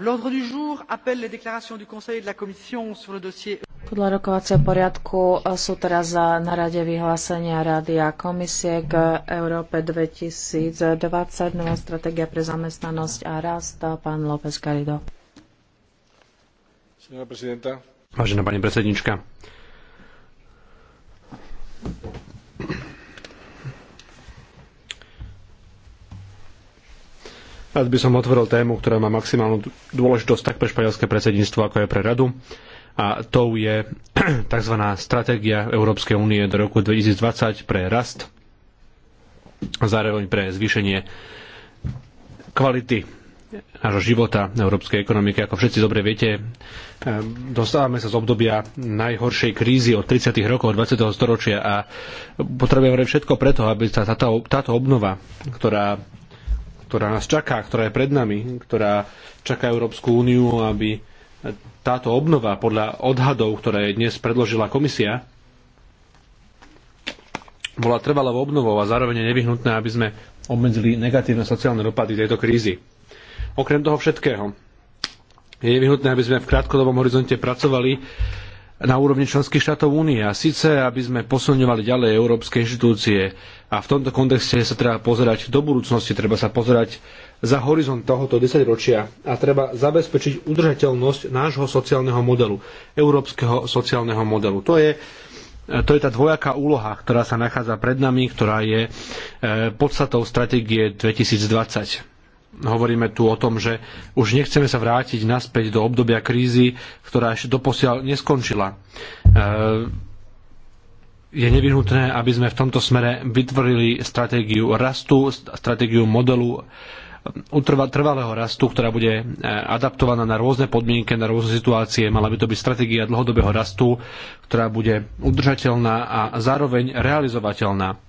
l'ordre du jour appelle les déclarations du conseil et de la commission sur le dossier podľa rokovacieho poriadku eh, sú teraz eh, na rade vyhlásenia Rady a komisie k Európe 2020, nová stratégia pre zamestnanosť a rast. Pán López Garrido. Vážená pani predsednička, Rád by som otvoril tému, ktorá má maximálnu dôležitosť tak pre španielské predsedníctvo, ako aj pre radu. A tou je tzv. stratégia Európskej únie do roku 2020 pre rast a zároveň pre zvýšenie kvality nášho života, európskej ekonomiky. Ako všetci dobre viete, eh, dostávame sa z obdobia najhoršej krízy od 30. rokov 20. storočia a potrebujeme všetko preto, aby sa táto, táto obnova, ktorá ktorá nás čaká, ktorá je pred nami, ktorá čaká Európsku úniu, aby táto obnova podľa odhadov, ktoré dnes predložila komisia, bola trvalou obnovou a zároveň nevyhnutná, nevyhnutné, aby sme obmedzili negatívne sociálne dopady tejto krízy. Okrem toho všetkého je nevyhnutné, aby sme v krátkodobom horizonte pracovali na úrovni členských štátov únie a síce, aby sme posilňovali ďalej európske inštitúcie, a v tomto kontexte sa treba pozerať do budúcnosti, treba sa pozerať za horizont tohoto desaťročia a treba zabezpečiť udržateľnosť nášho sociálneho modelu, európskeho sociálneho modelu. To je to je tá dvojaká úloha, ktorá sa nachádza pred nami, ktorá je e, podstatou stratégie 2020 hovoríme tu o tom, že už nechceme sa vrátiť naspäť do obdobia krízy, ktorá ešte doposiaľ neskončila. E, je nevyhnutné, aby sme v tomto smere vytvorili stratégiu rastu, stratégiu modelu um, trvalého rastu, ktorá bude uh, adaptovaná na rôzne podmienky, na rôzne situácie. Mala by to byť stratégia dlhodobého rastu, ktorá bude udržateľná a zároveň realizovateľná.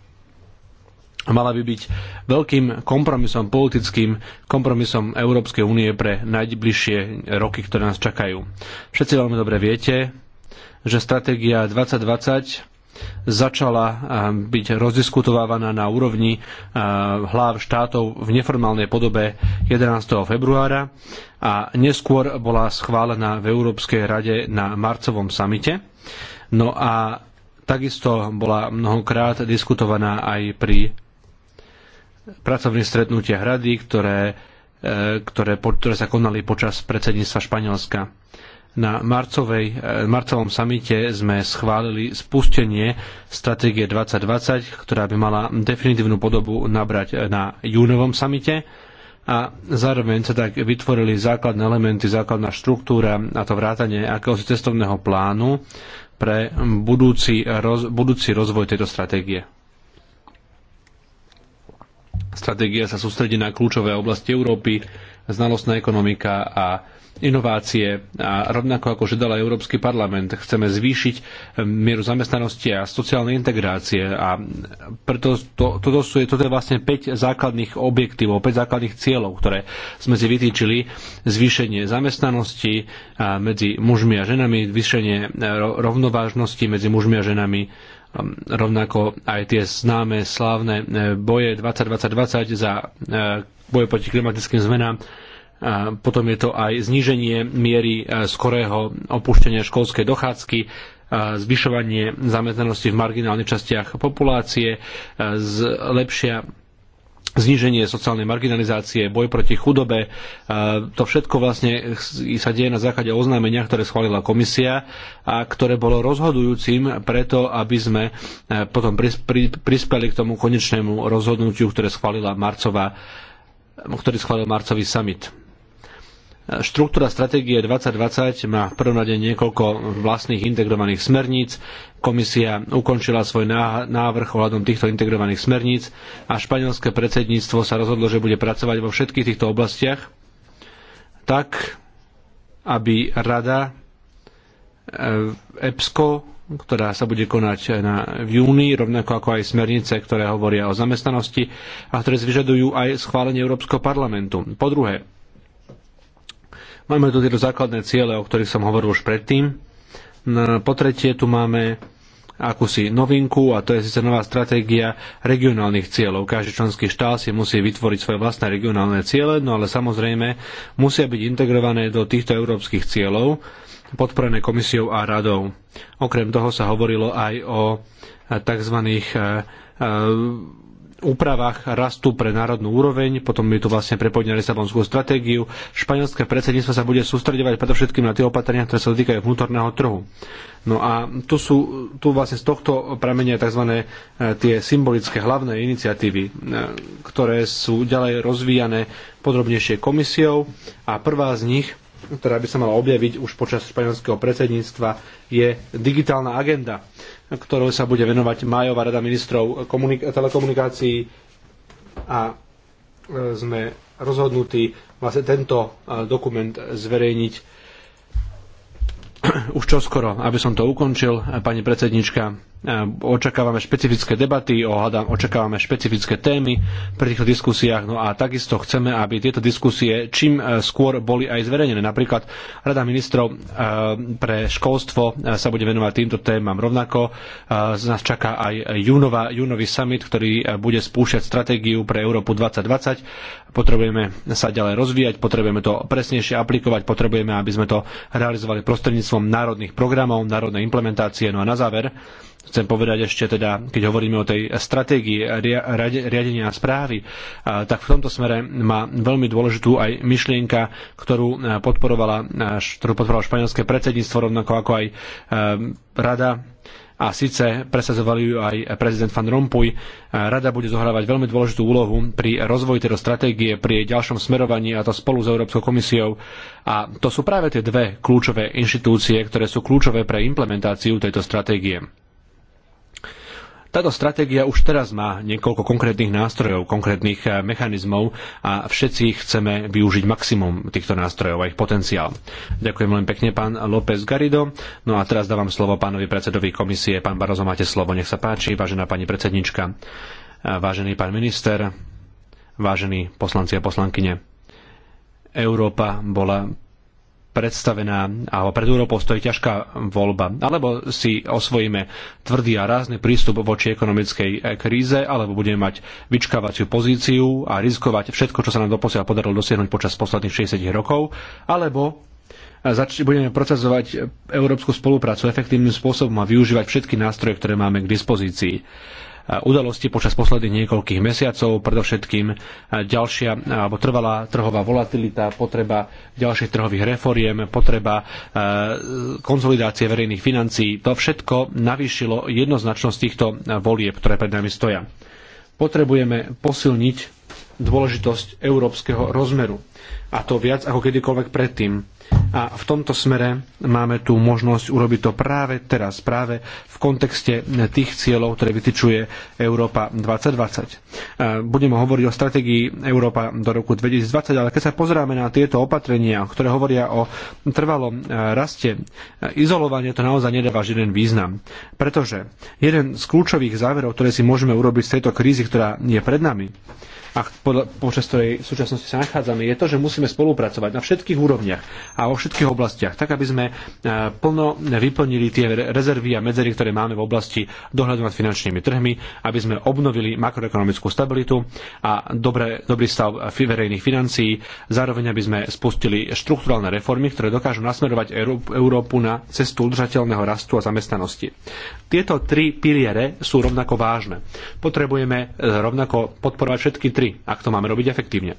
Mala by byť veľkým kompromisom, politickým kompromisom Európskej únie pre najbližšie roky, ktoré nás čakajú. Všetci veľmi dobre viete, že stratégia 2020 začala eh, byť rozdiskutovávaná na úrovni eh, hlav štátov v neformálnej podobe 11. februára a neskôr bola schválená v Európskej rade na marcovom samite. No a takisto bola mnohokrát diskutovaná aj pri pracovných stretnutiach rady, ktoré, eh, ktoré, ktoré sa konali počas predsedníctva Španielska. Na marcovej, eh, marcovom samite sme schválili spustenie stratégie 2020, ktorá by mala definitívnu podobu nabrať eh, na júnovom samite a zároveň sa tak vytvorili základné elementy, základná štruktúra a to vrátanie akéhosi cestovného plánu pre budúci, roz, budúci rozvoj tejto stratégie. Stratégia sa sústredí na kľúčové oblasti Európy, znalostná ekonomika a inovácie a rovnako ako žiadal aj Európsky parlament, chceme zvýšiť mieru zamestnanosti a sociálnej integrácie a preto to, toto, sú, toto je vlastne 5 základných objektívov, 5 základných cieľov, ktoré sme si vytýčili. Zvýšenie zamestnanosti medzi mužmi a ženami, zvýšenie e, rovnovážnosti medzi mužmi a ženami, ehm, rovnako aj tie známe slávne e, boje 2020-2020 za e, boje proti klimatickým zmenám potom je to aj zníženie miery e, skorého opuštenia školskej dochádzky, e, zvyšovanie zamestnanosti v marginálnych častiach populácie, e, lepšia zníženie sociálnej marginalizácie, boj proti chudobe. To všetko vlastne sa deje na základe oznámenia, ktoré schválila komisia a ktoré bolo rozhodujúcim preto, aby sme potom prispeli k tomu konečnému rozhodnutiu, ktoré schválila marcová, ktorý schválil marcový summit. Štruktúra stratégie 2020 má v prvom rade niekoľko vlastných integrovaných smerníc. Komisia ukončila svoj návrh ohľadom týchto integrovaných smerníc a španielské predsedníctvo sa rozhodlo, že bude pracovať vo všetkých týchto oblastiach tak, aby rada e, EPSCO, ktorá sa bude konať na, v júni, rovnako ako aj smernice, ktoré hovoria o zamestnanosti a ktoré zvyžadujú aj schválenie Európskeho parlamentu. Po druhé, Máme tu tieto základné ciele, o ktorých som hovoril už predtým. Po tretie tu máme akúsi novinku a to je síce nová stratégia regionálnych cieľov. Každý členský štát si musí vytvoriť svoje vlastné regionálne ciele, no ale samozrejme musia byť integrované do týchto európskych cieľov, podporené komisiou a radou. Okrem toho sa hovorilo aj o tzv úpravách rastu pre národnú úroveň, potom je tu vlastne prepojenie na Lisabonskú stratégiu. Španielské predsedníctvo sa bude sústredovať predovšetkým na tie opatrenia, ktoré sa dotýkajú vnútorného trhu. No a tu sú tu vlastne z tohto pramenia tzv. E, tie symbolické hlavné iniciatívy, e, ktoré sú ďalej rozvíjane podrobnejšie komisiou a prvá z nich ktorá by sa mala objaviť už počas španielského predsedníctva, je digitálna agenda ktorou sa bude venovať Májová rada ministrov telekomunikácií a e, sme rozhodnutí vlastne tento e, dokument zverejniť už čoskoro, aby som to ukončil. E, pani predsednička, Ehm, očakávame špecifické debaty, ohľadám, očakávame špecifické témy pri týchto diskusiách, no a takisto chceme, aby tieto diskusie čím e, skôr boli aj zverejnené. Napríklad Rada ministrov e, pre školstvo e, sa bude venovať týmto témam rovnako. Z nás čaká aj júnova, júnový summit, ktorý bude spúšať stratégiu pre Európu 2020. Potrebujeme sa ďalej rozvíjať, potrebujeme to presnejšie aplikovať, potrebujeme, aby sme to realizovali prostredníctvom národných programov, národnej implementácie. No a na záver, Chcem povedať ešte teda, keď hovoríme o tej stratégii riadenia správy, tak v tomto smere má veľmi dôležitú aj myšlienka, ktorú e, podporovala, e, ktorú podporovala španielské predsedníctvo, rovnako ako aj e, rada a síce presazovali ju aj prezident Van Rompuy. Rada bude zohrávať veľmi dôležitú úlohu pri rozvoji tejto stratégie, pri jej ďalšom smerovaní a to spolu s Európskou komisiou. A to sú práve tie dve kľúčové inštitúcie, ktoré sú kľúčové pre implementáciu tejto stratégie. Táto stratégia už teraz má niekoľko konkrétnych nástrojov, konkrétnych eh, mechanizmov a všetci chceme využiť maximum týchto nástrojov a ich potenciál. Ďakujem veľmi pekne, pán López Garido. No a teraz dávam slovo pánovi predsedovi komisie. Pán Barozo, máte slovo, nech sa páči, vážená pani predsednička, eh, vážený pán minister, vážení poslanci a poslankyne. Európa bola predstavená, alebo pred Európou stojí ťažká voľba. Alebo si osvojíme tvrdý a rázny prístup voči ekonomickej kríze, alebo budeme mať vyčkávaciu pozíciu a riskovať všetko, čo sa nám doposiaľ podarilo dosiahnuť počas posledných 60 rokov, alebo zač- budeme procesovať európsku spoluprácu efektívnym spôsobom a využívať všetky nástroje, ktoré máme k dispozícii udalosti počas posledných niekoľkých mesiacov, predovšetkým ďalšia alebo trvalá trhová volatilita, potreba ďalších trhových reforiem, potreba e, konsolidácie verejných financií. To všetko navýšilo jednoznačnosť týchto volieb, ktoré pred nami stoja. Potrebujeme posilniť dôležitosť európskeho rozmeru. A to viac ako kedykoľvek predtým a v tomto smere máme tu možnosť urobiť to práve teraz, práve v kontexte tých cieľov, ktoré vytyčuje Európa 2020. Budeme hovoriť o stratégii Európa do roku 2020, ale keď sa pozráme na tieto opatrenia, ktoré hovoria o trvalom e, raste, e, izolovanie to naozaj nedáva žiaden význam. Pretože jeden z kľúčových záverov, ktoré si môžeme urobiť z tejto krízy, ktorá je pred nami, a podľa, počas ktorej v súčasnosti sa nachádzame, je to, že musíme spolupracovať na všetkých úrovniach a vo všetkých oblastiach, tak aby sme e, plno vyplnili tie rezervy a medzery, ktoré máme v oblasti dohľadu nad finančnými trhmi, aby sme obnovili makroekonomickú stabilitu a dobré, dobrý stav e, verejných financií, zároveň aby sme spustili štruktúralne reformy, ktoré dokážu nasmerovať Európu na cestu udržateľného rastu a zamestnanosti. Tieto tri piliere sú rovnako vážne. Potrebujeme e, rovnako podporovať všetky tri vody, ak to máme robiť efektívne.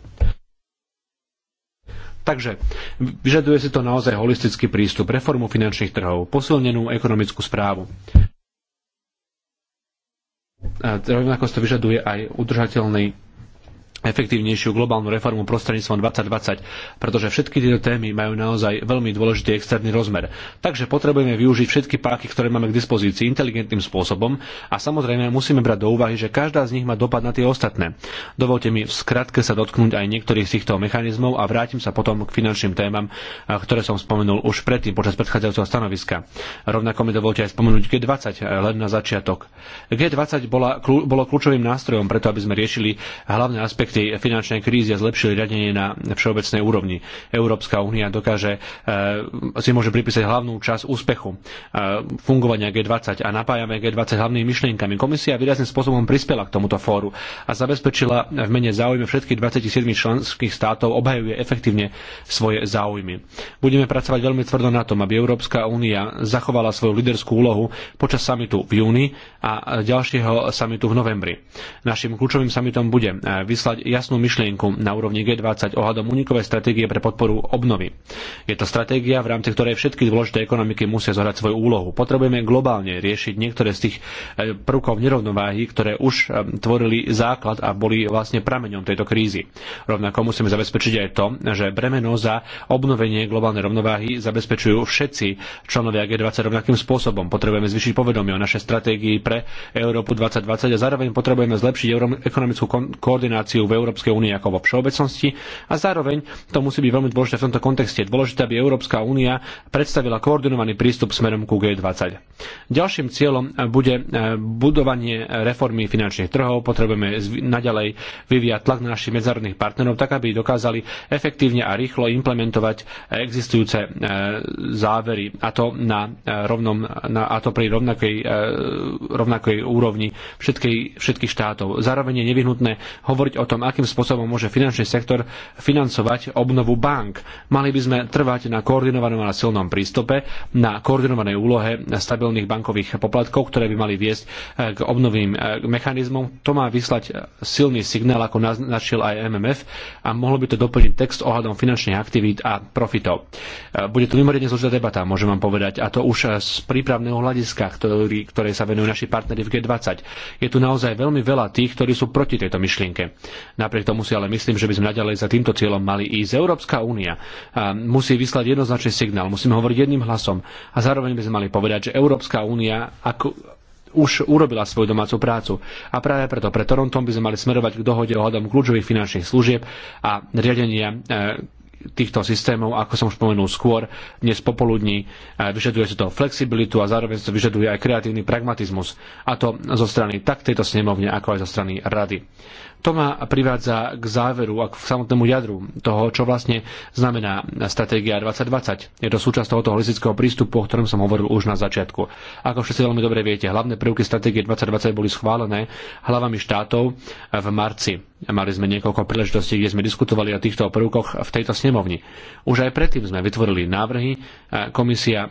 Takže vyžaduje si to naozaj holistický prístup, reformu finančných trhov, posilnenú ekonomickú správu. A rovnako to vyžaduje aj udržateľný efektívnejšiu globálnu reformu prostredníctvom 2020, pretože všetky tieto témy majú naozaj veľmi dôležitý externý rozmer. Takže potrebujeme využiť všetky páky, ktoré máme k dispozícii inteligentným spôsobom a samozrejme musíme brať do úvahy, že každá z nich má dopad na tie ostatné. Dovolte mi v skratke sa dotknúť aj niektorých z týchto mechanizmov a vrátim sa potom k finančným témam, ktoré som spomenul už predtým počas predchádzajúceho stanoviska. Rovnako mi dovolte aj spomenúť G20 len na začiatok. G20 bola, bolo kľúčovým nástrojom preto, aby sme riešili hlavné aspekty efekty finančnej krízy a zlepšili riadenie na všeobecnej úrovni. Európska únia dokáže, eh, si môže pripísať hlavnú časť úspechu eh, fungovania G20 a napájame G20 hlavnými myšlienkami. Komisia výrazným spôsobom prispela k tomuto fóru a zabezpečila v mene záujme všetkých 27 členských štátov obhajuje efektívne svoje záujmy. Budeme pracovať veľmi tvrdo na tom, aby Európska únia zachovala svoju líderskú úlohu počas samitu v júni a ďalšieho samitu v novembri. Našim kľúčovým samitom bude eh, vyslať formulovať jasnú myšlienku na úrovni G20 ohľadom unikovej stratégie pre podporu obnovy. Je to stratégia, v rámci ktorej všetky dôležité ekonomiky musia zohrať svoju úlohu. Potrebujeme globálne riešiť niektoré z tých e, prvkov nerovnováhy, ktoré už e, tvorili základ a boli vlastne prameňom tejto krízy. Rovnako musíme zabezpečiť aj to, že bremeno za obnovenie globálnej rovnováhy zabezpečujú všetci členovia G20 rovnakým spôsobom. Potrebujeme zvýšiť povedomie o našej stratégii pre Európu 2020 a zároveň potrebujeme zlepšiť ekonomickú koordináciu v Európskej únii ako vo všeobecnosti a zároveň to musí byť veľmi dôležité v tomto kontexte. Dôležité, aby Európska únia predstavila koordinovaný prístup smerom ku G20. Ďalším cieľom bude e, budovanie reformy finančných trhov. Potrebujeme naďalej vyvíjať tlak na našich medzárodných partnerov, tak aby dokázali efektívne a rýchlo implementovať existujúce e, závery a to, na e, rovnom, na, a to pri rovnakej, rovnakej úrovni všetkých štátov. Zároveň je nevyhnutné hovoriť o tom, tom, akým spôsobom môže finančný sektor financovať obnovu bank. Mali by sme trvať na koordinovanom a silnom prístupe, na koordinovanej úlohe stabilných bankových poplatkov, ktoré by mali viesť eh, k obnovým eh, mechanizmom. To má vyslať eh, silný signál, ako naznačil aj MMF a mohlo by to doplniť text ohľadom finančných aktivít a profitov. Bude to mimoriadne zložitá debata, môžem vám povedať, a to už z prípravného hľadiska, ktorý, ktoré sa venujú naši partnery v G20. Je tu naozaj veľmi veľa tých, ktorí sú proti tejto myšlienke. Napriek tomu si ale myslím, že by sme naďalej za týmto cieľom mali ísť. Európska únia musí vyslať jednoznačný signál, musíme hovoriť jedným hlasom a zároveň by sme mali povedať, že Európska únia ako, už urobila svoju domácu prácu. A práve preto pre Torontom by sme mali smerovať k dohode ohľadom kľúčových finančných služieb a riadenia e, týchto systémov, ako som už spomenul skôr, dnes popoludní e, vyžaduje si to flexibilitu a zároveň to vyžaduje aj kreatívny pragmatizmus. A to zo strany tak tejto snemovne, ako aj zo strany rady. To ma privádza k záveru a k samotnému jadru toho, čo vlastne znamená stratégia 2020. Je to súčasť tohoto holistického prístupu, o ktorom som hovoril už na začiatku. Ako všetci veľmi dobre viete, hlavné prvky stratégie 2020 boli schválené hlavami štátov v marci. Mali sme niekoľko príležitostí, kde sme diskutovali o týchto prvkoch v tejto snemovne snemovni. Už aj predtým sme vytvorili návrhy, komisia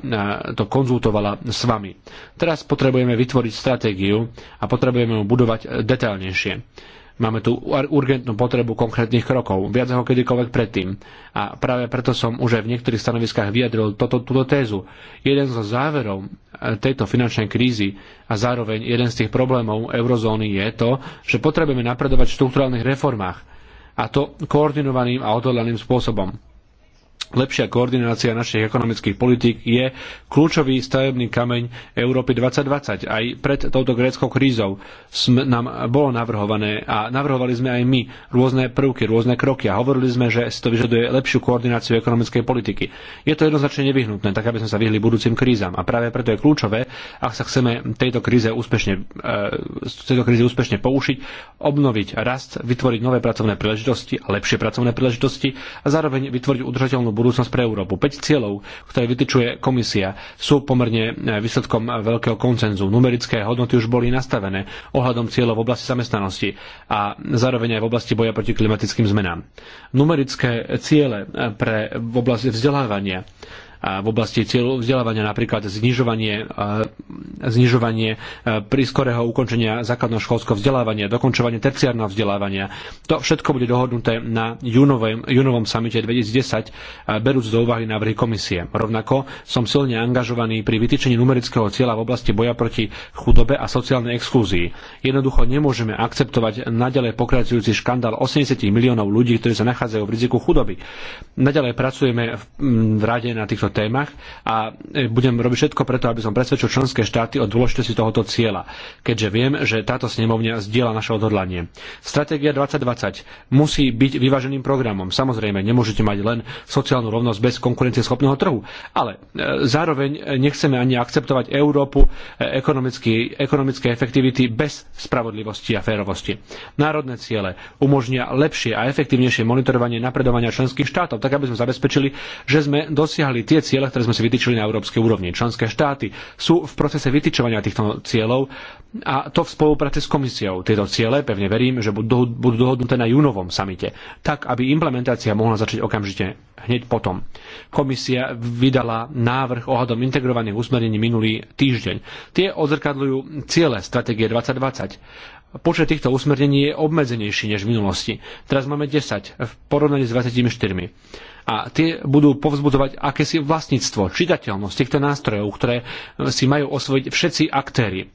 to konzultovala s vami. Teraz potrebujeme vytvoriť stratégiu a potrebujeme ju budovať detailnejšie. Máme tu urgentnú potrebu konkrétnych krokov, viac ako kedykoľvek predtým. A práve preto som už aj v niektorých stanoviskách vyjadril toto, túto tézu. Jeden zo záverov e, tejto finančnej krízy a zároveň jeden z tých problémov eurozóny je to, že potrebujeme napredovať v štruktúrálnych reformách a to koordinovaným a odhodlaným spôsobom. Lepšia koordinácia našich ekonomických politík je kľúčový stavebný kameň Európy 2020. Aj pred touto gréckou krízou sme nám bolo navrhované a navrhovali sme aj my rôzne prvky, rôzne kroky a hovorili sme, že si to vyžaduje lepšiu koordináciu ekonomickej politiky. Je to jednoznačne nevyhnutné, tak aby sme sa vyhli budúcim krízam. A práve preto je kľúčové, ak sa chceme tejto kríze úspešne, e, tejto kríze úspešne poušiť, obnoviť rast, vytvoriť nové pracovné príležitosti a lepšie pracovné príležitosti a zároveň vytvoriť udržateľnú udržateľnú budúcnosť pre Európu. 5 cieľov, ktoré vytyčuje komisia, sú pomerne e, výsledkom veľkého koncenzu. Numerické hodnoty už boli nastavené ohľadom cieľov v oblasti zamestnanosti a zároveň aj v oblasti boja proti klimatickým zmenám. Numerické ciele e, pre v oblasti vzdelávania v oblasti cieľov vzdelávania, napríklad znižovanie, e, znižovanie e, prískorého ukončenia základnoškolského vzdelávania, dokončovanie terciárneho vzdelávania. To všetko bude dohodnuté na júnovom, júnovom samite 2010, e, berúc do úvahy návrhy komisie. Rovnako som silne angažovaný pri vytýčení numerického cieľa v oblasti boja proti chudobe a sociálnej exklúzii. Jednoducho nemôžeme akceptovať naďalej pokračujúci škandál 80 miliónov ľudí, ktorí sa nachádzajú v riziku chudoby. Naďalej pracujeme v, v rade na týchto týchto témach a e, budem robiť všetko preto, aby som presvedčil členské štáty o dôležitosti tohoto cieľa, keďže viem, že táto snemovňa zdieľa naše odhodlanie. Stratégia 2020 musí byť vyváženým programom. Samozrejme, nemôžete mať len sociálnu rovnosť bez konkurencieschopného trhu, ale e, zároveň nechceme ani akceptovať Európu e, ekonomické efektivity bez spravodlivosti a férovosti. Národné ciele umožnia lepšie a efektívnejšie monitorovanie napredovania členských štátov, tak aby sme zabezpečili, že sme dosiahli tie tie ciele, ktoré sme si vytýčili na európskej úrovni. Členské štáty sú v procese vytýčovania týchto cieľov a to v spolupráci s komisiou. Tieto ciele, pevne verím, že budú dohodnuté na júnovom samite, tak aby implementácia mohla začať okamžite hneď potom. Komisia vydala návrh ohľadom integrovaných usmernení minulý týždeň. Tie odzrkadľujú ciele stratégie 2020 počet týchto usmernení je obmedzenejší než v minulosti. Teraz máme 10 v porovnaní s 24. A tie budú povzbudzovať akési vlastníctvo, čitateľnosť týchto nástrojov, ktoré e, si majú osvojiť všetci aktéri. E,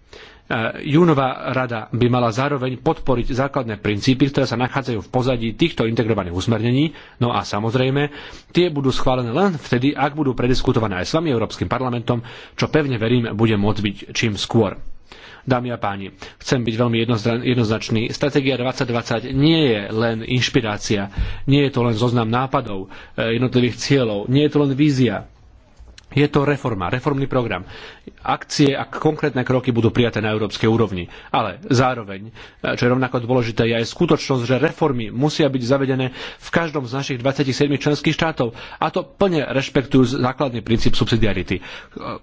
Júnová rada by mala zároveň podporiť základné princípy, ktoré sa nachádzajú v pozadí týchto integrovaných usmernení, no a samozrejme, tie budú schválené len vtedy, ak budú prediskutované aj s vami Európskym parlamentom, čo pevne verím, bude môcť byť čím skôr. Dámy a páni, chcem byť veľmi jednoznačný. Stratégia 2020 nie je len inšpirácia, nie je to len zoznam nápadov, eh, jednotlivých cieľov, nie je to len vízia je to reforma, reformný program. Akcie a konkrétne kroky budú prijaté na európskej úrovni. Ale zároveň, čo je rovnako dôležité, je aj skutočnosť, že reformy musia byť zavedené v každom z našich 27 členských štátov. A to plne rešpektujú základný princíp subsidiarity.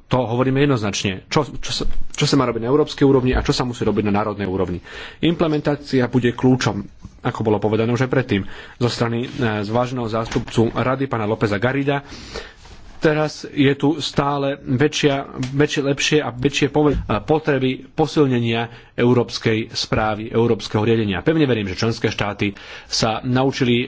To hovoríme jednoznačne. Čo, čo, sa, čo sa má robiť na európskej úrovni a čo sa musí robiť na národnej úrovni. Implementácia bude kľúčom ako bolo povedané už aj predtým, zo strany e, zváženého zástupcu rady pána Lópeza Garida Teraz je tu stále väčšia, väčšie, lepšie a väčšie potreby posilnenia európskej správy, európskeho riadenia. Pevne verím, že členské štáty sa naučili e,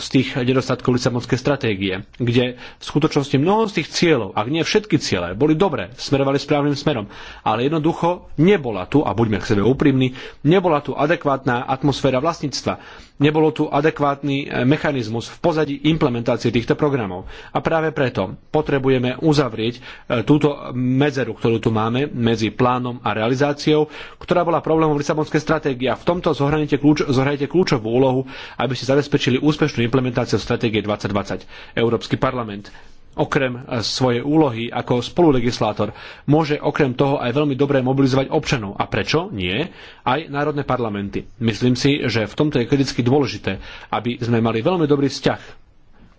z tých nedostatkov Lisabonskej stratégie, kde v skutočnosti mnoho z tých cieľov, ak nie všetky ciele, boli dobre, smerovali správnym smerom, ale jednoducho nebola tu, a buďme k sebe úprimní, nebola tu adekvátna atmosféra vlastníctva nebolo tu adekvátny e, mechanizmus v pozadí implementácie týchto programov. A práve preto potrebujeme uzavrieť e, túto medzeru, ktorú tu máme medzi plánom a realizáciou, ktorá bola problémom v Lisabonskej stratégie. A v tomto zohrajete, kľúč, kľúčovú úlohu, aby ste zabezpečili úspešnú implementáciu stratégie 2020. Európsky parlament okrem e, svojej úlohy ako spolulegislátor, môže okrem toho aj veľmi dobre mobilizovať občanov. A prečo nie? Aj národné parlamenty. Myslím si, že v tomto je kriticky dôležité, aby sme mali veľmi dobrý vzťah,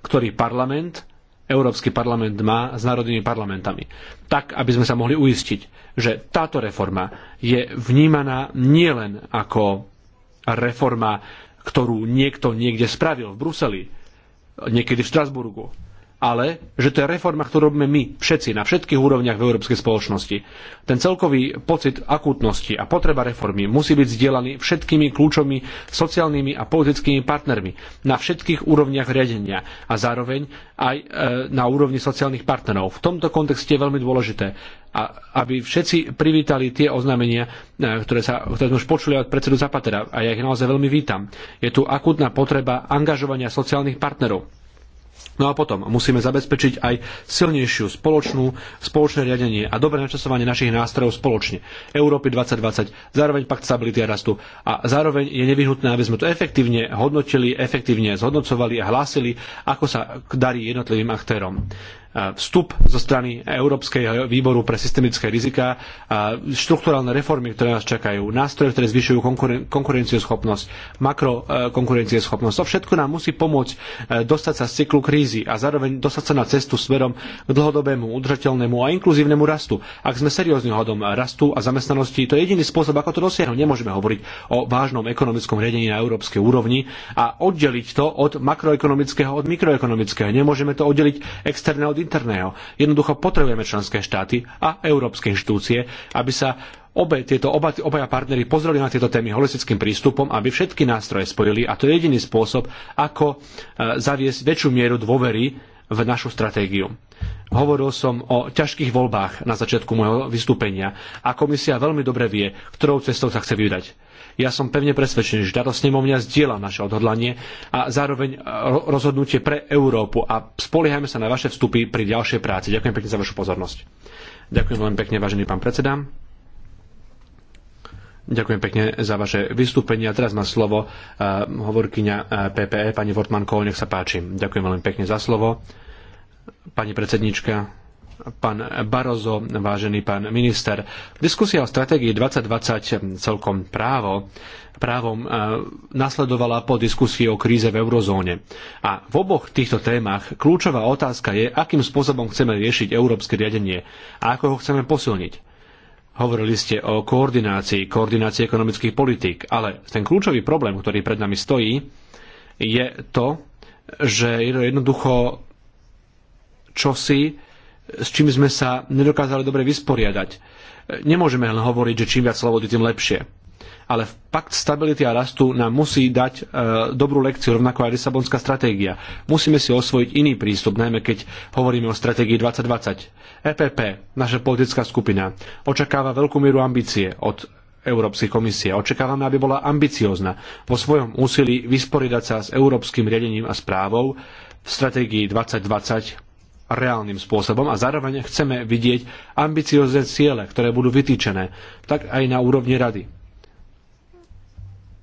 ktorý parlament, Európsky parlament má s národnými parlamentami. Tak, aby sme sa mohli uistiť, že táto reforma je vnímaná nielen ako reforma, ktorú niekto niekde spravil v Bruseli, niekedy v Štrasburgu, ale že to je reforma, ktorú robíme my všetci na všetkých úrovniach v európskej spoločnosti. Ten celkový pocit akútnosti a potreba reformy musí byť zdieľaný všetkými kľúčovými sociálnymi a politickými partnermi na všetkých úrovniach riadenia a zároveň aj e, na úrovni sociálnych partnerov. V tomto kontexte je veľmi dôležité, aby všetci privítali tie oznámenia, e, ktoré, sa, ktoré sme už počuli od predsedu Zapatera a ja ich naozaj veľmi vítam. Je tu akútna potreba angažovania sociálnych partnerov No a potom musíme zabezpečiť aj silnejšiu spoločnú, spoločné riadenie a dobré načasovanie našich nástrojov spoločne. Európy 2020, zároveň pakt stability a rastu a zároveň je nevyhnutné, aby sme to efektívne hodnotili, efektívne zhodnocovali a hlásili, ako sa darí jednotlivým aktérom vstup zo strany Európskeho výboru pre systemické riziká, štrukturálne reformy, ktoré nás čakajú, nástroje, ktoré zvyšujú konkurencieschopnosť, makrokonkurencieschopnosť. E, to všetko nám musí pomôcť e, dostať sa z cyklu krízy a zároveň dostať sa na cestu smerom k dlhodobému, udržateľnému a inkluzívnemu rastu. Ak sme seriózni hodom rastu a zamestnanosti, to je jediný spôsob, ako to dosiahnuť. Nemôžeme hovoriť o vážnom ekonomickom riadení na európskej úrovni a oddeliť to od makroekonomického, od mikroekonomického. Nemôžeme to oddeliť externé od interného. Jednoducho potrebujeme členské štáty a európske inštitúcie, aby sa obe tieto, oba, obaja partnery pozreli na tieto témy holistickým prístupom, aby všetky nástroje spojili a to je jediný spôsob, ako e, zaviesť väčšiu mieru dôvery v našu stratégiu. Hovoril som o ťažkých voľbách na začiatku môjho vystúpenia a komisia veľmi dobre vie, ktorou cestou sa chce vydať ja som pevne presvedčený, že táto snemovňa zdieľa naše odhodlanie a zároveň e, rozhodnutie pre Európu a spoliehajme sa na vaše vstupy pri ďalšej práci. Ďakujem pekne za vašu pozornosť. Ďakujem veľmi pekne, vážený pán predseda. Ďakujem pekne za vaše vystúpenie. A teraz má slovo uh, hovorkyňa PPE, e, pani Wortmann Kohl, nech sa páči. Ďakujem veľmi pekne za slovo. Pani predsednička, pán Barozo, vážený pán minister. Diskusia o stratégii 2020 celkom právo, právom e, nasledovala po diskusii o kríze v eurozóne. A v oboch týchto témach kľúčová otázka je, akým spôsobom chceme riešiť európske riadenie a ako ho chceme posilniť. Hovorili ste o koordinácii, koordinácii ekonomických politík, ale ten kľúčový problém, ktorý pred nami stojí, je to, že jednoducho čosi, s čím sme sa nedokázali dobre vysporiadať. Nemôžeme len hovoriť, že čím viac slobody, tým lepšie. Ale pakt stability a rastu nám musí dať e, dobrú lekciu, rovnako aj Lisabonská stratégia. Musíme si osvojiť iný prístup, najmä keď hovoríme o stratégii 2020. EPP, naša politická skupina, očakáva veľkú mieru ambície od Európskej komisie. Očakávame, aby bola ambiciózna vo svojom úsilí vysporiadať sa s európskym riadením a správou v stratégii 2020 reálnym spôsobom a zároveň chceme vidieť ambiciozne ciele, ktoré budú vytýčené, tak aj na úrovni rady.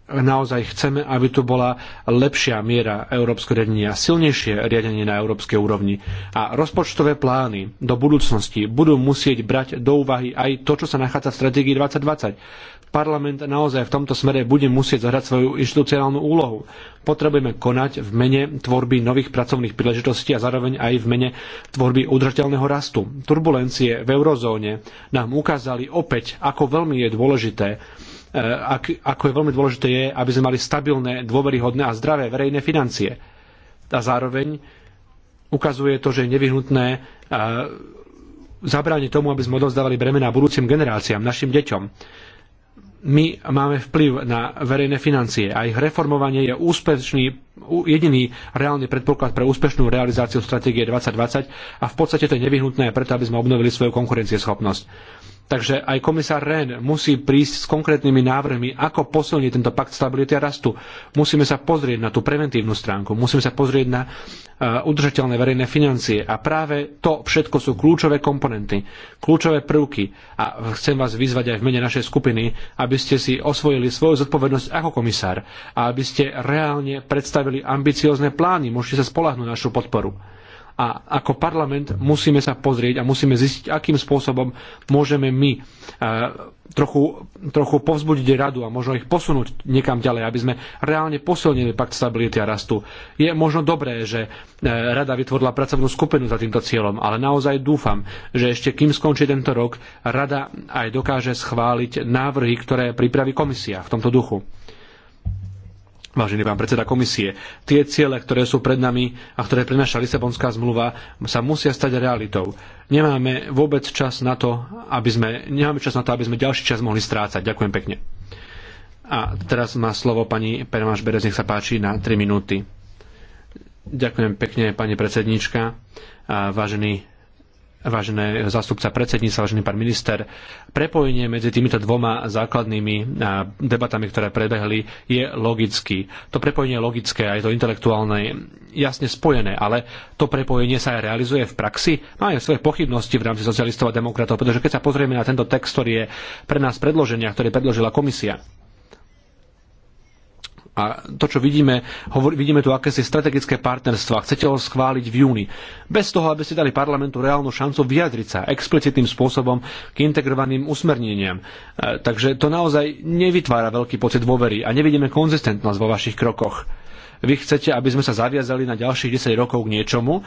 Naozaj chceme, aby tu bola lepšia miera európskeho riadenia, silnejšie riadenie na európskej úrovni. A rozpočtové plány do budúcnosti budú musieť brať do úvahy aj to, čo sa nachádza v stratégii 2020. Parlament naozaj v tomto smere bude musieť zahrať svoju inštitucionálnu úlohu. Potrebujeme konať v mene tvorby nových pracovných príležitostí a zároveň aj v mene tvorby udržateľného rastu. Turbulencie v eurozóne nám ukázali opäť, ako veľmi je dôležité e, ako je veľmi dôležité je, aby sme mali stabilné, dôveryhodné a zdravé verejné financie. A zároveň ukazuje to, že je nevyhnutné e, zabrániť tomu, aby sme odovzdávali bremena budúcim generáciám, našim deťom my máme vplyv na verejné financie a ich reformovanie je úspešný jediný reálny predpoklad pre úspešnú realizáciu stratégie 2020 a v podstate to je nevyhnutné preto, aby sme obnovili svoju konkurencieschopnosť. Takže aj komisár Rehn musí prísť s konkrétnymi návrhmi, ako posilniť tento pakt stability a rastu. Musíme sa pozrieť na tú preventívnu stránku, musíme sa pozrieť na eh, udržateľné verejné financie. A práve to všetko sú kľúčové komponenty, kľúčové prvky. A chcem vás vyzvať aj v mene našej skupiny, aby ste si osvojili svoju zodpovednosť ako komisár a aby ste reálne predstavili ambiciózne plány. Môžete sa spolahnúť na našu podporu a ako parlament musíme sa pozrieť a musíme zistiť, akým spôsobom môžeme my e, trochu, trochu povzbudiť radu a možno ich posunúť niekam ďalej, aby sme reálne posilnili pakt stability a rastu. Je možno dobré, že e, rada vytvorila pracovnú skupinu za týmto cieľom, ale naozaj dúfam, že ešte kým skončí tento rok, rada aj dokáže schváliť návrhy, ktoré pripraví komisia v tomto duchu. Vážený pán predseda komisie, tie ciele, ktoré sú pred nami a ktoré prináša Lisabonská zmluva, sa musia stať realitou. Nemáme vôbec čas na to, aby sme, nemáme čas na to, aby sme ďalší čas mohli strácať. Ďakujem pekne. A teraz má slovo pani Permáš Berez, nech sa páči, na 3 minúty. Ďakujem pekne, pani predsedníčka, Vážený vážené zástupca predsedníctva, vážený pán minister. Prepojenie medzi týmito dvoma základnými debatami, ktoré prebehli, je logický. To prepojenie je logické a je to intelektuálne jasne spojené, ale to prepojenie sa aj realizuje v praxi. Máme svoje pochybnosti v rámci socialistov a demokratov, pretože keď sa pozrieme na tento text, ktorý je pre nás predložený a ktorý predložila komisia, a to, čo vidíme, hovor, vidíme tu akési strategické partnerstva. Chcete ho schváliť v júni. Bez toho, aby ste dali parlamentu reálnu šancu vyjadriť sa explicitným spôsobom k integrovaným usmerneniam. E, takže to naozaj nevytvára veľký pocit dôvery a nevidíme konzistentnosť vo vašich krokoch. Vy chcete, aby sme sa zaviazali na ďalších 10 rokov k niečomu, e,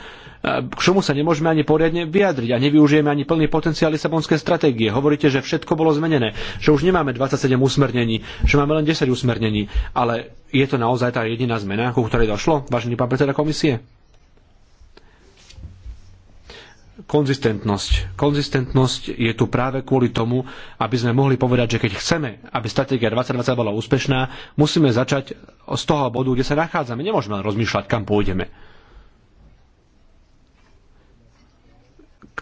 k čomu sa nemôžeme ani poriadne vyjadriť a nevyužijeme ani plný potenciál Lisabonskej stratégie. Hovoríte, že všetko bolo zmenené, že už nemáme 27 usmernení, že máme len 10 usmernení, ale je to naozaj tá jediná zmena, ku ktorej došlo, vážený pán predseda komisie? konzistentnosť. Konzistentnosť je tu práve kvôli tomu, aby sme mohli povedať, že keď chceme, aby stratégia 2020 bola úspešná, musíme začať z toho bodu, kde sa nachádzame. Nemôžeme len rozmýšľať, kam pôjdeme.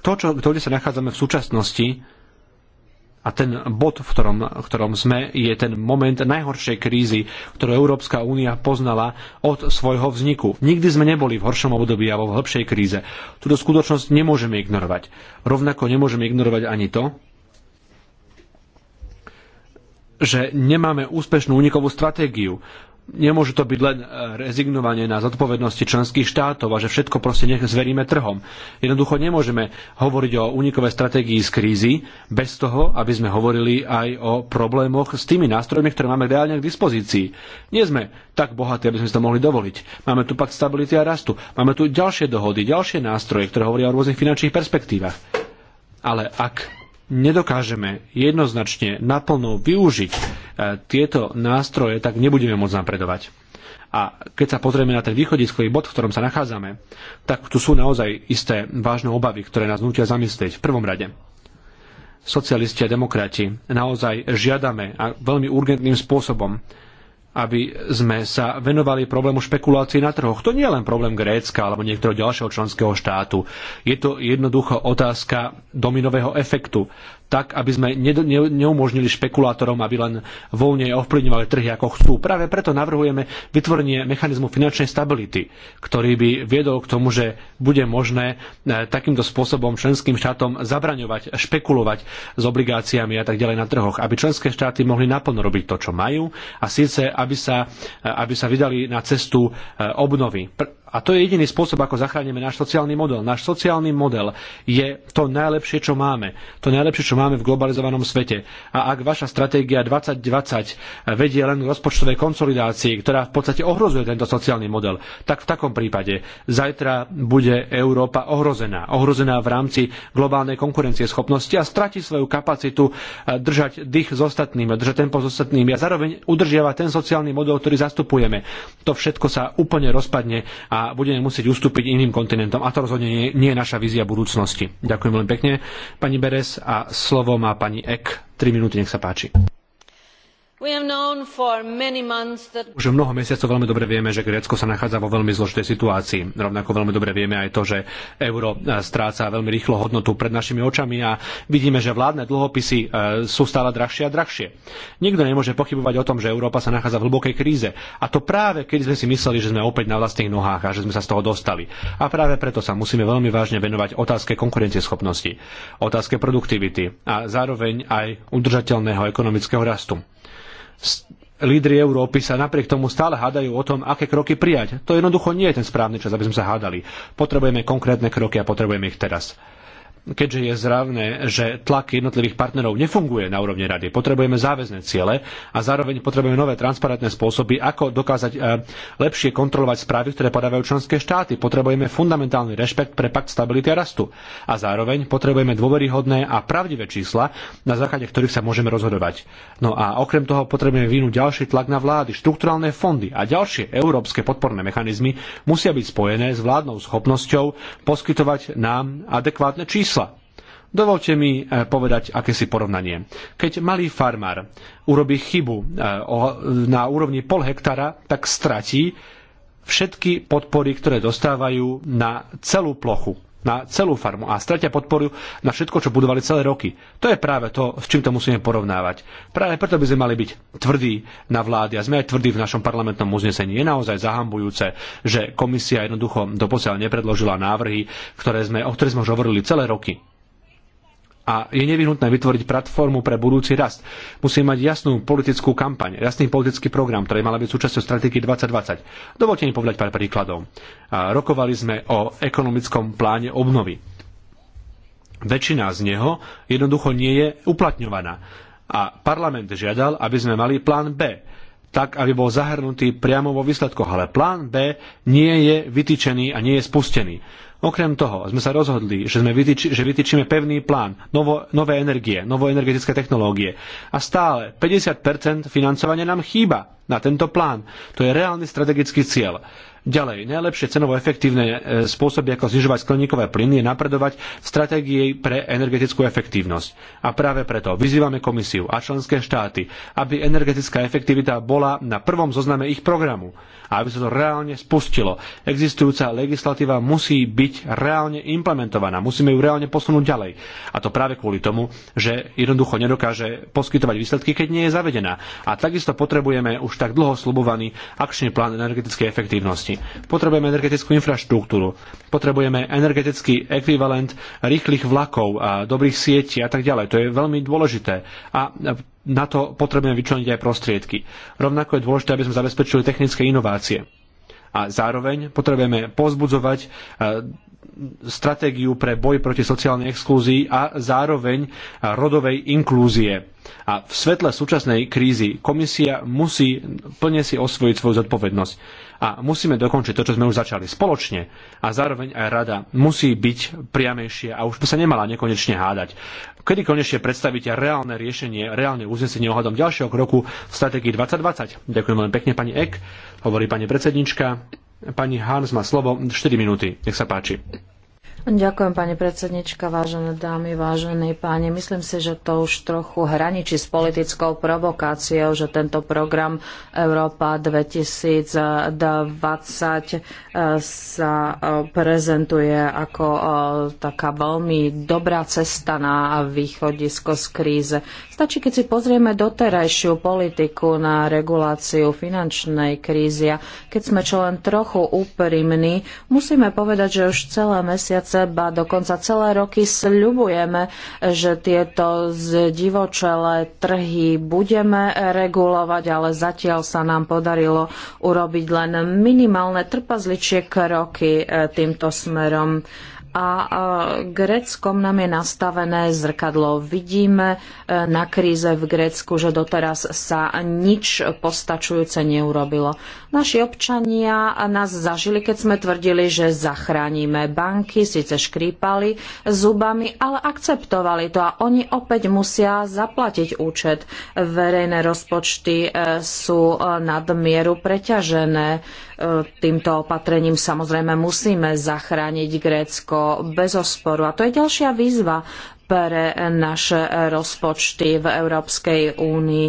To, čo, kde sa nachádzame v súčasnosti, a ten bod, v ktorom, v ktorom sme, je ten moment najhoršej krízy, ktorú Európska únia poznala od svojho vzniku. Nikdy sme neboli v horšom období alebo v hĺbšej kríze. Túto skutočnosť nemôžeme ignorovať. Rovnako nemôžeme ignorovať ani to, že nemáme úspešnú únikovú stratégiu. Nemôže to byť len e, rezignovanie na zodpovednosti členských štátov a že všetko proste nech zveríme trhom. Jednoducho nemôžeme hovoriť o unikovej stratégii z krízy bez toho, aby sme hovorili aj o problémoch s tými nástrojmi, ktoré máme reálne k dispozícii. Nie sme tak bohatí, aby sme si to mohli dovoliť. Máme tu pak stability a rastu. Máme tu ďalšie dohody, ďalšie nástroje, ktoré hovoria o rôznych finančných perspektívach. Ale ak nedokážeme jednoznačne naplno využiť e, tieto nástroje, tak nebudeme môcť napredovať. A keď sa pozrieme na ten východiskový bod, v ktorom sa nachádzame, tak tu sú naozaj isté vážne obavy, ktoré nás nutia zamyslieť v prvom rade socialisti a demokrati naozaj žiadame a veľmi urgentným spôsobom, aby sme sa venovali problému špekulácií na trhoch. To nie je len problém Grécka alebo niektorého ďalšieho členského štátu. Je to jednoducho otázka dominového efektu tak, aby sme neumožnili špekulátorom, aby len voľne ovplyvňovali trhy, ako chcú. Práve preto navrhujeme vytvorenie mechanizmu finančnej stability, ktorý by viedol k tomu, že bude možné e, takýmto spôsobom členským štátom zabraňovať, špekulovať s obligáciami a tak ďalej na trhoch, aby členské štáty mohli naplno robiť to, čo majú a síce, aby sa, e, aby sa vydali na cestu e, obnovy a to je jediný spôsob, ako zachránime náš sociálny model. Náš sociálny model je to najlepšie, čo máme. To najlepšie, čo máme v globalizovanom svete. A ak vaša stratégia 2020 vedie len k rozpočtovej konsolidácii, ktorá v podstate ohrozuje tento sociálny model, tak v takom prípade zajtra bude Európa ohrozená. Ohrozená v rámci globálnej konkurencieschopnosti a stratí svoju kapacitu eh, držať dých s ostatnými, držať tempo s ostatnými a zároveň udržiavať ten sociálny model, ktorý zastupujeme. To všetko sa úplne rozpadne a a budeme musieť ustúpiť iným kontinentom. A to rozhodne nie, nie je naša vízia budúcnosti. Ďakujem veľmi pekne, pani Beres, a slovo má pani Ek. Tri minúty, nech sa páči. Už mnoho mesiacov veľmi dobre vieme, že Grécko sa nachádza vo veľmi zložitej situácii. Rovnako veľmi dobre vieme aj to, že euro e, stráca veľmi rýchlo hodnotu pred našimi očami a vidíme, že vládne dlhopisy e, sú stále drahšie a drahšie. Nikto nemôže pochybovať o tom, že Európa sa nachádza v hlbokej kríze. A to práve keď sme si mysleli, že sme opäť na vlastných nohách a že sme sa z toho dostali. A práve preto sa musíme veľmi vážne venovať otázke konkurencieschopnosti, otázke produktivity a zároveň aj udržateľného ekonomického rastu lídry Európy sa napriek tomu stále hádajú o tom, aké kroky prijať. To jednoducho nie je ten správny čas, aby sme sa hádali. Potrebujeme konkrétne kroky a potrebujeme ich teraz keďže je zravné, že tlak jednotlivých partnerov nefunguje na úrovni rady. Potrebujeme záväzne ciele a zároveň potrebujeme nové transparentné spôsoby, ako dokázať e, lepšie kontrolovať správy, ktoré podávajú členské štáty. Potrebujeme fundamentálny rešpekt pre pakt stability a rastu. A zároveň potrebujeme dôveryhodné a pravdivé čísla, na základe ktorých sa môžeme rozhodovať. No a okrem toho potrebujeme vynúť ďalší tlak na vlády, štrukturálne fondy a ďalšie európske podporné mechanizmy musia byť spojené s vládnou schopnosťou poskytovať nám adekvátne čísla husla. Dovolte mi eh, povedať akési porovnanie. Keď malý farmár urobí chybu eh, na úrovni pol hektára, tak stratí všetky podpory, ktoré dostávajú na celú plochu na celú farmu a stratia podporu na všetko, čo budovali celé roky. To je práve to, s čím to musíme porovnávať. Práve preto by sme mali byť tvrdí na vlády a sme aj tvrdí v našom parlamentnom uznesení. Je naozaj zahambujúce, že komisia jednoducho doposiaľ nepredložila návrhy, ktoré sme, o ktorých sme už hovorili celé roky a je nevyhnutné vytvoriť platformu pre budúci rast. Musíme mať jasnú politickú kampaň, jasný politický program, ktorý mal byť súčasťou stratégie 2020. Dovolte mi povedať pár príkladov. Rokovali sme o ekonomickom pláne obnovy. Väčšina z neho jednoducho nie je uplatňovaná. A parlament žiadal, aby sme mali plán B, tak aby bol zahrnutý priamo vo výsledkoch. Ale plán B nie je vytýčený a nie je spustený Okrem toho sme sa rozhodli, že, sme vytyči, že vytyčíme pevný plán, novo, nové energie, novoenergetické technológie. A stále 50% financovania nám chýba na tento plán. To je reálny strategický cieľ. Ďalej, najlepšie cenovo efektívne e, spôsoby, ako znižovať skleníkové plyny, je napredovať v stratégii pre energetickú efektívnosť. A práve preto vyzývame komisiu a členské štáty, aby energetická efektivita bola na prvom zozname ich programu a aby sa to reálne spustilo. Existujúca legislatíva musí byť reálne implementovaná, musíme ju reálne posunúť ďalej. A to práve kvôli tomu, že jednoducho nedokáže poskytovať výsledky, keď nie je zavedená. A takisto potrebujeme už tak dlho slubovaný akčný plán energetickej efektívnosti. Potrebujeme energetickú infraštruktúru, potrebujeme energetický ekvivalent rýchlych vlakov, dobrých sietí a tak ďalej. To je veľmi dôležité. A na to potrebujeme vyčleniť aj prostriedky. Rovnako je dôležité, aby sme zabezpečili technické inovácie. A zároveň potrebujeme pozbudzovať e, stratégiu pre boj proti sociálnej exklúzii a zároveň e, rodovej inklúzie. A v svetle súčasnej krízy komisia musí plne si osvojiť svoju zodpovednosť a musíme dokončiť to, čo sme už začali spoločne a zároveň aj rada musí byť priamejšie a už by sa nemala nekonečne hádať. Kedy konečne predstavíte reálne riešenie, reálne uznesenie ohľadom ďalšieho kroku v stratégii 2020? Ďakujem veľmi pekne pani Ek, hovorí pani predsednička. Pani Hans má slovo 4 minúty. Nech sa páči. Ďakujem, pani predsednička, vážené dámy, vážení páni. Myslím si, že to už trochu hraničí s politickou provokáciou, že tento program Európa 2020 eh, sa eh, prezentuje ako eh, taká veľmi dobrá cesta na východisko z kríze. Stačí, keď si pozrieme doterajšiu politiku na reguláciu finančnej krízy a keď sme čo len trochu úprimní, musíme povedať, že už celé mesiace ba Dokonca celé roky sľubujeme, že tieto zdivočelé trhy budeme regulovať, ale zatiaľ sa nám podarilo urobiť len minimálne trpazličie kroky e, týmto smerom a Greckom nám je nastavené zrkadlo. Vidíme e, na kríze v Grécku, že doteraz sa nič postačujúce neurobilo. Naši občania nás zažili, keď sme tvrdili, že zachránime banky, síce škrípali zubami, ale akceptovali to a oni opäť musia zaplatiť účet. Verejné rozpočty e, sú e, nadmieru preťažené týmto opatrením samozrejme musíme zachrániť Grécko bez osporu. A to je ďalšia výzva pre naše rozpočty v Európskej únii.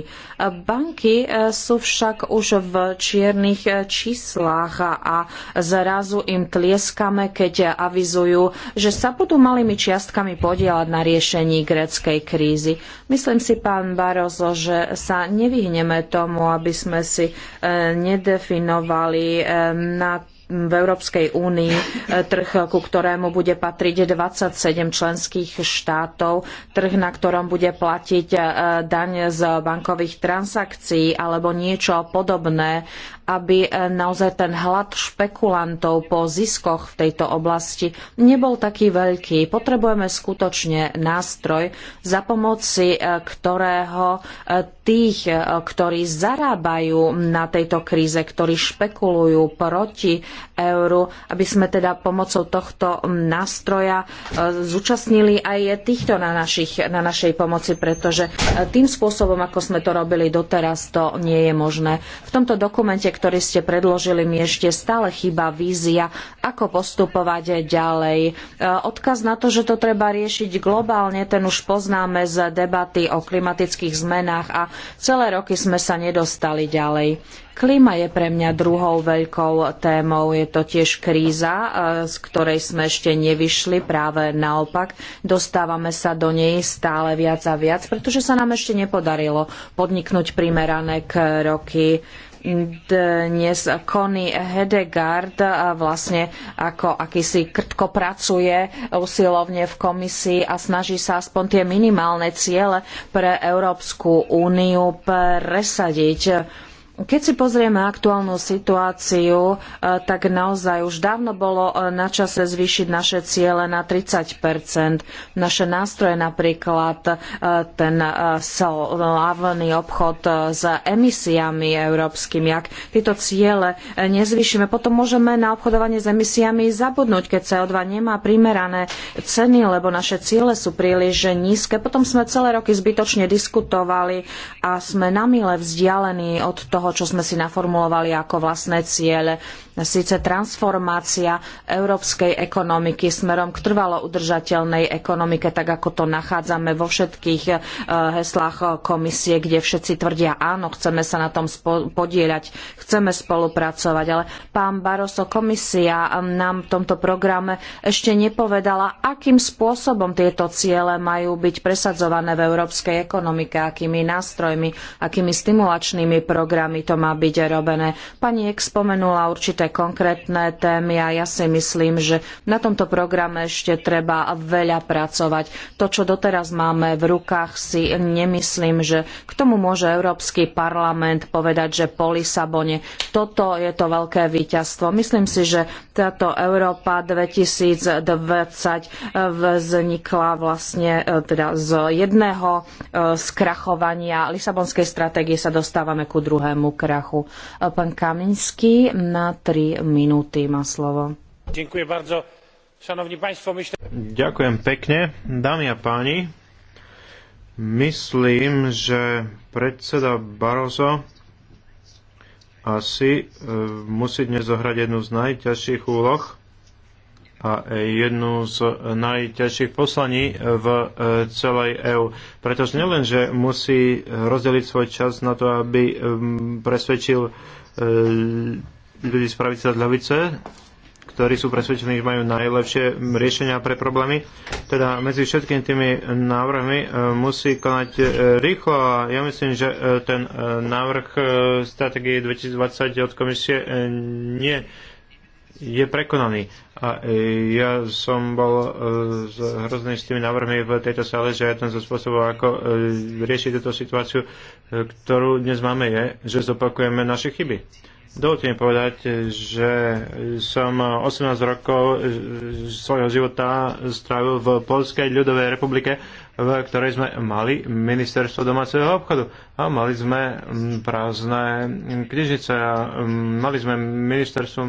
Banky sú však už v čiernych číslach a zrazu im tlieskame, keď avizujú, že sa budú malými čiastkami podielať na riešení gréckej krízy. Myslím si, pán Barozo, že sa nevyhneme tomu, aby sme si eh, nedefinovali eh, na v Európskej únii e, trh, ku ktorému bude patriť 27 členských štátov, trh, na ktorom bude platiť e, daň z bankových transakcií alebo niečo podobné aby e, naozaj ten hlad špekulantov po ziskoch v tejto oblasti nebol taký veľký. Potrebujeme skutočne nástroj, za pomoci e, ktorého e, tých, ktorí zarábajú na tejto kríze, ktorí špekulujú proti euru, aby sme teda pomocou tohto nástroja zúčastnili aj týchto na, našich, na našej pomoci, pretože tým spôsobom, ako sme to robili doteraz, to nie je možné. V tomto dokumente, ktorý ste predložili, mi ešte stále chýba vízia, ako postupovať ďalej. E, odkaz na to, že to treba riešiť globálne, ten už poznáme z debaty o klimatických zmenách a celé roky sme sa nedostali ďalej. Klíma je pre mňa druhou veľkou témou. Je to tiež kríza, e, z ktorej sme ešte nevyšli. Práve naopak, dostávame sa do nej stále viac a viac, pretože sa nám ešte nepodarilo podniknúť primerané kroky dnes Kony Hedegaard vlastne ako akýsi krtko pracuje usilovne v komisii a snaží sa aspoň tie minimálne ciele pre Európsku úniu presadiť keď si pozrieme aktuálnu situáciu, e, tak naozaj už dávno bolo e, na čase zvýšiť naše ciele na 30 Naše nástroje napríklad e, ten slávny obchod s emisiami európskymi. Ak tieto ciele nezvýšime, potom môžeme na obchodovanie s emisiami zabudnúť, keď CO2 nemá primerané ceny, lebo naše ciele sú príliš nízke. Potom sme celé roky zbytočne diskutovali a sme na mile vzdialení od toho, toho, čo sme si naformulovali ako vlastné ciele síce transformácia európskej ekonomiky smerom k trvalo udržateľnej ekonomike, tak ako to nachádzame vo všetkých e, heslách e, komisie, kde všetci tvrdia áno, chceme sa na tom podieľať, chceme spolupracovať. Ale pán Barroso, komisia nám v tomto programe ešte nepovedala, akým spôsobom tieto ciele majú byť presadzované v európskej ekonomike, akými nástrojmi, akými stimulačnými programy to má byť robené. Pani Ek spomenula určité konkrétne témy a ja si myslím, že na tomto programe ešte treba veľa pracovať. To, čo doteraz máme v rukách, si nemyslím, že k tomu môže Európsky parlament povedať, že po Lisabone toto je to veľké víťazstvo. Myslím si, že táto Európa 2020 eh, vznikla vlastne eh, teda z jedného eh, skrachovania Lisabonskej stratégie sa dostávame ku druhému krachu. Pán Kaminský na tri Ďakujem pekne. Dámy a páni, myslím, že predseda Barroso asi e, musí dnes zohrať jednu z najťažších úloh a jednu z najťažších poslaní v e, celej EÚ. Pretože nielen, že musí rozdeliť svoj čas na to, aby e, presvedčil ľudí z pravice a z ľavice, ktorí sú presvedčení, že majú najlepšie riešenia pre problémy. Teda medzi všetkými tými návrhmi e, musí konať e, rýchlo a ja myslím, že e, ten návrh stratégie 2020 od komisie nie je prekonaný. A ja som bol e, hrozný s tými návrhmi v tejto sále, že jeden zo spôsobov, ako e, riešiť túto situáciu, e, ktorú dnes máme, je, že zopakujeme naše chyby. Dovolte mi povedať, že som 18 rokov svojho života strávil v Polskej ľudovej republike, v ktorej sme mali ministerstvo domáceho obchodu. A mali sme mm, prázdne knižnice a mm, mali sme ministerstvo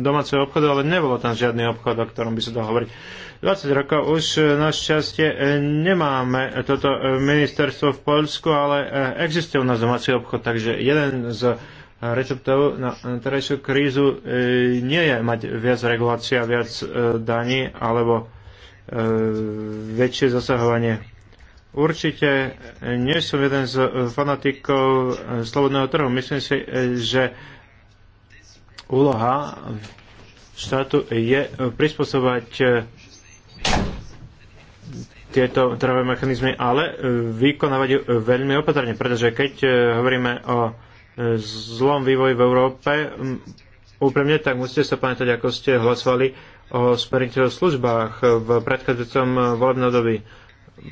domáceho obchodu, ale nebolo tam žiadny obchod, o ktorom by sa dalo hovoriť. 20 rokov už našťastie nemáme toto ministerstvo v Polsku, ale e, existuje u nás domáci obchod, takže jeden z receptov na terajšiu krízu e, nie je mať viac a viac e, daní alebo e, väčšie zasahovanie. Určite nie som jeden z fanatikov slobodného trhu. Myslím si, že úloha štátu je prispôsobať tieto trhové mechanizmy, ale vykonávať ju veľmi opatrne, pretože keď hovoríme o zlom vývoji v Európe, úprimne, tak musíte sa pamätať, ako ste hlasovali o smernici službách v predchádzajúcom volebnom období.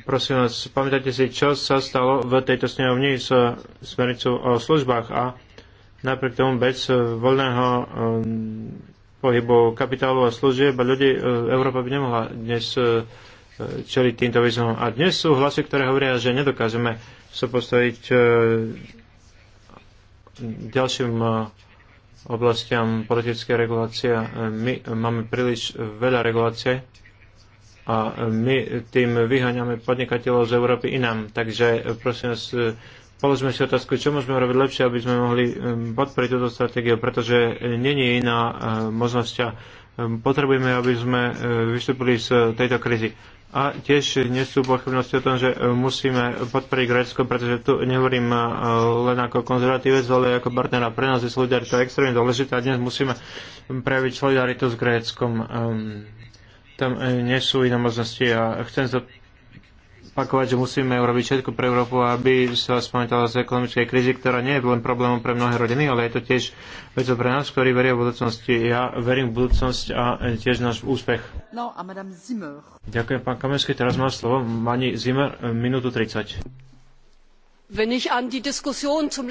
Prosím vás, pamätajte si, čo sa stalo v tejto snehovni s smernicou o službách a napriek tomu bez voľného um, pohybu kapitálu a služieb a ľudí uh, Európa by nemohla dnes uh, čeliť týmto výzvom. A dnes sú hlasy, ktoré hovoria, že nedokážeme sa postaviť uh, ďalším e, oblastiam politické regulácie. E, my máme príliš veľa regulácie a e, my tým vyháňame podnikateľov z Európy inám. Takže prosím vás, položme si otázku, čo môžeme robiť lepšie, aby sme mohli podporiť túto stratégiu, pretože není iná možnosť a potrebujeme, aby sme vystúpili z tejto krízy. A tiež nie sú pochybnosti o tom, že e, musíme podporiť Grécko, pretože tu nehovorím e, len ako konzervatívec, ale ako partnera. Pre nás je solidarita extrémne dôležitá a dnes musíme prejaviť solidaritu s Gréckom. Ehm, tam nie sú iné možnosti a chcem sa opakovať, že musíme urobiť všetko pre Európu, aby sa spomentala z ekonomickej krízy, ktorá nie je len problémom pre mnohé rodiny, ale je to tiež vec pre nás, ktorí veria v budúcnosti. Ja verím v budúcnosť a tiež náš úspech. No a Madame Zimmer. Ďakujem, pán Kamenský. Teraz má slovo Mani Zimmer, minútu 30. Wenn ich an die Diskussion zum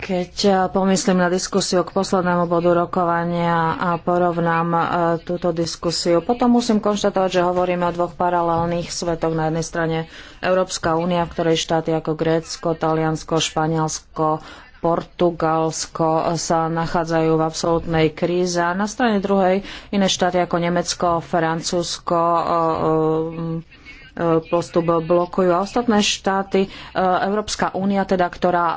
keď e, pomyslím na diskusiu k poslednému bodu rokovania a porovnám e, túto diskusiu, potom musím konštatovať, že hovoríme o dvoch paralelných svetoch. Na jednej strane Európska únia, v ktorej štáty ako Grécko, Taliansko, Španielsko, Portugalsko e, sa nachádzajú v absolútnej kríze a na strane druhej iné štáty ako Nemecko, Francúzsko, E, postup blokujú. A ostatné štáty, e, Európska únia, teda, ktorá e,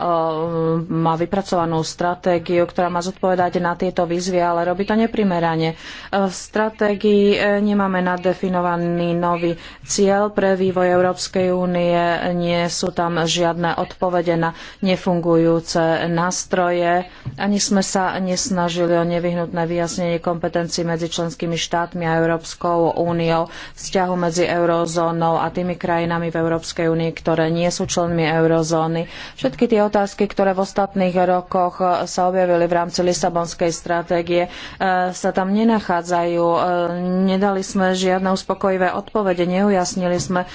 má vypracovanú stratégiu, ktorá má zodpovedať na tieto výzvy, ale robí to neprimerane. V stratégii nemáme nadefinovaný nový cieľ pre vývoj Európskej únie, nie sú tam žiadne odpovede na nefungujúce nástroje. Ani sme sa nesnažili o nevyhnutné vyjasnenie kompetencií medzi členskými štátmi a Európskou úniou, vzťahu medzi eurozónou Čínou a tými krajinami v Európskej únii, ktoré nie sú členmi eurozóny. Všetky tie otázky, ktoré v ostatných rokoch sa objavili v rámci Lisabonskej stratégie, e, sa tam nenachádzajú. E, nedali sme žiadne uspokojivé odpovede, neujasnili sme, e,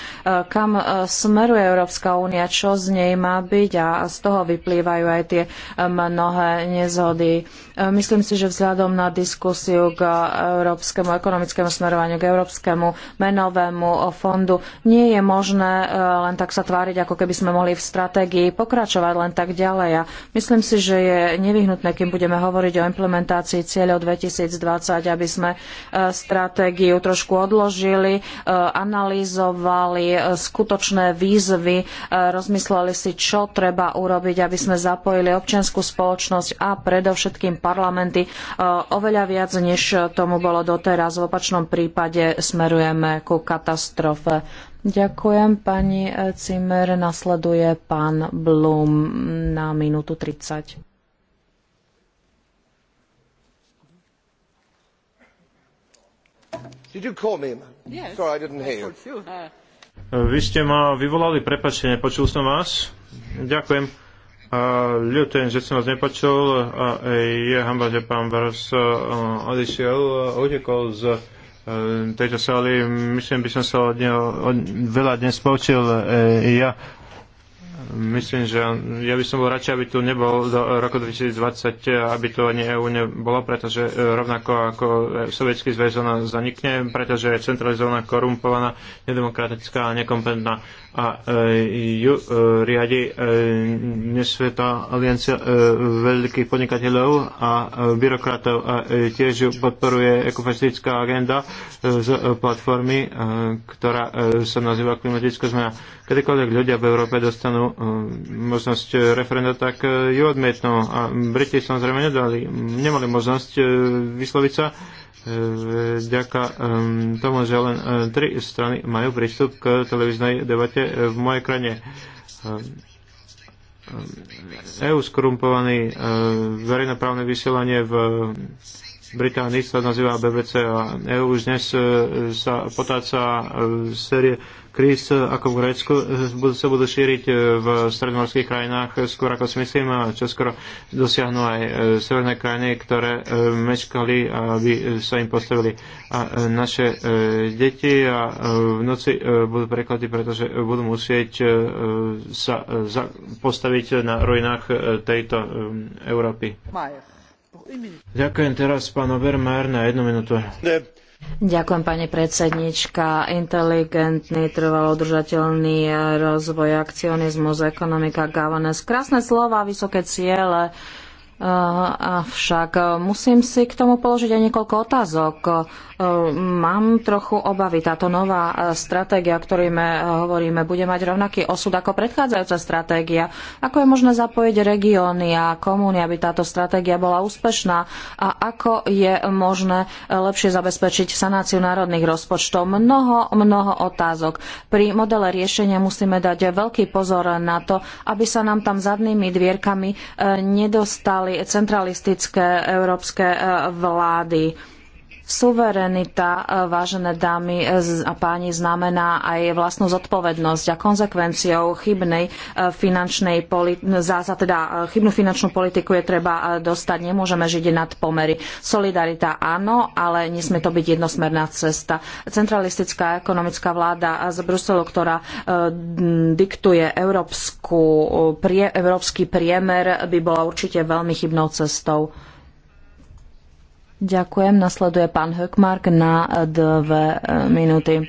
kam smeruje Európska únia, čo z nej má byť a z toho vyplývajú aj tie mnohé nezhody. Myslím si, že vzhľadom na diskusiu k európskemu ekonomickému smerovaniu, k európskemu menovému fondu nie je možné e, len tak sa tváriť, ako keby sme mohli v stratégii pokračovať len tak ďalej. A myslím si, že je nevyhnutné, kým budeme hovoriť o implementácii cieľov 2020, aby sme e, stratégiu trošku odložili, e, analyzovali skutočné výzvy, rozmysleli si, čo treba urobiť, aby sme zapojili občiansku spoločnosť a predovšetkým parlamenty oveľa viac, než tomu bolo doteraz. V opačnom prípade smerujeme ku katastrofe. Ďakujem pani e, Cimer. Nasleduje pán Blum na minútu 30. Did you call me? Yes. Sorry, I didn't hear you. Uh, Vy ste ma vyvolali, prepačte, nepočul som vás. Ďakujem. A ľutujem, že som vás nepočul. A e, je hamba, že pán Varos e, odišiel, utekol z Ehm, tejto sály. Myslím, by som sa od neho od, veľa dnes poučil e, ja. Myslím, že ja by som bol radšej, aby tu nebol do roku 2020, eh, aby tu ani EU nebolo, pretože eh, rovnako ako sovietský zväz ona zanikne, pretože je centralizovaná, korumpovaná, nedemokratická a nekompetentná a e, ju e, riadi e, nesvetá aliancia veľkých podnikateľov a byrokratov a tiež ju podporuje ekofastická agenda z platformy, ktorá sa nazýva klimatická zmena. Kedykoľvek ľudia v Európe dostanú možnosť referenda, tak ju odmietnú. A Briti samozrejme nedali, nemali možnosť vysloviť sa vďaka ehm, tomu, že len eh, tri strany majú prístup k televíznej debate v mojej krajine. Ehm, ehm, EU skorumpovaný eh, verejnoprávne vysielanie v Británii sa nazýva BBC a EU už dnes e, sa potáca e, série kríz e, ako v Grécku sa budú šíriť v stredomorských krajinách skôr ako si myslím a skoro dosiahnu aj severné krajiny, ktoré meškali, aby sa im postavili. A naše deti a v noci budú preklady, pretože budú musieť sa postaviť na ruinách tejto Európy. Majer. Ďakujem teraz pán Obermajer na jednu minútu. Ďakujem, pani predsednička. Inteligentný, trvalo udržateľný rozvoj, akcionizmus, ekonomika, governance. Krásne slova, vysoké ciele. Eh, avšak eh, musím si k tomu položiť aj niekoľko otázok E, mám trochu obavy. Táto nová e, stratégia, o ktorej e, hovoríme, bude mať rovnaký osud ako predchádzajúca stratégia. Ako je možné zapojiť regióny a komúny, aby táto stratégia bola úspešná? A ako je možné lepšie zabezpečiť sanáciu národných rozpočtov? Mnoho, mnoho otázok. Pri modele riešenia musíme dať veľký pozor na to, aby sa nám tam zadnými dvierkami nedostali centralistické európske vlády Suverenita, e, vážené dámy a páni, znamená aj vlastnú zodpovednosť a konzekvenciou chybnej e, finančnej za, za teda e, chybnú finančnú politiku je treba dostať. Nemôžeme žiť nad pomery. Solidarita áno, ale nesmie to byť jednosmerná cesta. Centralistická ekonomická vláda z Bruselu, ktorá diktuje európsku, prie, európsky priemer, by bola určite veľmi chybnou cestou. Ďakujem. Nasleduje pán Hökmark na dve minúty.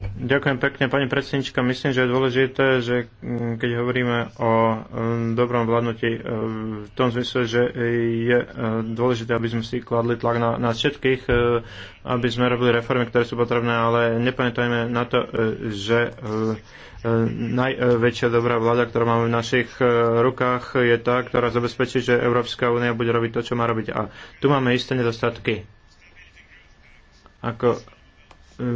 Ďakujem pekne, pani predsednička. Myslím, že je dôležité, že mm, keď hovoríme o mm, dobrom vládnutí e, v tom zmysle, že je e, dôležité, aby sme si kladli tlak na, na všetkých, e, aby sme robili reformy, ktoré sú potrebné, ale nepamätajme na to, že najväčšia dobrá vláda, ktorá máme v našich rukách, je tá, ktorá zabezpečí, že Európska únia bude robiť to, čo má robiť. A tu máme isté nedostatky. Ako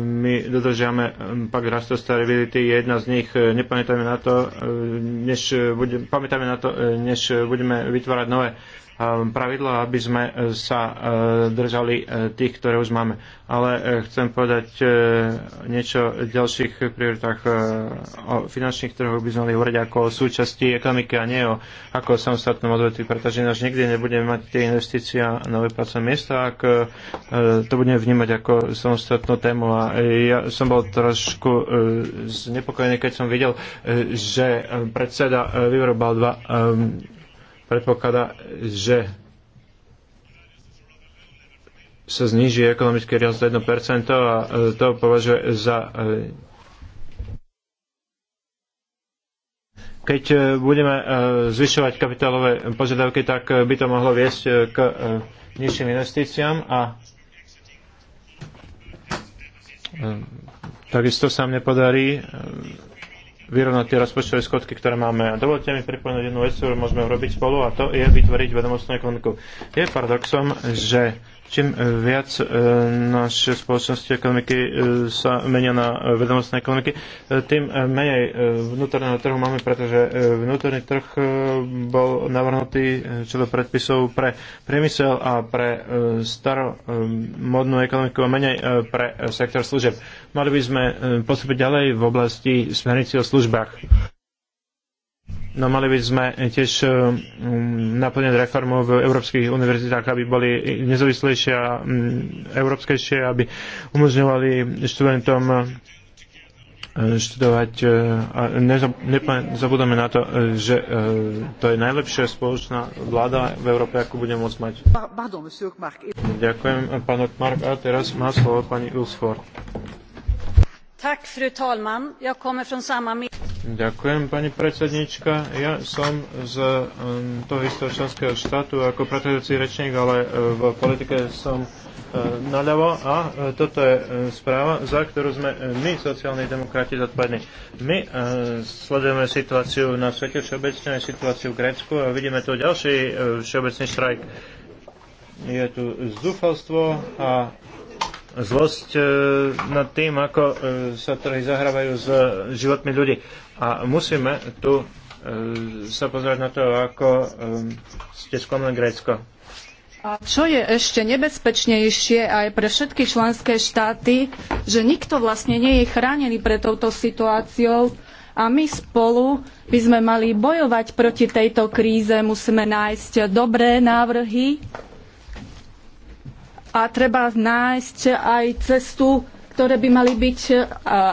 my dodržiame um, pak rastov stability, je jedna z nich, e, nepamätáme na to, e, než budem, pamätáme na to, e, než budeme vytvárať nové Ehm, pravidla, aby sme e, sa e, držali e, tých, ktoré už máme. Ale chcem povedať niečo o ďalších prioritách o finančných trhoch by sme mali hovoriť ako o súčasti ekonomiky a nie o ako o samostatnom odvetví, pretože náš nikdy nebudeme mať tie investície a nové pracovné miesta, ak to budeme vnímať ako samostatnú tému. A ja som bol trošku znepokojený, keď som videl, že predseda vyrobal dva predpokladá, že sa zniží ekonomický rast 1% a e, to považuje za e, keď e, budeme zvyšovať kapitálové požiadavky, tak by to mohlo viesť k nižším investíciám a takisto sa mne podarí vyrovnať tie rozpočtové skutky, ktoré máme. A dovolte mi pripomenúť jednu vec, ktorú môžeme urobiť spolu, a to je vytvoriť vedomostnú ekonomiku. Je paradoxom, že čím viac e, naše spoločnosti ekonomiky e, sa menia na vedomostné ekonomiky, e, tým e, menej e, vnútorného trhu máme, pretože e, vnútorný trh e, bol navrhnutý e, čo do predpisov pre priemysel a pre e, staromodnú e, ekonomiku a menej e, pre sektor služeb mali by sme e, postupiť ďalej v oblasti smernici o službách. No mali by sme tiež e, naplňať reformu v európskych univerzitách, aby boli nezávislejšie a európskejšie, aby umožňovali študentom e, študovať a nezabudeme na to, že to je najlepšia spoločná vláda v Európe, ako budeme môcť mať. Ďakujem, pán Okmark. A teraz má slovo pani Ulsford fru talman. Ja kommer från samma... Ďakujem, pani predsednička. Ja som z um, toho istého členského štátu ako predchádzajúci rečník, ale uh, v politike som uh, naľavo a uh, toto je správa, za ktorú sme my, sociálni demokrati, zodpovední. My sledujeme situáciu na svete všeobecne, aj situáciu v Grécku a vidíme tu ďalší všeobecný štrajk. Je tu zúfalstvo a zlosť e, nad tým, ako e, sa trhy zahrávajú s e, životmi ľudí. A musíme tu sa pozrieť na to, ako ste skomlen Grécko. A čo je ešte nebezpečnejšie aj pre všetky členské štáty, že nikto vlastne nie je chránený pre touto situáciou a my spolu by sme mali bojovať proti tejto kríze, musíme nájsť dobré návrhy, a treba nájsť aj cestu, ktoré by mali byť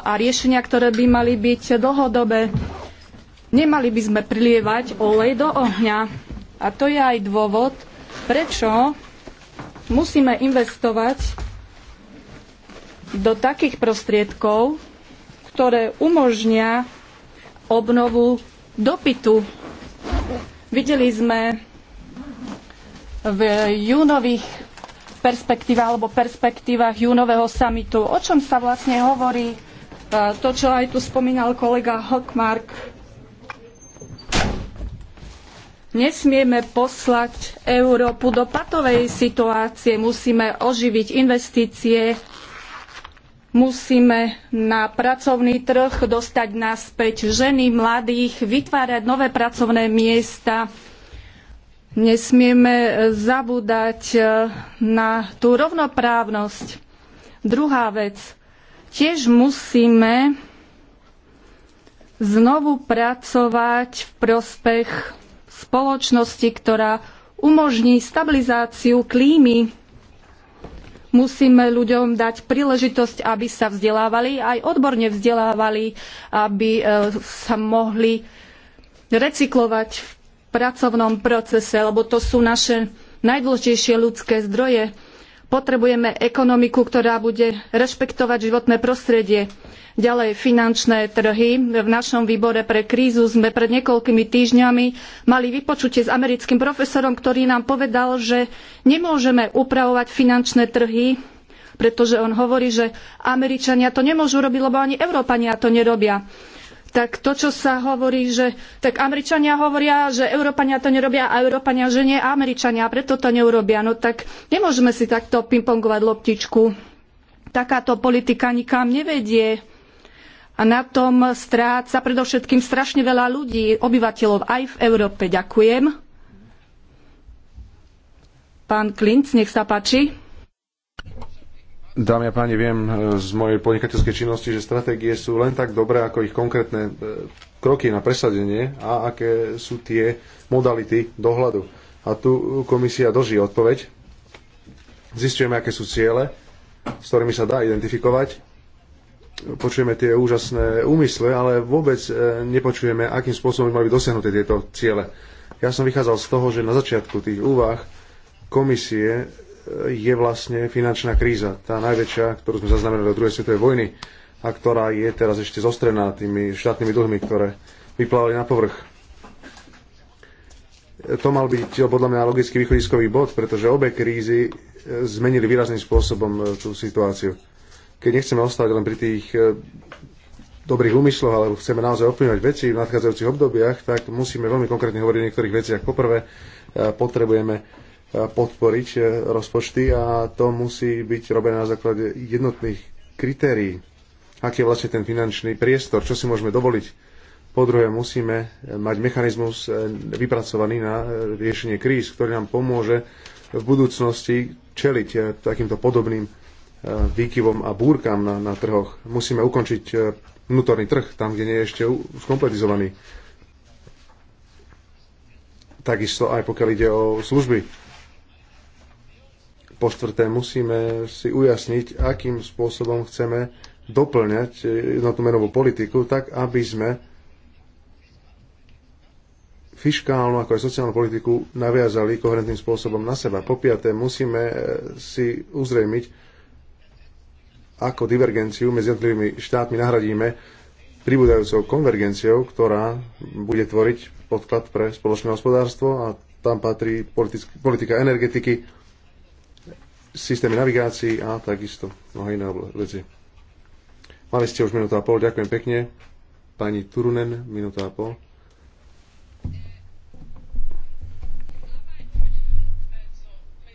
a riešenia, ktoré by mali byť dlhodobé. Nemali by sme prilievať olej do ohňa. A to je aj dôvod, prečo musíme investovať do takých prostriedkov, ktoré umožnia obnovu dopytu. Videli sme v júnových perspektíva alebo perspektívach júnového samitu. O čom sa vlastne hovorí e, to, čo aj tu spomínal kolega Hockmark? Nesmieme poslať Európu do patovej situácie, musíme oživiť investície, musíme na pracovný trh dostať naspäť ženy, mladých, vytvárať nové pracovné miesta, Nesmieme e, zabúdať e, na tú rovnoprávnosť. Druhá vec. Tiež musíme znovu pracovať v prospech spoločnosti, ktorá umožní stabilizáciu klímy. Musíme ľuďom dať príležitosť, aby sa vzdelávali, aj odborne vzdelávali, aby e, sa mohli recyklovať v pracovnom procese, lebo to sú naše najdôležitejšie ľudské zdroje. Potrebujeme ekonomiku, ktorá bude rešpektovať životné prostredie. Ďalej finančné trhy. V našom výbore pre krízu sme pred niekoľkými týždňami mali vypočutie s americkým profesorom, ktorý nám povedal, že nemôžeme upravovať finančné trhy, pretože on hovorí, že Američania to nemôžu robiť, lebo ani Európania to nerobia tak to, čo sa hovorí, že tak Američania hovoria, že Európania to nerobia a Európania, že nie Američania, preto to neurobia. No tak nemôžeme si takto pingpongovať loptičku. Takáto politika nikam nevedie. A na tom stráca predovšetkým strašne veľa ľudí, obyvateľov aj v Európe. Ďakujem. Pán Klinc, nech sa páči. Dámy a páni, viem e, z mojej podnikateľskej činnosti, že stratégie sú len tak dobré, ako ich konkrétne e, kroky na presadenie a aké sú tie modality dohľadu. A tu komisia doží odpoveď. Zistujeme, aké sú ciele, s ktorými sa dá identifikovať. Počujeme tie úžasné úmysle, ale vôbec e, nepočujeme, akým spôsobom mali dosiahnuté tieto ciele. Ja som vychádzal z toho, že na začiatku tých úvah komisie je vlastne finančná kríza, tá najväčšia, ktorú sme zaznamenali do druhej svetovej vojny a ktorá je teraz ešte zostrená tými štátnymi dlhmi, ktoré vyplávali na povrch. To mal byť podľa mňa logický východiskový bod, pretože obe krízy e, zmenili výrazným spôsobom e, tú situáciu. Keď nechceme ostať len pri tých e, dobrých úmysloch, ale chceme naozaj ovplyvňovať veci v nadchádzajúcich obdobiach, tak musíme veľmi konkrétne hovoriť o niektorých veciach. Poprvé, potrebujeme podporiť eh, rozpočty a to musí byť robené na základe jednotných kritérií, aký je vlastne ten finančný priestor, čo si môžeme dovoliť. Po druhé, musíme eh, mať mechanizmus eh, vypracovaný na riešenie kríz, ktorý nám pomôže v budúcnosti čeliť takýmto podobným výkyvom a búrkam na, na trhoch. Musíme ukončiť vnútorný trh tam, kde nie je ešte skompletizovaný. Takisto aj pokiaľ ide o služby po štvrté, musíme si ujasniť, akým spôsobom chceme doplňať jednotnú menovú politiku, tak aby sme fiskálnu ako aj sociálnu politiku naviazali koherentným spôsobom na seba. Po piaté, musíme si uzrejmiť, ako divergenciu medzi jednotlivými štátmi nahradíme pribúdajúcou konvergenciou, ktorá bude tvoriť podklad pre spoločné hospodárstvo a tam patrí politika energetiky, systémy navigácií a takisto mnohé iné veci. Mali ste už minútu a pol, ďakujem pekne. Pani Turunen, minúta a pol.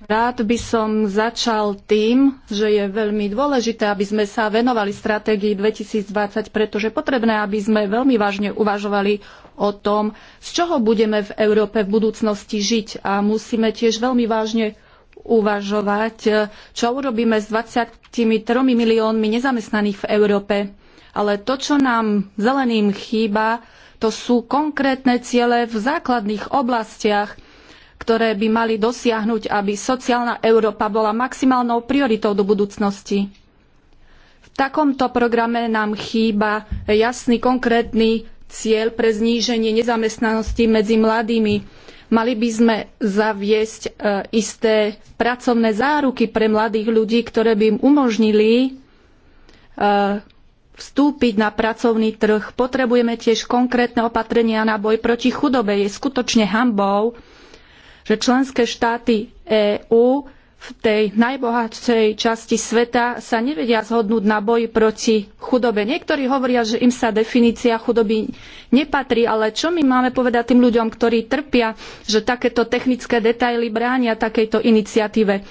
Rád by som začal tým, že je veľmi dôležité, aby sme sa venovali stratégii 2020, pretože potrebné, aby sme veľmi vážne uvažovali o tom, z čoho budeme v Európe v budúcnosti žiť. A musíme tiež veľmi vážne uvažovať, e, čo urobíme s 23 miliónmi nezamestnaných v Európe. Ale to, čo nám zeleným chýba, to sú konkrétne ciele v základných oblastiach, ktoré by mali dosiahnuť, aby sociálna Európa bola maximálnou prioritou do budúcnosti. V takomto programe nám chýba jasný konkrétny cieľ pre zníženie nezamestnanosti medzi mladými Mali by sme zaviesť e, isté pracovné záruky pre mladých ľudí, ktoré by im umožnili e, vstúpiť na pracovný trh. Potrebujeme tiež konkrétne opatrenia na boj proti chudobe. Je skutočne hambou, že členské štáty EÚ v tej najbohatšej časti sveta sa nevedia zhodnúť na boji proti chudobe. Niektorí hovoria, že im sa definícia chudoby nepatrí, ale čo my máme povedať tým ľuďom, ktorí trpia, že takéto technické detaily bránia takejto iniciatíve?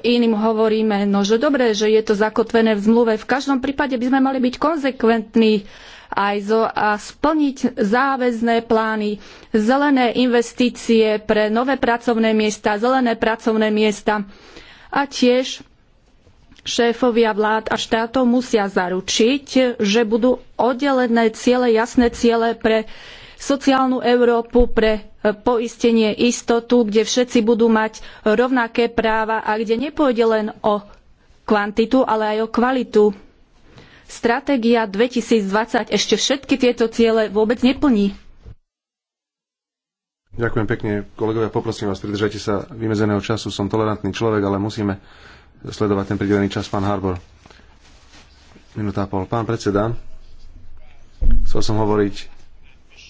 Iným hovoríme, no že dobre, že je to zakotvené v zmluve. V každom prípade by sme mali byť konzekventní aj zo, a splniť záväzné plány, zelené investície pre nové pracovné miesta, zelené pracovné miesta a tiež Šéfovia vlád a štátov musia zaručiť, že budú oddelené ciele, jasné ciele pre sociálnu Európu, pre e, poistenie istotu, kde všetci budú mať rovnaké práva a kde nepôjde len o kvantitu, ale aj o kvalitu stratégia 2020 ešte všetky tieto ciele vôbec neplní. Ďakujem pekne. Kolegovia, poprosím vás, pridržajte sa vymedzeného času. Som tolerantný človek, ale musíme sledovať ten pridelený čas, pán Harbor. Minúta a pol. Pán predseda, chcel som hovoriť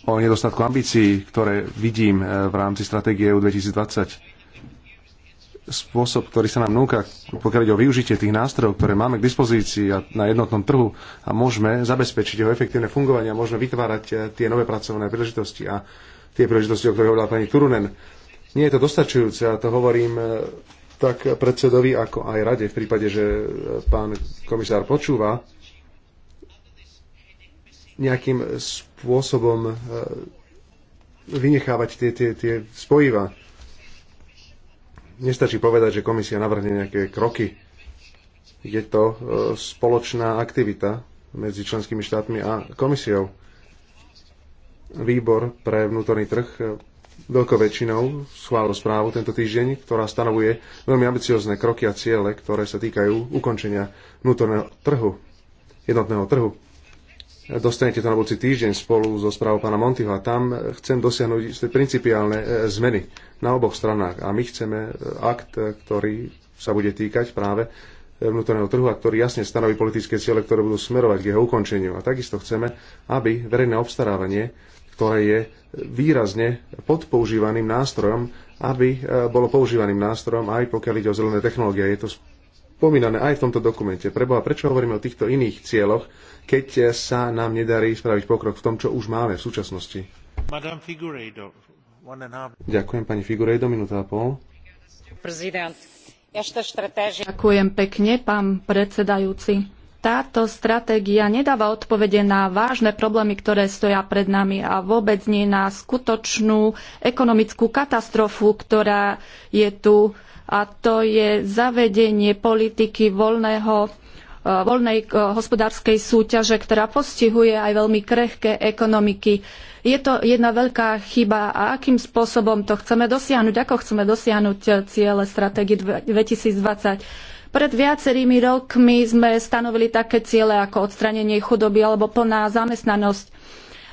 o nedostatku ambícií, ktoré vidím eh, v rámci stratégie EU 2020 spôsob, ktorý sa nám núka, pokiaľ ide o využitie tých nástrojov, ktoré máme k dispozícii a na jednotnom trhu a môžeme zabezpečiť jeho efektívne fungovanie a môžeme vytvárať eh, tie nové pracovné príležitosti a tie príležitosti, o ktorých hovorila pani Turunen. Nie je to dostačujúce a to hovorím eh, tak predsedovi, ako aj rade v prípade, že eh, pán komisár počúva nejakým spôsobom vynechávať tie, tie, tie spojiva nestačí povedať, že komisia navrhne nejaké kroky. Je to e, spoločná aktivita medzi členskými štátmi a komisiou. Výbor pre vnútorný trh e, veľkou väčšinou schválil správu tento týždeň, ktorá stanovuje veľmi ambiciozne kroky a ciele, ktoré sa týkajú ukončenia vnútorného trhu, jednotného trhu. Dostanete to na budúci týždeň spolu so správou pána Montyho a tam chcem dosiahnuť isté principiálne e, zmeny na oboch stranách. A my chceme e, akt, e, ktorý sa bude týkať práve e, vnútorného trhu a ktorý jasne stanoví politické ciele, ktoré budú smerovať k jeho ukončeniu. A takisto chceme, aby verejné obstarávanie, ktoré je výrazne podpoužívaným nástrojom, aby bolo používaným nástrojom aj pokiaľ ide o zelené technológie. Je to spomínané aj v tomto dokumente. Preboha, prečo hovoríme o týchto iných cieľoch, keď sa nám nedarí spraviť pokrok v tom, čo už máme v súčasnosti? Madame Figueiredo. Ďakujem pani Figurejdo, minúta a pol. Ďakujem pekne, pán predsedajúci. Táto stratégia nedáva odpovede na vážne problémy, ktoré stoja pred nami a vôbec nie na skutočnú ekonomickú katastrofu, ktorá je tu a to je zavedenie politiky voľného Eh, voľnej eh, hospodárskej súťaže, ktorá postihuje aj veľmi krehké ekonomiky. Je to jedna veľká chyba a akým spôsobom to chceme dosiahnuť, ako chceme dosiahnuť eh, ciele stratégie 2020. Pred viacerými rokmi sme stanovili také ciele ako odstranenie chudoby alebo plná zamestnanosť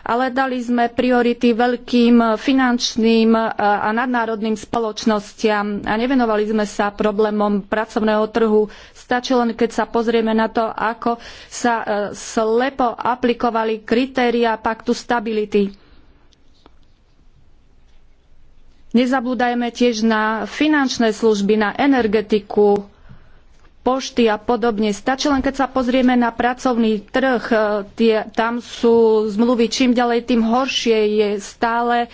ale dali sme priority veľkým finančným eh, a nadnárodným spoločnostiam a nevenovali sme sa problémom pracovného trhu. Stačí len, keď sa pozrieme na to, ako sa eh, slepo aplikovali kritéria paktu stability. Nezabúdajme tiež na finančné služby, na energetiku, pošty a podobne. Stačí len, keď sa pozrieme na pracovný trh, e, tie, tam sú zmluvy čím ďalej, tým horšie je stále e,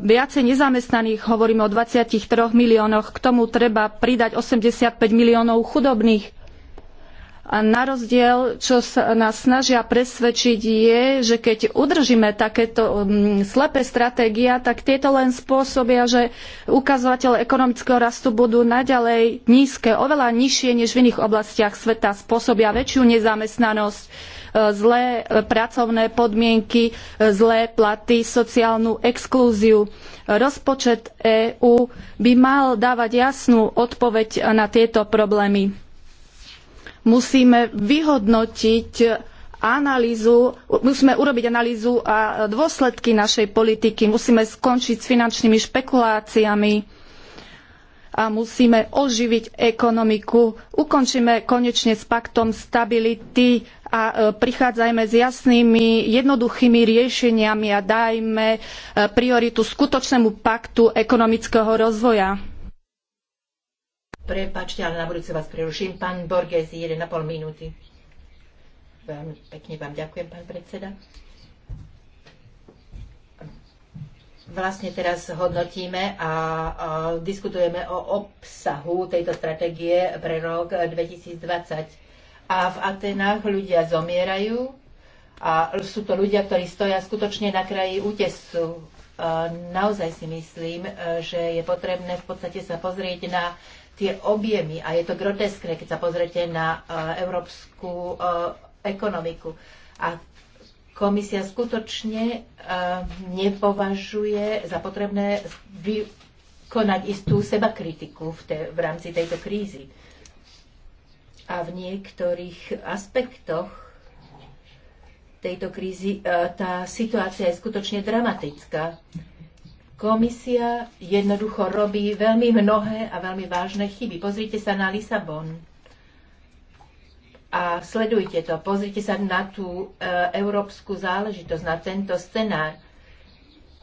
viacej nezamestnaných, hovoríme o 23 miliónoch, k tomu treba pridať 85 miliónov chudobných. A na rozdiel, čo sa nás snažia presvedčiť, je, že keď udržíme takéto mm, slepé stratégia, tak tieto len spôsobia, že ukazovatele ekonomického rastu budú naďalej nízke, oveľa nižšie než v iných oblastiach sveta, spôsobia väčšiu nezamestnanosť, e, zlé pracovné podmienky, e, zlé platy, sociálnu exklúziu. Rozpočet EÚ by mal dávať jasnú odpoveď na tieto problémy musíme vyhodnotiť analýzu, musíme urobiť analýzu a dôsledky našej politiky, musíme skončiť s finančnými špekuláciami a musíme oživiť ekonomiku. Ukončíme konečne s paktom stability a e, prichádzajme s jasnými, jednoduchými riešeniami a dajme e, prioritu skutočnému paktu ekonomického rozvoja. Prepačte, ale na budúce vás preruším. Pán Borges, 1,5 minúty. Veľmi pekne vám ďakujem, pán predseda. vlastne teraz hodnotíme a, diskutujeme o obsahu tejto stratégie pre rok 2020. A v Atenách ľudia zomierajú a sú to ľudia, ktorí stoja skutočne na kraji útesu. Naozaj si myslím, že je potrebné v podstate sa pozrieť na tie objemy a je to groteskné, keď sa pozrete na e, európsku e, ekonomiku. A komisia skutočne e, nepovažuje za potrebné vykonať istú sebakritiku v, te, v rámci tejto krízy. A v niektorých aspektoch tejto krízy tá situácia je skutočne dramatická Komisia jednoducho robí veľmi mnohé a veľmi vážne chyby. Pozrite sa na Lisabon a sledujte to. Pozrite sa na tú e, európsku záležitosť, na tento scenár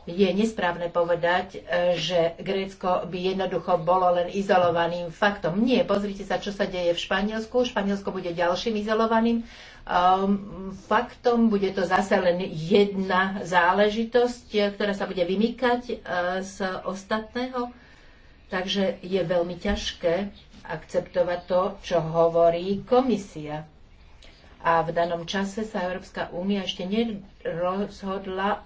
je nesprávne povedať, e, že Grécko by jednoducho bolo len izolovaným faktom. Nie, pozrite sa, čo sa deje v Španielsku. Španielsko bude ďalším izolovaným um, faktom. Bude to zase len jedna záležitosť, e, ktorá sa bude vymýkať uh, z ostatného. Takže je veľmi ťažké akceptovať to, čo hovorí komisia. A v danom čase sa Európska únia ešte nerozhodla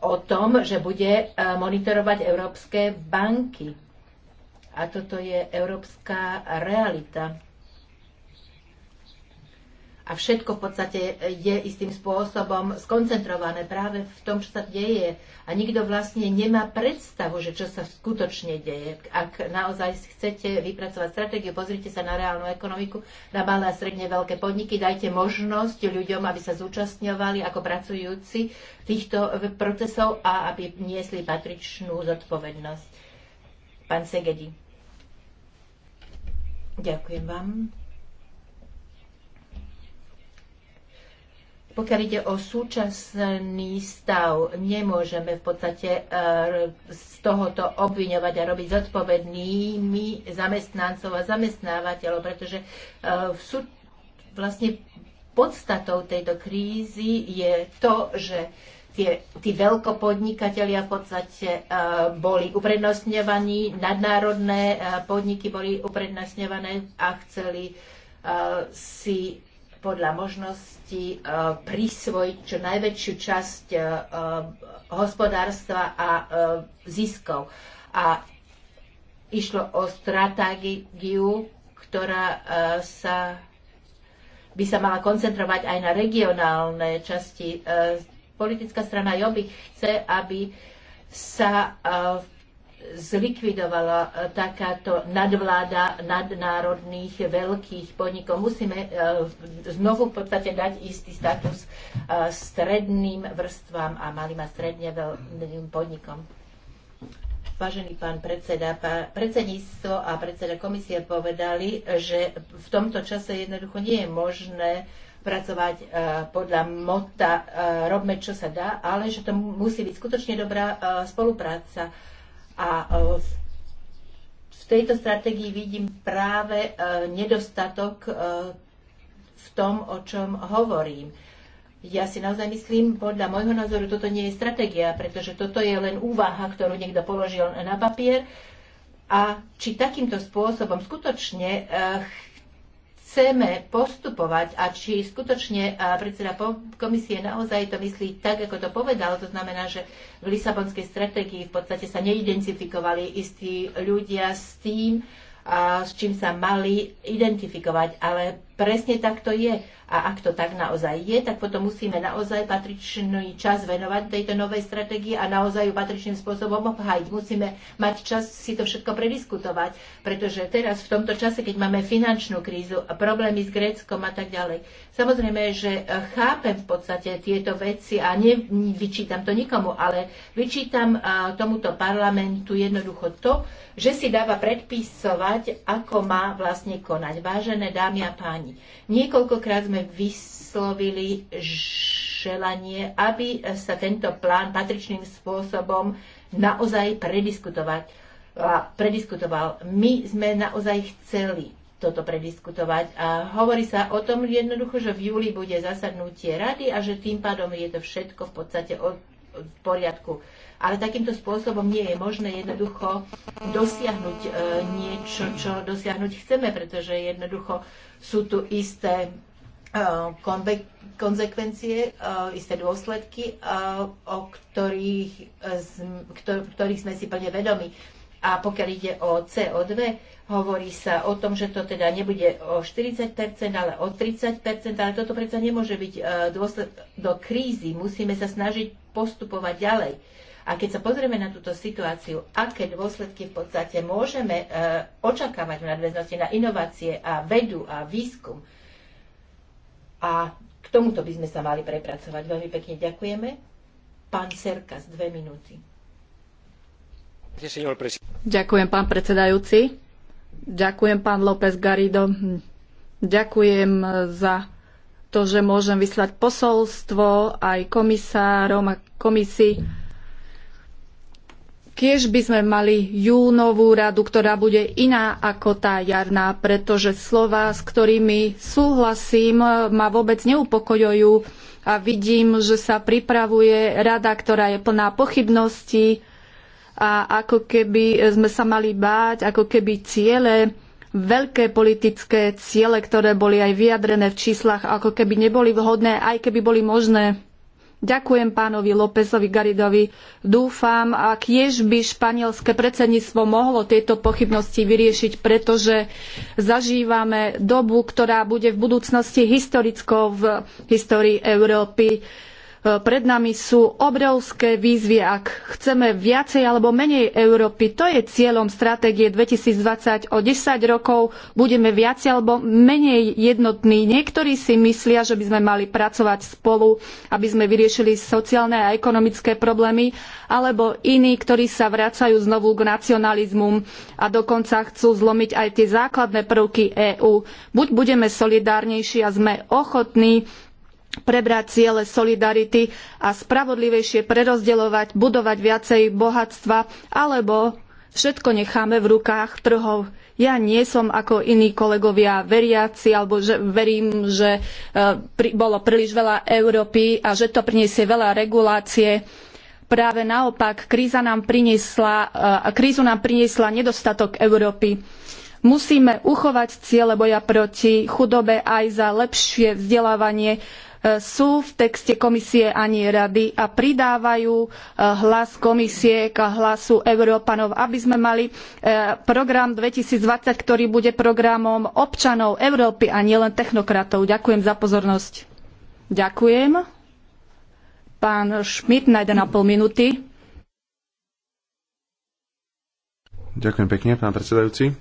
o tom, že bude e, monitorovať európske banky. A toto je európska realita a všetko v podstate je istým spôsobom skoncentrované práve v tom, čo sa deje. A nikto vlastne nemá predstavu, že čo sa skutočne deje. Ak naozaj chcete vypracovať stratégiu, pozrite sa na reálnu ekonomiku, na malé a stredne veľké podniky, dajte možnosť ľuďom, aby sa zúčastňovali ako pracujúci týchto procesov a aby niesli patričnú zodpovednosť. Pán Segedi. Ďakujem vám. Pokiaľ ide o súčasný stav, nemôžeme v podstate e, z tohoto obviňovať a robiť zodpovednými zamestnancov a zamestnávateľov, pretože e, sú, vlastne podstatou tejto krízy je to, že tie, tí veľkopodnikatelia v podstate e, boli uprednostňovaní, nadnárodné podniky boli uprednostňované a chceli si podľa možnosti e, prisvojiť čo najväčšiu časť e, e, hospodárstva a ziskov. A išlo o stratégiu, ktorá sa, by sa mala koncentrovať aj na regionálne časti. Politická strana Joby chce, aby sa v zlikvidovala e, takáto nadvláda nadnárodných veľkých podnikov. Musíme e, znovu v podstate dať istý status e, stredným vrstvám a malým a stredne veľkým podnikom. Vážený pán predseda, pán predsedníctvo a predseda komisie povedali, že v tomto čase jednoducho nie je možné pracovať podľa mota robme, čo sa dá, ale že to musí byť skutočne dobrá spolupráca a e, v tejto stratégii vidím práve e, nedostatok e, v tom, o čom hovorím. Ja si naozaj myslím, podľa môjho názoru toto nie je stratégia, pretože toto je len úvaha, ktorú niekto položil na papier. A či takýmto spôsobom skutočne chceme postupovať a či skutočne predseda komisie naozaj to myslí tak, ako to povedal. To znamená, že v Lisabonskej strategii v podstate sa neidentifikovali istí ľudia s tým, s čím sa mali identifikovať, ale presne tak to je. A ak to tak naozaj je, tak potom musíme naozaj patričný čas venovať tejto novej stratégii a naozaj ju patričným spôsobom obhajiť. Musíme mať čas si to všetko prediskutovať, pretože teraz v tomto čase, keď máme finančnú krízu, problémy s Gréckom a tak ďalej, samozrejme, že chápem v podstate tieto veci a nevyčítam to nikomu, ale vyčítam tomuto parlamentu jednoducho to, že si dáva predpisovať, ako má vlastne konať. Vážené dámy a páni, Niekoľkokrát sme vyslovili želanie, aby sa tento plán patričným spôsobom naozaj prediskutovať. A prediskutoval. My sme naozaj chceli toto prediskutovať. A hovorí sa o tom jednoducho, že v júli bude zasadnutie rady a že tým pádom je to všetko v podstate v poriadku. Ale takýmto spôsobom nie je možné jednoducho dosiahnuť e, niečo, čo dosiahnuť chceme, pretože jednoducho sú tu isté e, konzekvencie, e, isté dôsledky, o ktorých, ktorých sme si plne vedomi. A pokiaľ ide o CO2, hovorí sa o tom, že to teda nebude o 40%, ale o 30%, ale toto predsa nemôže byť dôsledok krízy. Musíme sa snažiť postupovať ďalej. A keď sa pozrieme na túto situáciu, aké dôsledky v podstate môžeme e, očakávať v nadväznosti na inovácie a vedu a výskum, a k tomuto by sme sa mali prepracovať. Veľmi pekne ďakujeme. Pán z dve minúty. Ďakujem, pán predsedajúci. Ďakujem, pán López Garido. Ďakujem za to, že môžem vyslať posolstvo aj komisárom a komisii Kiež by sme mali júnovú radu, ktorá bude iná ako tá jarná, pretože slova, s ktorými súhlasím, ma vôbec neupokojujú a vidím, že sa pripravuje rada, ktorá je plná pochybností a ako keby sme sa mali báť, ako keby ciele, veľké politické ciele, ktoré boli aj vyjadrené v číslach, ako keby neboli vhodné, aj keby boli možné Ďakujem pánovi Lópezovi Garidovi. Dúfam, a kiež by španielske predsedníctvo mohlo tieto pochybnosti vyriešiť, pretože zažívame dobu, ktorá bude v budúcnosti historickou v histórii Európy. E, pred nami sú obrovské výzvy, ak chceme viacej alebo menej Európy. To je cieľom stratégie 2020. O 10 rokov budeme viacej alebo menej jednotní. Niektorí si myslia, že by sme mali pracovať spolu, aby sme vyriešili sociálne a ekonomické problémy, alebo iní, ktorí sa vracajú znovu k nacionalizmu a dokonca chcú zlomiť aj tie základné prvky EÚ. Buď budeme solidárnejší a sme ochotní prebrať ciele solidarity a spravodlivejšie prerozdeľovať, budovať viacej bohatstva, alebo všetko necháme v rukách trhov. Ja nie som ako iní kolegovia veriaci, alebo že verím, že e, bolo príliš veľa Európy a že to priniesie veľa regulácie. Práve naopak, kríza nám priniesla, e, krízu nám priniesla nedostatok Európy. Musíme uchovať ciele boja proti chudobe aj za lepšie vzdelávanie sú v texte komisie ani rady a pridávajú eh, hlas komisie k hlasu Európanov, aby sme mali eh, program 2020, ktorý bude programom občanov Európy a nielen technokratov. Ďakujem za pozornosť. Ďakujem. Pán Schmidt na 1,5 minúty. Ďakujem pekne, pán predsedajúci.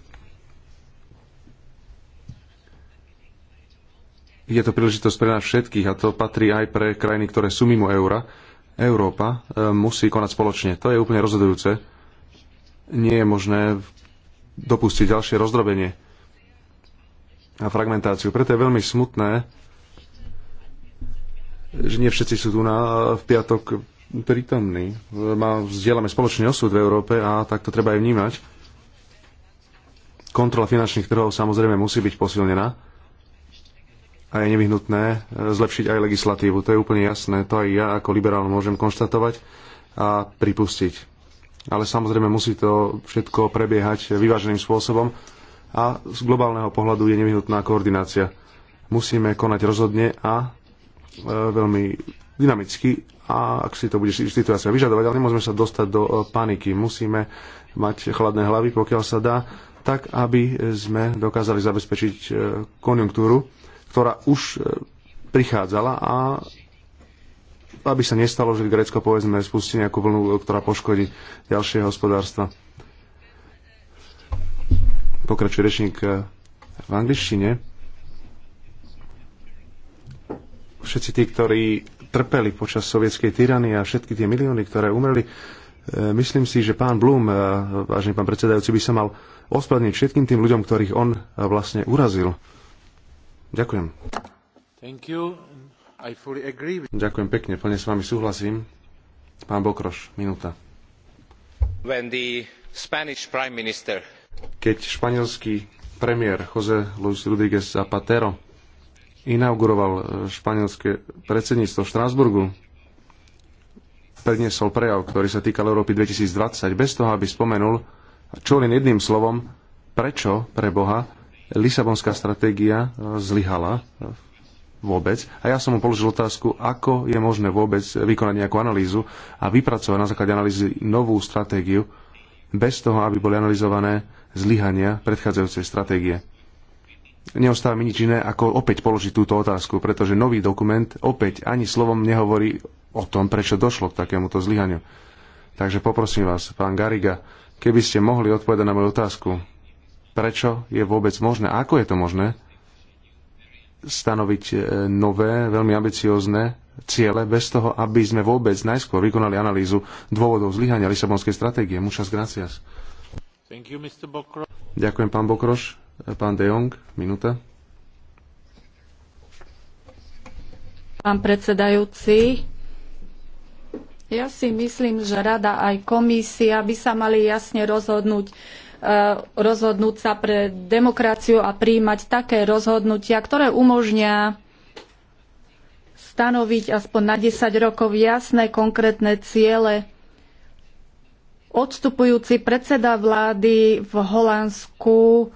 je to príležitosť pre nás všetkých a to patrí aj pre krajiny, ktoré sú mimo eura. Európa e, musí konať spoločne. To je úplne rozhodujúce. Nie je možné dopustiť ďalšie rozdrobenie a fragmentáciu. Preto je veľmi smutné, že nie všetci sú tu na, e, v piatok prítomní. E, vzdielame spoločný osud v Európe a tak to treba aj vnímať. Kontrola finančných trhov samozrejme musí byť posilnená a je nevyhnutné e, zlepšiť aj legislatívu. To je úplne jasné. To aj ja ako liberál môžem konštatovať a pripustiť. Ale samozrejme musí to všetko prebiehať vyváženým spôsobom a z globálneho pohľadu je nevyhnutná koordinácia. Musíme konať rozhodne a e, veľmi dynamicky a ak si to bude situácia vyžadovať, ale nemôžeme sa dostať do e, paniky. Musíme mať chladné hlavy, pokiaľ sa dá, tak aby sme dokázali zabezpečiť e, konjunktúru ktorá už e, prichádzala a aby sa nestalo, že Grécko povedzme spustí nejakú vlnu, e, ktorá poškodí ďalšie hospodárstva. Pokračuje rečník e, v angličtine. Všetci tí, ktorí trpeli počas sovietskej tyranie a všetky tie milióny, ktoré umreli, myslím si, že pán Blum, vážený pán predsedajúci, by sa mal ospravedlniť všetkým tým ľuďom, ktorých on vlastne urazil. Ďakujem. Thank you. I fully agree. Ďakujem pekne, plne s vami súhlasím. Pán Bokroš, minúta. When the Spanish prime minister... Keď španielský premiér Jose Luis Rodríguez Zapatero inauguroval e, španielské predsedníctvo v Štrásburgu, predniesol prejav, ktorý sa týkal Európy 2020, bez toho, aby spomenul čo len jedným slovom, prečo pre Boha Lisabonská stratégia e, zlyhala e, vôbec. A ja som mu položil otázku, ako je možné vôbec vykonať nejakú analýzu a vypracovať na základe analýzy novú stratégiu bez toho, aby boli analyzované zlyhania predchádzajúcej stratégie. Neostáva mi nič iné, ako opäť položiť túto otázku, pretože nový dokument opäť ani slovom nehovorí o tom, prečo došlo k takémuto zlyhaniu. Takže poprosím vás, pán Gariga, keby ste mohli odpovedať na moju otázku, prečo je vôbec možné, ako je to možné stanoviť e, nové, veľmi ambiciózne ciele bez toho, aby sme vôbec najskôr vykonali analýzu dôvodov zlyhania Lisabonskej stratégie. Muchas gracias. You, Ďakujem, pán Bokroš. E, pán De Jong, minúta. Pán predsedajúci, ja si myslím, že rada aj komisia by sa mali jasne rozhodnúť, Eh, rozhodnúť sa pre demokraciu a príjmať také rozhodnutia, ktoré umožnia stanoviť aspoň na 10 rokov jasné konkrétne ciele. Odstupujúci predseda vlády v Holandsku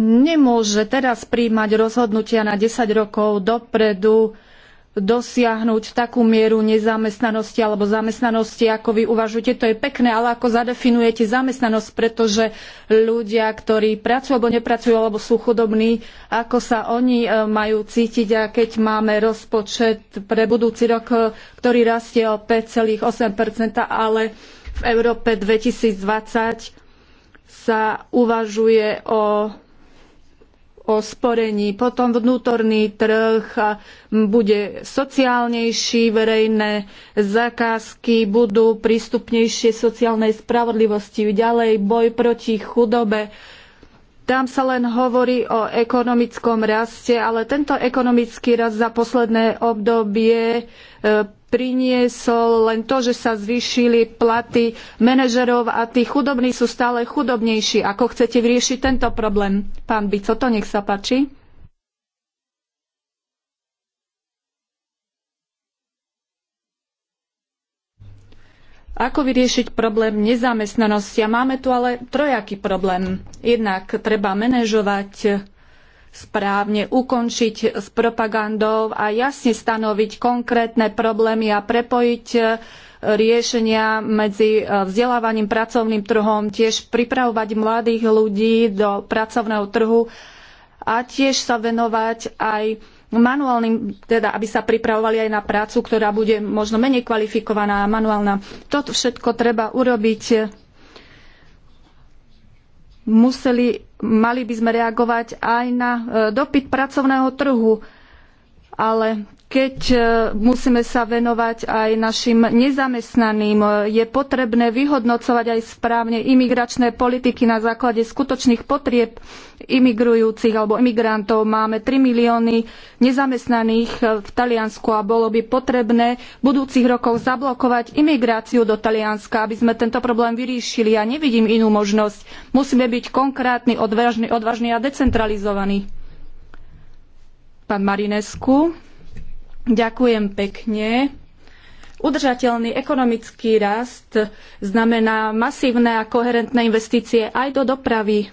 nemôže teraz príjmať rozhodnutia na 10 rokov dopredu, dosiahnuť takú mieru nezamestnanosti alebo zamestnanosti, ako vy uvažujete. To je pekné, ale ako zadefinujete zamestnanosť, pretože ľudia, ktorí pracujú alebo nepracujú, alebo sú chudobní, ako sa oni e, majú cítiť a keď máme rozpočet pre budúci rok, e, ktorý rastie o 5,8%, ale v Európe 2020 sa uvažuje o o sporení, potom vnútorný trh bude sociálnejší, verejné zakázky budú prístupnejšie sociálnej spravodlivosti, ďalej boj proti chudobe. Tam sa len hovorí o ekonomickom raste, ale tento ekonomický rast za posledné obdobie e, priniesol len to, že sa zvýšili platy manažerov a tí chudobní sú stále chudobnejší. Ako chcete vyriešiť tento problém? Pán Bico, to nech sa páči. Ako vyriešiť problém nezamestnanosti? A máme tu ale trojaký problém. Jednak treba manažovať správne ukončiť s propagandou a jasne stanoviť konkrétne problémy a prepojiť e, riešenia medzi e, vzdelávaním pracovným trhom, tiež pripravovať mladých ľudí do pracovného trhu a tiež sa venovať aj manuálnym, teda aby sa pripravovali aj na prácu, ktorá bude možno menej kvalifikovaná a manuálna. Toto všetko treba urobiť museli mali by sme reagovať aj na e, dopyt pracovného trhu, ale keď e, musíme sa venovať aj našim nezamestnaným. Je potrebné vyhodnocovať aj správne imigračné politiky na základe skutočných potrieb imigrujúcich alebo imigrantov. Máme 3 milióny nezamestnaných v Taliansku a bolo by potrebné v budúcich rokoch zablokovať imigráciu do Talianska, aby sme tento problém vyriešili. Ja nevidím inú možnosť. Musíme byť konkrétni, odvážni, odvážni a decentralizovaní. Pán Marinescu. Ďakujem pekne. Udržateľný ekonomický rast znamená masívne a koherentné investície aj do dopravy.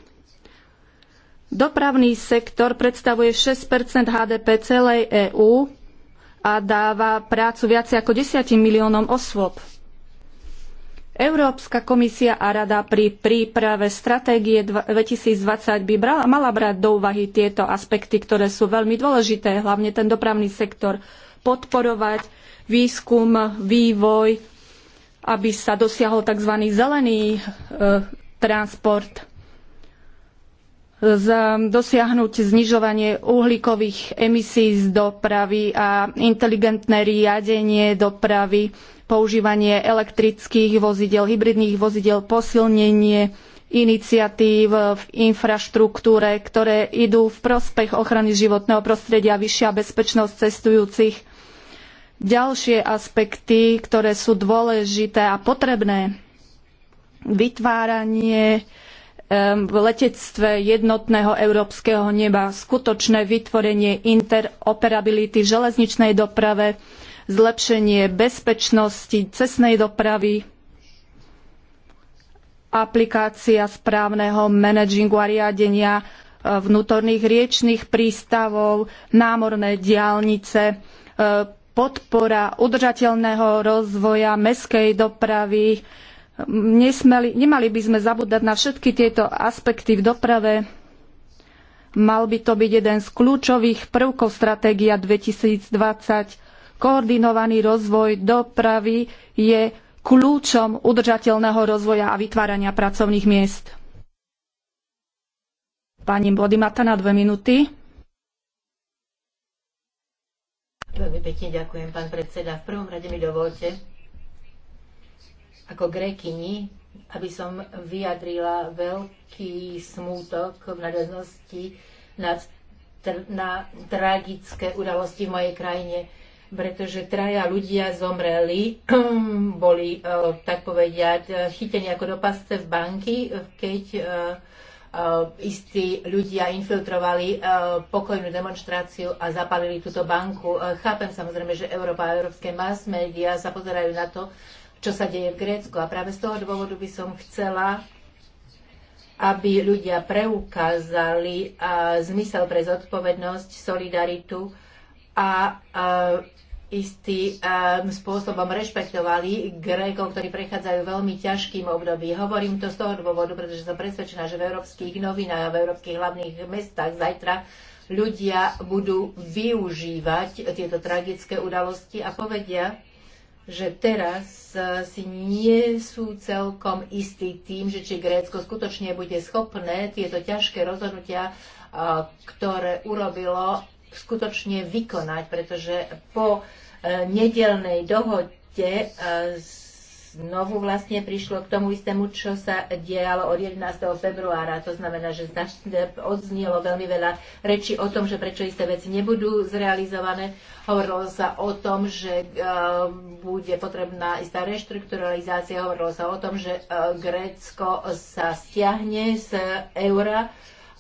Dopravný sektor predstavuje 6 HDP celej EÚ a dáva prácu viac ako 10 miliónom osôb. Európska komisia a rada pri príprave stratégie 2020 by brala, mala brať do úvahy tieto aspekty, ktoré sú veľmi dôležité, hlavne ten dopravný sektor, podporovať výskum, vývoj, aby sa dosiahol tzv. zelený e, transport, z, dosiahnuť znižovanie uhlíkových emisí z dopravy a inteligentné riadenie dopravy používanie elektrických vozidel, hybridných vozidel, posilnenie iniciatív v infraštruktúre, ktoré idú v prospech ochrany životného prostredia, a vyššia bezpečnosť cestujúcich. Ďalšie aspekty, ktoré sú dôležité a potrebné, vytváranie v letectve jednotného európskeho neba, skutočné vytvorenie interoperability v železničnej doprave, zlepšenie bezpečnosti cestnej dopravy, aplikácia správneho manažingu a riadenia e, vnútorných riečných prístavov, námorné diálnice, e, podpora udržateľného rozvoja mestskej dopravy. Nesmeli, nemali by sme zabúdať na všetky tieto aspekty v doprave. Mal by to byť jeden z kľúčových prvkov stratégia 2020. Koordinovaný rozvoj dopravy je kľúčom udržateľného rozvoja a vytvárania pracovných miest. Pani Bodimata na dve minúty. Veľmi pekne ďakujem, pán predseda. V prvom rade mi dovolte, ako grekyni, aby som vyjadrila veľký smútok v nadväznosti na, na tragické udalosti v mojej krajine pretože traja ľudia zomreli, boli, eh, tak povediať, eh, chytení ako do pasce v banky, eh, keď istí ľudia infiltrovali pokojnú demonstráciu a zapalili túto banku. Chápem samozrejme, že Európa a európske mass media sa pozerajú na to, čo sa deje v Grécku. A práve z toho dôvodu by som chcela, aby ľudia preukázali zmysel pre zodpovednosť, solidaritu a istým spôsobom rešpektovali Grékov, ktorí prechádzajú veľmi ťažkým období. Hovorím to z toho dôvodu, pretože som presvedčená, že v európskych novinách a v európskych hlavných mestách zajtra ľudia budú využívať tieto tragické udalosti a povedia, že teraz eh, si nie sú celkom istí tým, že či Grécko skutočne bude schopné tieto ťažké rozhodnutia, eh, ktoré urobilo, skutočne vykonať, pretože po e, nedelnej dohode e, znovu vlastne prišlo k tomu istému, čo sa dialo od 11. februára. To znamená, že odznielo veľmi veľa rečí o tom, že prečo isté veci nebudú zrealizované. Hovorilo sa o tom, že e, bude potrebná istá reštrukturalizácia. Hovorilo sa o tom, že Grécko sa stiahne z eura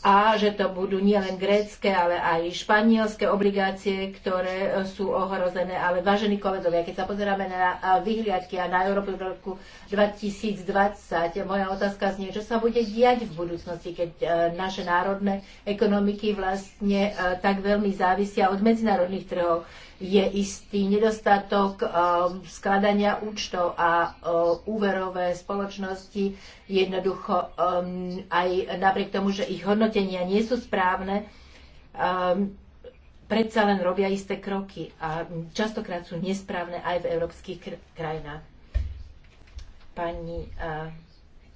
a že to budú nielen grécké, ale aj španielské obligácie, ktoré e, sú ohrozené. Ale vážení kolegovia, keď sa pozeráme na e, vyhliadky a na Európu v roku 2020, moja otázka znie, čo sa bude diať v budúcnosti, keď e, naše národné ekonomiky vlastne tak veľmi závisia od medzinárodných trhov je istý nedostatok um, skladania účtov a uh, úverové spoločnosti jednoducho um, aj napriek tomu, že ich hodnotenia nie sú správne, um, predsa len robia isté kroky a častokrát sú nesprávne aj v európskych krajinách. Pani. Uh,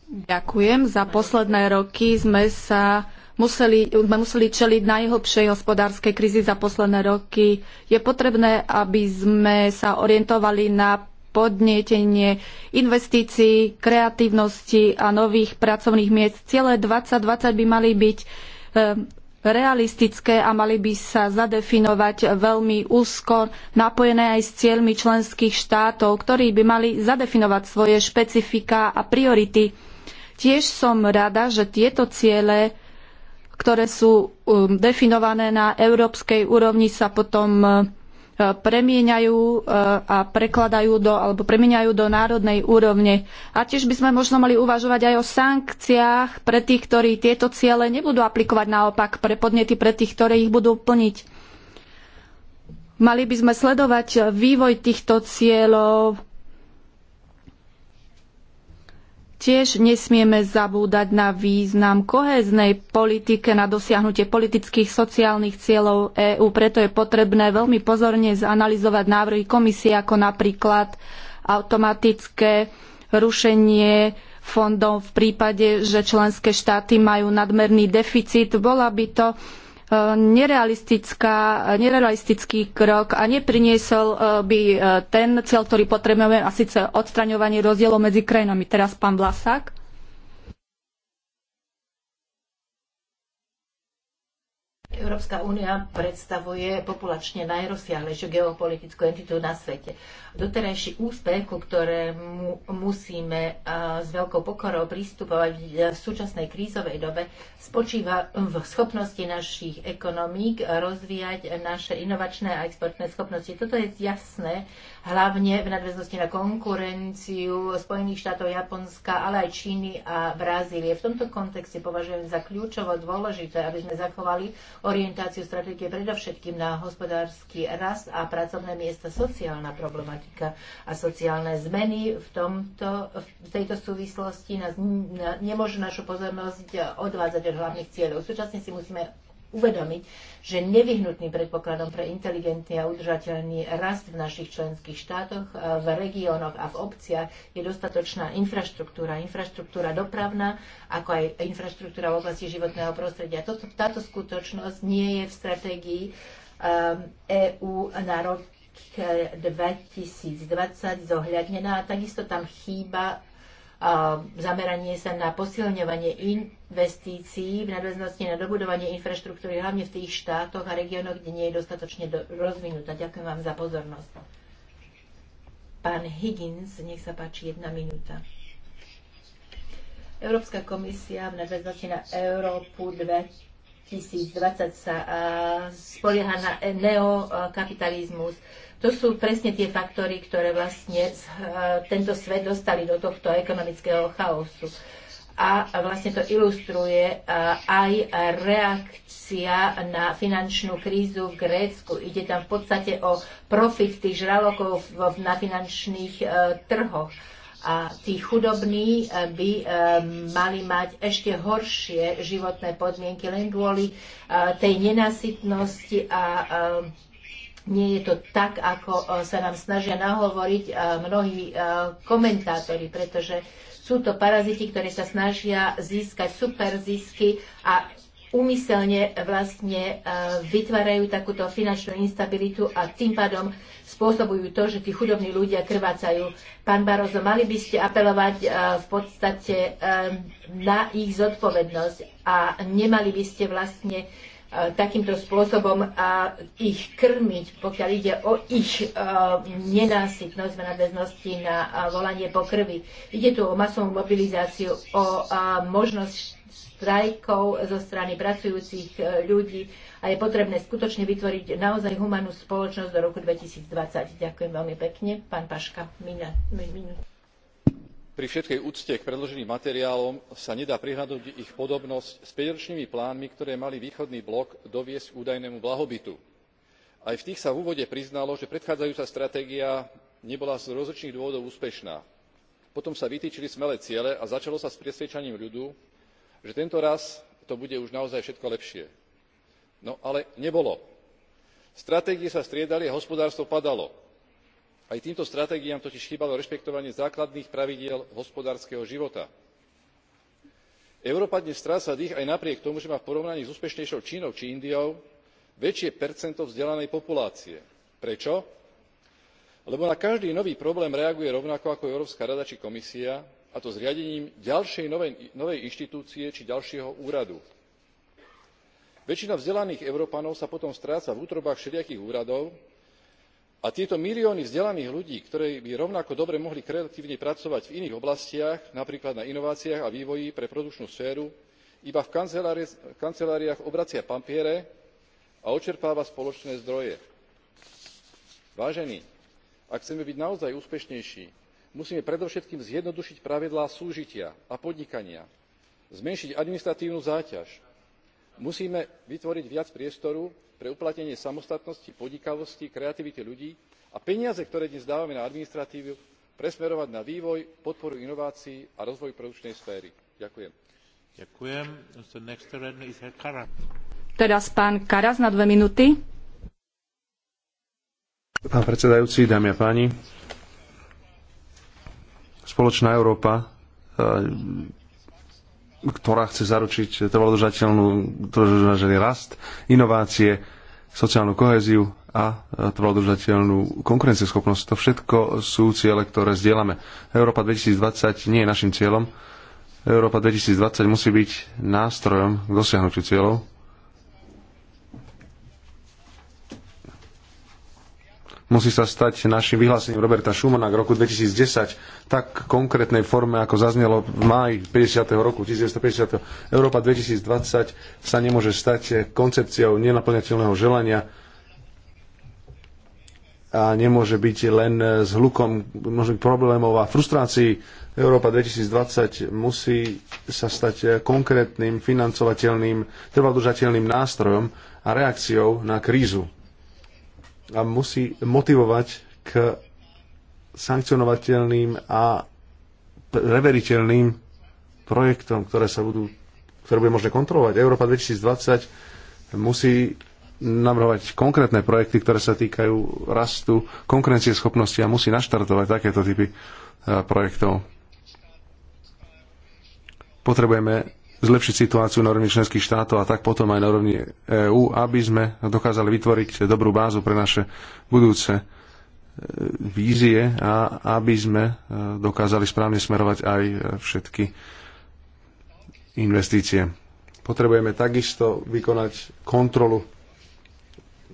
Ďakujem. Za posledné roky sme sa museli, sme museli čeliť najhlbšej hospodárskej krízy za posledné roky. Je potrebné, aby sme sa orientovali na podnietenie investícií, kreatívnosti a nových pracovných miest. Ciele 2020 by mali byť eh, realistické a mali by sa zadefinovať veľmi úzko, napojené aj s cieľmi členských štátov, ktorí by mali zadefinovať svoje špecifika a priority. Tiež som rada, že tieto ciele ktoré sú um, definované na európskej úrovni, sa potom uh, premieňajú uh, a prekladajú do, alebo premieňajú do národnej úrovne. A tiež by sme možno mali uvažovať aj o sankciách pre tých, ktorí tieto ciele nebudú aplikovať, naopak pre podnety pre tých, ktorí ich budú plniť. Mali by sme sledovať uh, vývoj týchto cieľov, Tiež nesmieme zabúdať na význam kohéznej politike na dosiahnutie politických sociálnych cieľov EÚ. Preto je potrebné veľmi pozorne zanalizovať návrhy komisie, ako napríklad automatické rušenie fondov v prípade, že členské štáty majú nadmerný deficit. Bola by to nerealistický krok a nepriniesol eh, by eh, ten cieľ, ktorý potrebujeme, a síce odstraňovanie rozdielov medzi krajinami. Teraz pán Vlasák. Európska únia predstavuje populačne najrozsiahlejšiu geopolitickú entitu na svete. Doterajší úspech, ku ktorému musíme s veľkou pokorou pristupovať e, v súčasnej krízovej dobe, spočíva v schopnosti našich ekonomík rozvíjať naše inovačné a exportné schopnosti. Toto je jasné hlavne v nadväznosti na konkurenciu Spojených štátov Japonska, ale aj Číny a Brazílie. V tomto kontexte považujem za kľúčovo dôležité, aby sme zachovali orientáciu stratégie predovšetkým na hospodársky rast a pracovné miesta, sociálna problematika a sociálne zmeny. V, tomto, v tejto súvislosti nás nemôžu našu pozornosť odvádzať od hlavných cieľov. Súčasne si musíme uvedomiť, že nevyhnutným predpokladom pre inteligentný a udržateľný rast v našich členských štátoch, eh, v regiónoch a v obciach je dostatočná infraštruktúra, infraštruktúra dopravná, ako aj infraštruktúra v oblasti životného prostredia. Toto, táto skutočnosť nie je v stratégii EÚ eh, e na rok 2020 eh, zohľadnená a takisto tam chýba zameranie sa na posilňovanie investícií v nadväznosti na dobudovanie infraštruktúry, hlavne v tých štátoch a regiónoch, kde nie je dostatočne do, rozvinutá. Ďakujem vám za pozornosť. Pán Higgins, nech sa páči, jedna minúta. Európska komisia v nadväznosti na Európu 2020 sa spolieha na neokapitalizmus to sú presne tie faktory, ktoré vlastne e, tento svet dostali do tohto ekonomického chaosu. A vlastne to ilustruje e, aj reakcia na finančnú krízu v Grécku. Ide tam v podstate o profit tých žralokov na finančných e, trhoch a tí chudobní by mali mať ešte horšie životné podmienky len kvôli tej nenasytnosti a nie je to tak, ako e, sa nám snažia nahovoriť e, mnohí e, komentátori, pretože sú to paraziti, ktorí sa snažia získať super zisky a umyselne vlastne vytvárajú takúto finančnú instabilitu a tým pádom spôsobujú to, že tí chudobní ľudia krvácajú. Pán Barozo, mali by ste apelovať v podstate na ich zodpovednosť a nemali by ste vlastne E, takýmto spôsobom a ich krmiť, pokiaľ ide o ich uh, nenásytnosť v nadväznosti na uh, volanie po krvi. Ide tu o masovú mobilizáciu, o uh, možnosť strajkov zo strany pracujúcich ľudí a je potrebné skutočne vytvoriť naozaj humanú spoločnosť do roku 2020. Ďakujem veľmi pekne. Pán Paška, minútu pri všetkej úcte k predloženým materiálom sa nedá prehliadnuť ich podobnosť s päťročnými plánmi ktoré mali východný blok doviesť k údajnému blahobytu. aj v tých sa v úvode priznalo že predchádzajúca stratégia nebola z rozličných dôvodov úspešná. potom sa vytýčili smelé ciele a začalo sa s presviedčaním ľudu že tentoraz to bude už naozaj všetko lepšie. no ale nebolo. stratégie sa striedali a hospodárstvo padalo aj týmto stratégiám totiž chýbalo rešpektovanie základných pravidiel hospodárskeho života. európa dnes stráca dych aj napriek tomu že má v porovnaní s úspešnejšou čínou či indiou väčšie percento vzdelanej populácie. prečo? lebo na každý nový problém reaguje rovnako ako európska rada či komisia a to zriadením ďalšej novej inštitúcie či ďalšieho úradu. väčšina vzdelaných európanov sa potom stráca v útrobách všelijakých úradov a tieto milióny vzdelaných ľudí ktorí by rovnako dobre mohli kreatívne pracovať v iných oblastiach napríklad na inováciách a vývoji pre produkčnú sféru iba v kanceláriách obracia papiere a odčerpáva spoločné zdroje. vážení ak chceme byť naozaj úspešnejší musíme predovšetkým zjednodušiť pravidlá súžitia a podnikania zmenšiť administratívnu záťaž musíme vytvoriť viac priestoru pre uplatnenie samostatnosti podnikavosti kreativity ľudí a peniaze ktoré dnes dávame na administratívu presmerovať na vývoj podporu inovácií a rozvoj produkčnej sféry. ďakujem. Pán predsedajúci, dámy a páni, spoločná Európa e, ktorá chce zaručiť trvalodržateľný rast, inovácie, sociálnu koheziu a e, trvalodržateľnú konkurencieschopnosť. To všetko sú ciele, ktoré zdieľame. Európa 2020 nie je našim cieľom. Európa 2020 musí byť nástrojom k dosiahnutiu cieľov musí sa stať našim vyhlásením Roberta Schumana k roku 2010 tak konkrétnej forme, ako zaznelo v máji 50. roku 1950. Európa 2020 sa nemôže stať koncepciou nenaplňateľného želania a nemôže byť len s hlukom možných problémov a frustrácií. Európa 2020 musí sa stať konkrétnym, financovateľným, trvalodržateľným nástrojom a reakciou na krízu a musí motivovať k sankcionovateľným a preveriteľným projektom, ktoré sa budú, ktoré bude možné kontrolovať. Európa 2020 musí navrhovať konkrétne projekty, ktoré sa týkajú rastu konkurencieschopnosti a musí naštartovať takéto typy e, projektov. Potrebujeme zlepšiť situáciu na úrovni členských štátov a tak potom aj na úrovni EÚ, aby sme dokázali vytvoriť dobrú bázu pre naše budúce e, vízie a aby sme e, dokázali správne smerovať aj e, všetky investície. Potrebujeme takisto vykonať kontrolu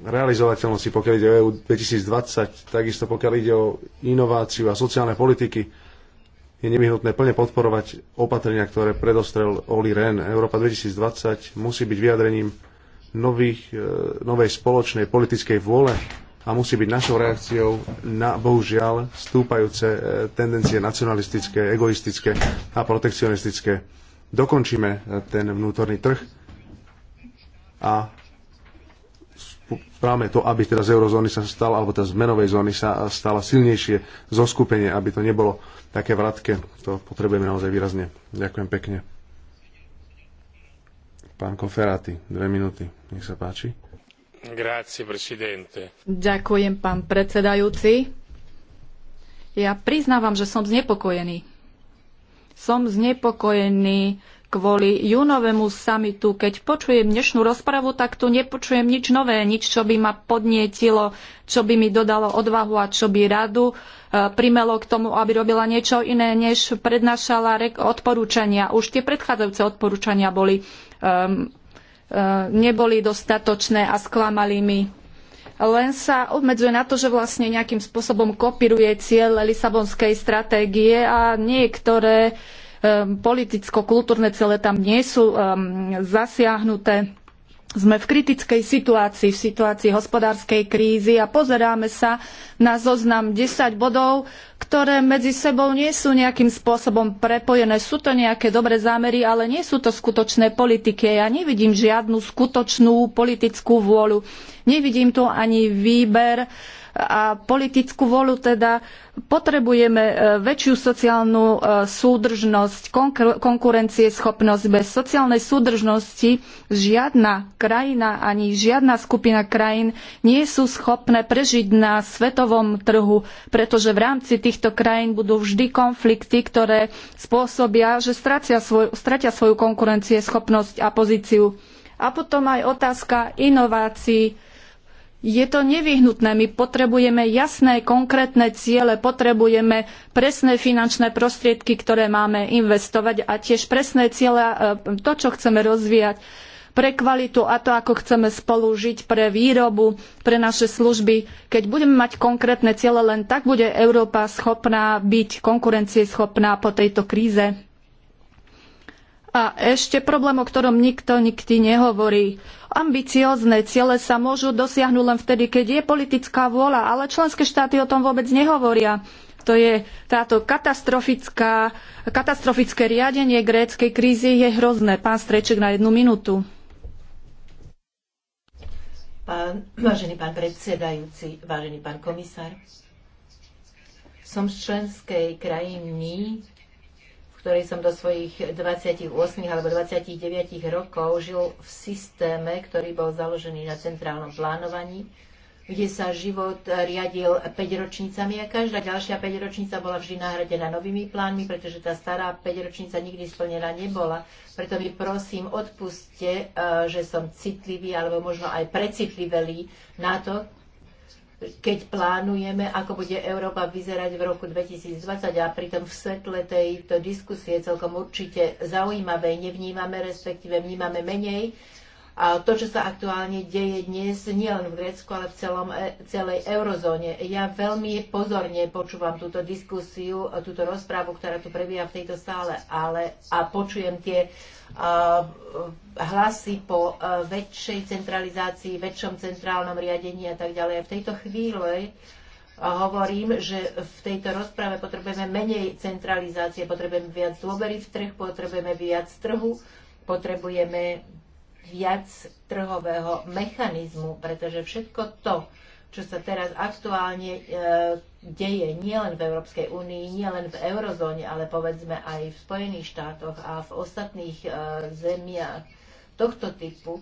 realizovateľnosti, pokiaľ ide o EU 2020, takisto pokiaľ ide o inováciu a sociálne politiky je nevyhnutné plne podporovať opatrenia, ktoré predostrel Oli Rehn. Európa 2020 musí byť vyjadrením nových, e, novej spoločnej politickej vôle a musí byť našou reakciou na, bohužiaľ, stúpajúce e, tendencie nacionalistické, egoistické a protekcionistické. Dokončíme e, ten vnútorný trh a práve to, aby teda z eurozóny sa stala, alebo teda z menovej zóny sa stala silnejšie zoskupenie, aby to nebolo také vratke. To potrebujeme naozaj výrazne. Ďakujem pekne. Pán Koferáty, dve minúty. Nech sa páči. Grazie, presidente. Ďakujem, pán predsedajúci. Ja priznávam, že som znepokojený. Som znepokojený kvôli júnovému samitu. Keď počujem dnešnú rozpravu, tak tu nepočujem nič nové, nič, čo by ma podnietilo, čo by mi dodalo odvahu a čo by radu e, primelo k tomu, aby robila niečo iné, než prednášala odporúčania. Už tie predchádzajúce odporúčania boli, um, uh, neboli dostatočné a sklamali mi len sa obmedzuje na to, že vlastne nejakým spôsobom kopíruje cieľ Lisabonskej stratégie a niektoré uh, Ehm, politicko-kultúrne celé tam nie sú ehm, zasiahnuté. Sme v kritickej situácii, v situácii hospodárskej krízy a pozeráme sa na zoznam 10 bodov, ktoré medzi sebou nie sú nejakým spôsobom prepojené. Sú to nejaké dobré zámery, ale nie sú to skutočné politiky. Ja nevidím žiadnu skutočnú politickú vôľu. Nevidím tu ani výber uh, a politickú volu teda potrebujeme e, väčšiu sociálnu e, súdržnosť, konkurencieschopnosť. Bez sociálnej súdržnosti žiadna krajina ani žiadna skupina krajín nie sú schopné prežiť na svetovom trhu, pretože v rámci týchto krajín budú vždy konflikty, ktoré spôsobia, že stratia, svoj, stratia svoju konkurencieschopnosť a pozíciu. A potom aj otázka inovácií je to nevyhnutné. My potrebujeme jasné, konkrétne ciele, potrebujeme presné finančné prostriedky, ktoré máme investovať a tiež presné ciele, e, to, čo chceme rozvíjať pre kvalitu a to, ako chceme spolužiť pre výrobu, pre naše služby. Keď budeme mať konkrétne ciele, len tak bude Európa schopná byť konkurencieschopná po tejto kríze. A ešte problém, o ktorom nikto nikdy nehovorí. Ambiciózne ciele sa môžu dosiahnuť len vtedy, keď je politická vôľa, ale členské štáty o tom vôbec nehovoria. To je táto katastrofická, katastrofické riadenie gréckej krízy je hrozné. Pán Streček na jednu minútu. Pán, vážený pán predsedajúci, vážený pán komisár, som z členskej krajiny, ktorej som do svojich 28 alebo 29 rokov žil v systéme, ktorý bol založený na centrálnom plánovaní, kde sa život riadil 5-ročnicami a každá ďalšia 5-ročnica bola vždy nahradená novými plánmi, pretože tá stará 5-ročnica nikdy splnená nebola. Preto mi prosím, odpuste, eh, že som citlivý alebo možno aj precitlivelý na to, keď plánujeme, ako bude Európa vyzerať v roku 2020 a pritom v svetle tejto diskusie celkom určite zaujímavej nevnímame, respektíve vnímame menej, to, čo sa aktuálne deje dnes, nielen v Grécku, ale v celom, e, celej eurozóne. Ja veľmi pozorne počúvam túto diskusiu, túto rozprávu, ktorá tu prebieha v tejto sále, ale a počujem tie a, hlasy po a, väčšej centralizácii, väčšom centrálnom riadení a tak ďalej. V tejto chvíli hovorím, že v tejto rozprave potrebujeme menej centralizácie, potrebujeme viac dôvery v trh, potrebujeme viac trhu, potrebujeme viac trhového mechanizmu, pretože všetko to, čo sa teraz aktuálne e, deje nielen v Európskej únii, nielen v eurozóne, ale povedzme aj v Spojených štátoch a v ostatných e, zemiach tohto typu,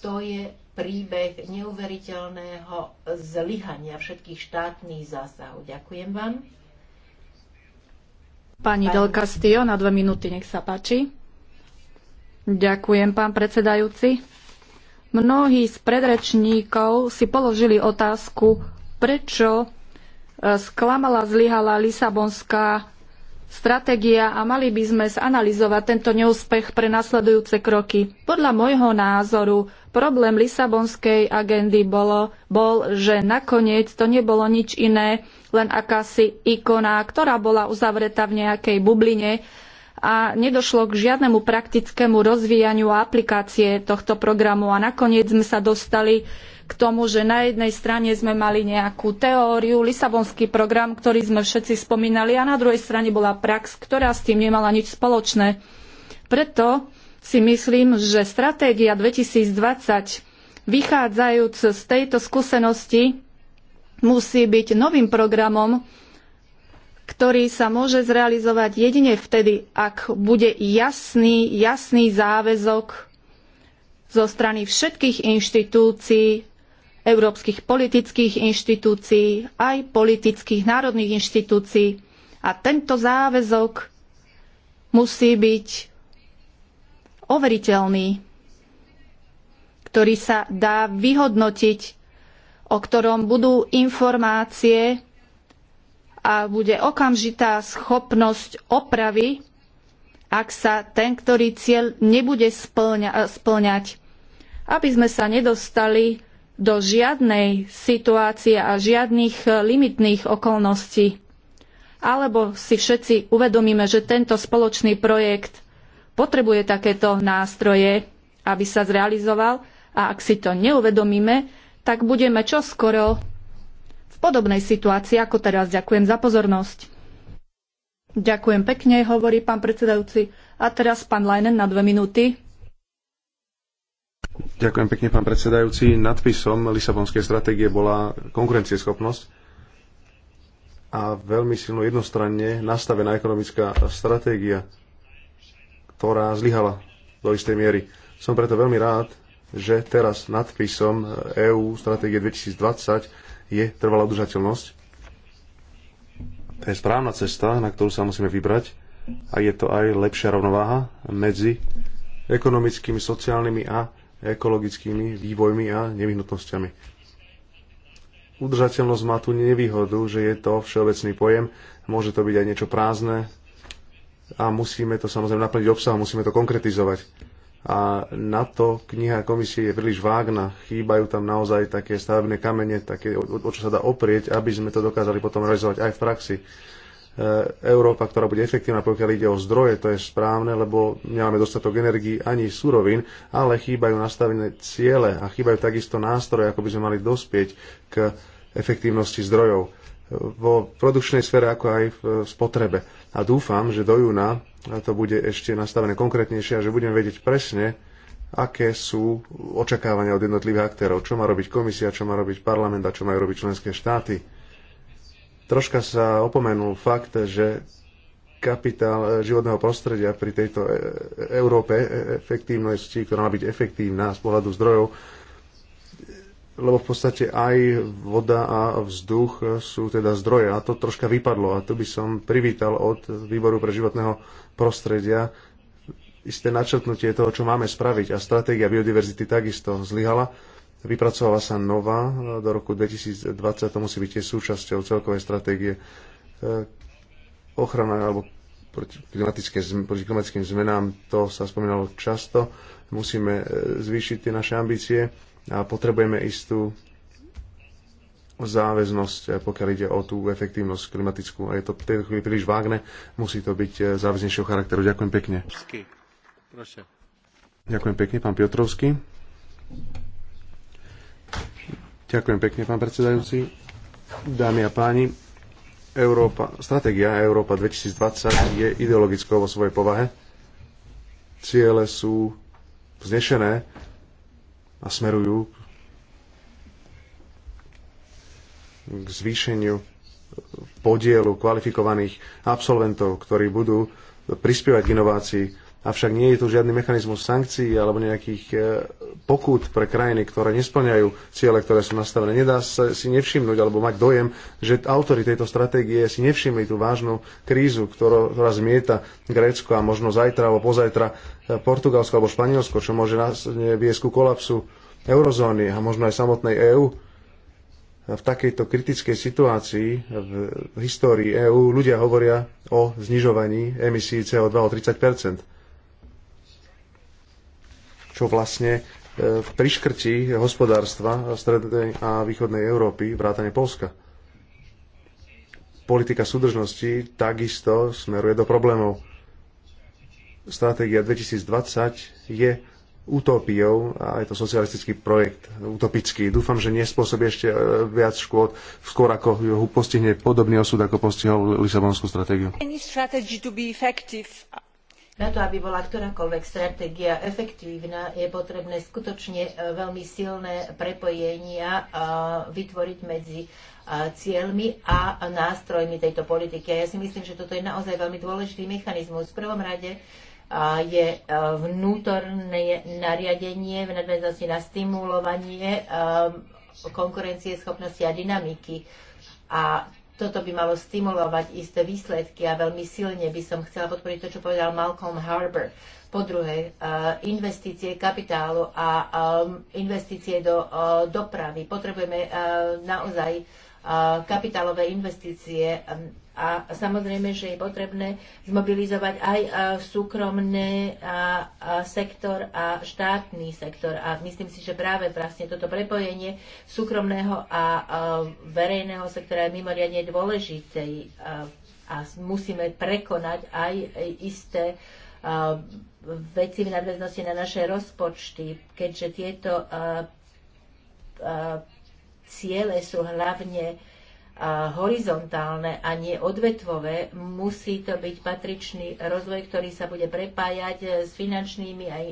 to je príbeh neuveriteľného zlyhania všetkých štátnych zásahov. Ďakujem vám. Pani, Pani Del Castillo, na dve minúty, nech sa páči. Ďakujem, pán predsedajúci. Mnohí z predrečníkov si položili otázku, prečo e, sklamala, zlyhala Lisabonská stratégia a mali by sme zanalizovať tento neúspech pre nasledujúce kroky. Podľa môjho názoru problém Lisabonskej agendy bolo, bol, že nakoniec to nebolo nič iné, len akási ikona, ktorá bola uzavretá v nejakej bubline a nedošlo k žiadnemu praktickému rozvíjaniu a aplikácie tohto programu. A nakoniec sme sa dostali k tomu, že na jednej strane sme mali nejakú teóriu, Lisabonský program, ktorý sme všetci spomínali, a na druhej strane bola prax, ktorá s tým nemala nič spoločné. Preto si myslím, že stratégia 2020 vychádzajúc z tejto skúsenosti musí byť novým programom, ktorý sa môže zrealizovať jedine vtedy, ak bude jasný, jasný záväzok zo strany všetkých inštitúcií, európskych politických inštitúcií, aj politických národných inštitúcií. A tento záväzok musí byť overiteľný, ktorý sa dá vyhodnotiť, o ktorom budú informácie a bude okamžitá schopnosť opravy, ak sa ten, ktorý cieľ nebude spĺňať, eh, splňať. Aby sme sa nedostali do žiadnej situácie a žiadnych eh, limitných okolností. Alebo si všetci uvedomíme, že tento spoločný projekt potrebuje takéto nástroje, aby sa zrealizoval a ak si to neuvedomíme, tak budeme čoskoro podobnej situácii ako teraz. Ďakujem za pozornosť. Ďakujem pekne, hovorí pán predsedajúci. A teraz pán Lajnen na dve minúty. Ďakujem pekne, pán predsedajúci. Nadpisom Lisabonskej stratégie bola konkurencieschopnosť a veľmi silno jednostranne nastavená ekonomická stratégia, ktorá zlyhala do istej miery. Som preto veľmi rád, že teraz nadpisom EU stratégie 2020 je trvalá udržateľnosť. To je správna cesta, na ktorú sa musíme vybrať a je to aj lepšia rovnováha medzi ekonomickými, sociálnymi a ekologickými vývojmi a nevyhnutnosťami. Udržateľnosť má tu nevýhodu, že je to všeobecný pojem, môže to byť aj niečo prázdne a musíme to samozrejme naplniť obsah, musíme to konkretizovať a na to kniha komisie je príliš vágna. Chýbajú tam naozaj také stavebné kamene, také, o, o čo sa dá oprieť, aby sme to dokázali potom realizovať aj v praxi. E, Európa, ktorá bude efektívna, pokiaľ ide o zdroje, to je správne, lebo nemáme dostatok energií ani surovín, ale chýbajú nastavené ciele a chýbajú takisto nástroje, ako by sme mali dospieť k efektívnosti zdrojov e, vo produkčnej sfere, ako aj v spotrebe a dúfam, že do júna to bude ešte nastavené konkrétnejšie a že budem vedieť presne, aké sú očakávania od jednotlivých aktérov, čo má robiť komisia, čo má robiť parlament a čo majú robiť členské štáty. Troška sa opomenul fakt, že kapitál e, životného prostredia pri tejto e, e, Európe efektívnosti, ktorá má byť efektívna z pohľadu zdrojov, lebo v podstate aj voda a vzduch sú teda zdroje a to troška vypadlo a tu by som privítal od Výboru pre životného prostredia isté načrtnutie toho, čo máme spraviť a stratégia biodiverzity takisto zlyhala. Vypracovala sa nová do roku 2020, to musí byť tiež súčasťou celkovej stratégie eh, ochrana alebo proti, proti klimatickým zmenám, to sa spomínalo často. Musíme eh, zvýšiť tie naše ambície a potrebujeme istú záväznosť, eh, pokiaľ ide o tú efektívnosť klimatickú. A je to v tejto chvíli príliš vágne, musí to byť eh, záväznejšieho charakteru. Ďakujem pekne. Ďakujem pekne, pán Piotrovský. Ďakujem pekne, pán predsedajúci. Dámy a páni, Európa, stratégia Európa 2020 je ideologickou vo svojej povahe. Ciele sú vznešené, a smerujú k zvýšeniu podielu kvalifikovaných absolventov, ktorí budú prispievať k inovácii Avšak nie je tu žiadny mechanizmus sankcií alebo nejakých e, pokút pre krajiny, ktoré nesplňajú ciele, ktoré sú nastavené. Nedá sa si nevšimnúť alebo mať dojem, že autory tejto stratégie si nevšimli tú vážnu krízu, ktorá, ktorá zmieta Grécko a možno zajtra alebo pozajtra e, Portugalsko alebo Španielsko, čo môže e, viesť ku kolapsu eurozóny a možno aj samotnej EÚ v takejto kritickej situácii v histórii EÚ ľudia hovoria o znižovaní emisí CO2 o 30 čo vlastne v e, priškrti hospodárstva strednej a východnej Európy, vrátane Polska. Politika súdržnosti takisto smeruje do problémov. Stratégia 2020 je utopiou a je to socialistický projekt, utopický. Dúfam, že nespôsobí ešte e, viac škôd, skôr ako ho postihne podobný osud, ako postihol Lisabonskú stratégiu. Na to, aby bola ktorákoľvek stratégia efektívna, je potrebné skutočne e, veľmi silné prepojenia e, vytvoriť medzi e, cieľmi a nástrojmi tejto politiky. A ja si myslím, že toto je naozaj veľmi dôležitý mechanizmus. V prvom rade je vnútorné nariadenie v nadväznosti na stimulovanie konkurencie, schopnosti a dynamiky. A toto by malo stimulovať isté výsledky a veľmi silne by som chcela podporiť to, čo povedal Malcolm Harbour. Po druhé, eh, investície kapitálu a eh, investície do eh, dopravy. Potrebujeme naozaj kapitálové investície a samozrejme, že je potrebné zmobilizovať aj súkromný sektor a štátny sektor. A myslím si, že práve vlastne toto prepojenie súkromného a verejného sektora je mimoriadne dôležité a musíme prekonať aj isté veci v nadväznosti na naše rozpočty, keďže tieto ciele sú hlavne horizontálne a nie odvetvové, musí to byť patričný rozvoj, ktorý sa bude prepájať s finančnými aj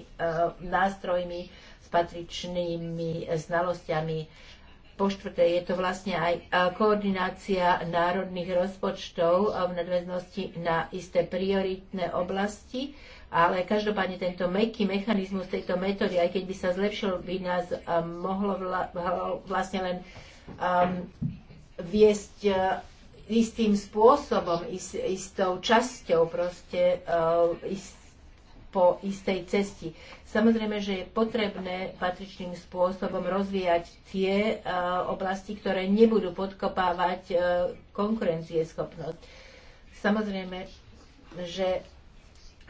nástrojmi, s patričnými znalosťami. Po štvrté, je to vlastne aj koordinácia národných rozpočtov v nadväznosti na isté prioritné oblasti, ale každopádne tento meký mechanizmus tejto metódy, aj keď by sa zlepšil, by nás eh, mohlo vlastne len um, viesť eh, istým spôsobom, ist, istou časťou proste uh, eh, ist, po istej cesti. Samozrejme, že je potrebné patričným spôsobom rozvíjať tie uh, oblasti, ktoré nebudú podkopávať uh, konkurencieschopnosť. Samozrejme, že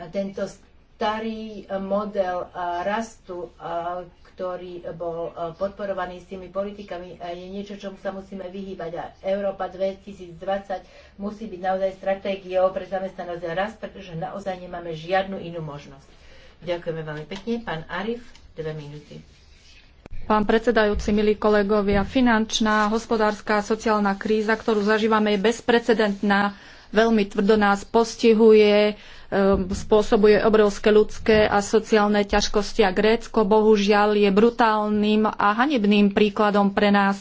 tento starý eh, model eh, rastu, eh, ktorý bol podporovaný s tými politikami, je niečo, čomu sa musíme vyhýbať. A Európa 2020 musí byť naozaj stratégiou pre zamestnanosť a rast, pretože naozaj nemáme žiadnu inú možnosť. Ďakujeme veľmi pekne. Pán Arif, dve minúty. Pán predsedajúci, milí kolegovia, finančná, hospodárska a sociálna kríza, ktorú zažívame, je bezprecedentná veľmi tvrdo nás postihuje, ehm, spôsobuje obrovské ľudské a sociálne ťažkosti a Grécko bohužiaľ je brutálnym a hanebným príkladom pre nás.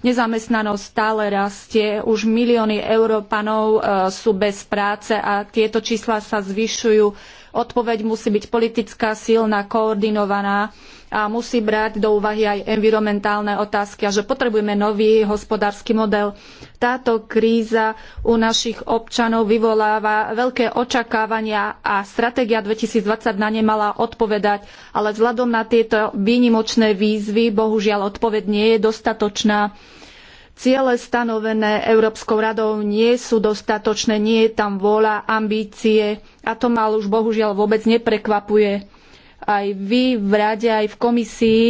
Nezamestnanosť stále rastie, už milióny Európanov ehm, sú bez práce a tieto čísla sa zvyšujú Odpoveď musí byť politická, silná, koordinovaná a musí brať do úvahy aj environmentálne otázky a že potrebujeme nový hospodársky model. Táto kríza u našich občanov vyvoláva veľké očakávania a stratégia 2020 na ne mala odpovedať, ale vzhľadom na tieto výnimočné výzvy bohužiaľ odpoveď nie je dostatočná. Ciele stanovené Európskou radou nie sú dostatočné, nie je tam vôľa, ambície a to ma už bohužiaľ vôbec neprekvapuje. Aj vy v rade, aj v komisii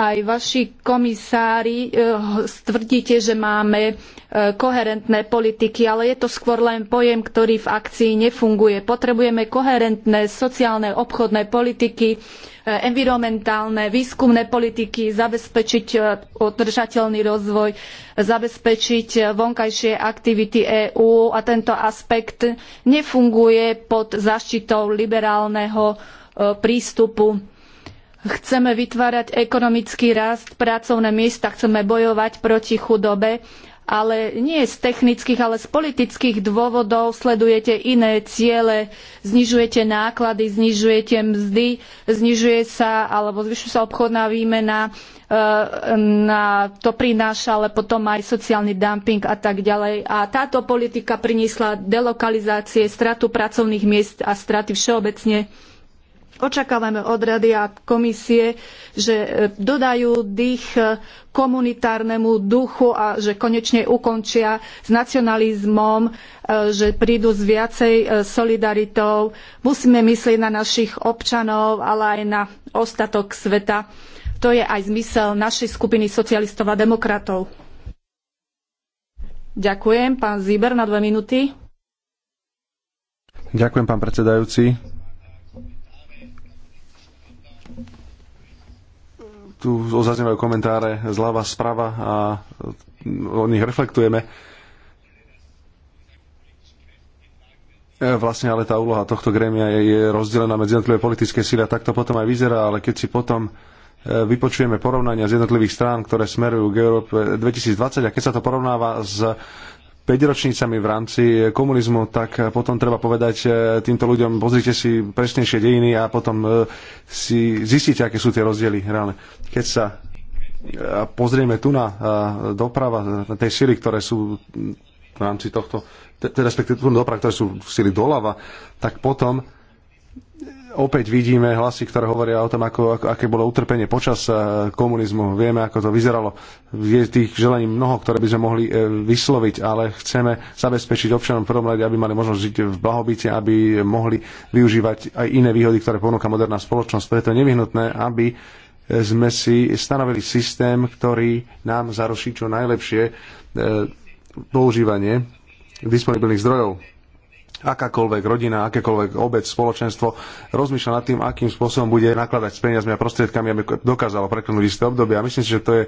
aj vaši komisári eh, stvrdíte, že máme eh, koherentné politiky, ale je to skôr len pojem, ktorý v akcii nefunguje. Potrebujeme koherentné sociálne, obchodné politiky, eh, environmentálne, výskumné politiky, zabezpečiť udržateľný rozvoj, zabezpečiť vonkajšie aktivity EÚ a tento aspekt nefunguje pod zaštitou liberálneho prístupu Chceme vytvárať ekonomický rast, pracovné miesta, chceme bojovať proti chudobe, ale nie z technických, ale z politických dôvodov sledujete iné ciele, znižujete náklady, znižujete mzdy, znižuje sa alebo zvyšuje sa obchodná výmena, e, na, to prináša ale potom aj sociálny dumping a tak ďalej. A táto politika priniesla delokalizácie, stratu pracovných miest a straty všeobecne Očakávame od rady a komisie, že e, dodajú dých e, komunitárnemu duchu a že konečne ukončia s nacionalizmom, e, že prídu s viacej solidaritou. Musíme myslieť na našich občanov, ale aj na ostatok sveta. To je aj zmysel našej skupiny socialistov a demokratov. Ďakujem. Pán Zíber na dve minúty. Ďakujem, pán predsedajúci tu zaznievajú komentáre zľava, sprava a e, o nich reflektujeme. E, vlastne ale tá úloha tohto grémia je rozdelená medzi jednotlivé politické síly a tak to potom aj vyzerá, ale keď si potom e, vypočujeme porovnania z jednotlivých strán, ktoré smerujú k Európe 2020 a keď sa to porovnáva s päťročnicami v rámci komunizmu, tak potom treba povedať e, týmto ľuďom, pozrite si presnejšie dejiny a potom e, si zistíte, aké sú tie rozdiely reálne. Keď sa e, pozrieme tu na doprava, na tej sily, ktoré sú v rámci tohto, teda respektíve tu doprava, ktoré sú sily doľava, tak potom opäť vidíme hlasy, ktoré hovoria o tom, ako, ako, aké bolo utrpenie počas eh, komunizmu. Vieme, ako to vyzeralo. Je tých želení mnoho, ktoré by sme mohli eh, vysloviť, ale chceme zabezpečiť občanom prvom rade, aby mali možnosť žiť v blahobite, aby mohli využívať aj iné výhody, ktoré ponúka moderná spoločnosť. Preto je nevyhnutné, aby eh, sme si stanovili systém, ktorý nám zaruší čo najlepšie používanie disponibilných zdrojov akákoľvek rodina, akékoľvek obec, spoločenstvo rozmýšľa nad tým, akým spôsobom bude nakladať s peniazmi a prostriedkami, aby dokázalo preklenúť isté obdobie. A myslím si, že to je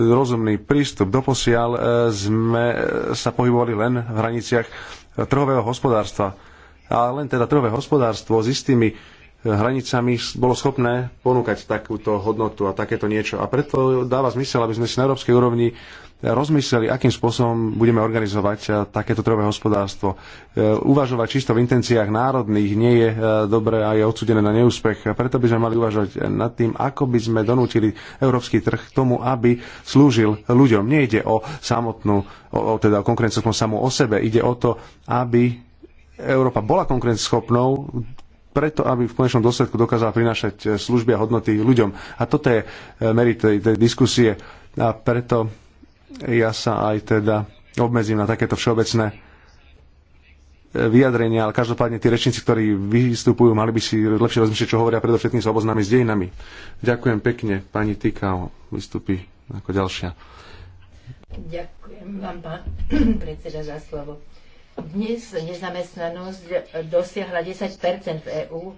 rozumný prístup. Doposiaľ e, sme e, sa pohybovali len v hraniciach e, trhového hospodárstva. A len teda trhové hospodárstvo s istými hranicami bolo schopné ponúkať takúto hodnotu a takéto niečo. A preto dáva zmysel, aby sme si na európskej úrovni rozmysleli, akým spôsobom budeme organizovať eh, takéto trhové hospodárstvo. Eh, uvažovať čisto v intenciách národných nie je eh, dobré a je odsudené na neúspech. A preto by sme mali uvažovať nad tým, ako by sme donútili európsky trh k tomu, aby slúžil ľuďom. Nie ide o samotnú, o, o teda o konkurenciu samú o sebe. Ide o to, aby Európa bola konkurenceschopnou preto, aby v konečnom dôsledku dokázala prinášať e, služby a hodnoty ľuďom. A toto je e, merit tej, tej diskusie. A preto ja sa aj teda obmedzím na takéto všeobecné e, vyjadrenia, ale každopádne tí rečníci, ktorí vystupujú, mali by si lepšie rozmýšľať, čo hovoria, predovšetkým sa oboznámiť s dejinami. Ďakujem pekne. Pani Tikao vystupí ako ďalšia. Ďakujem vám, pán predseda, za slovo. Dnes nezamestnanosť dosiahla 10 v EÚ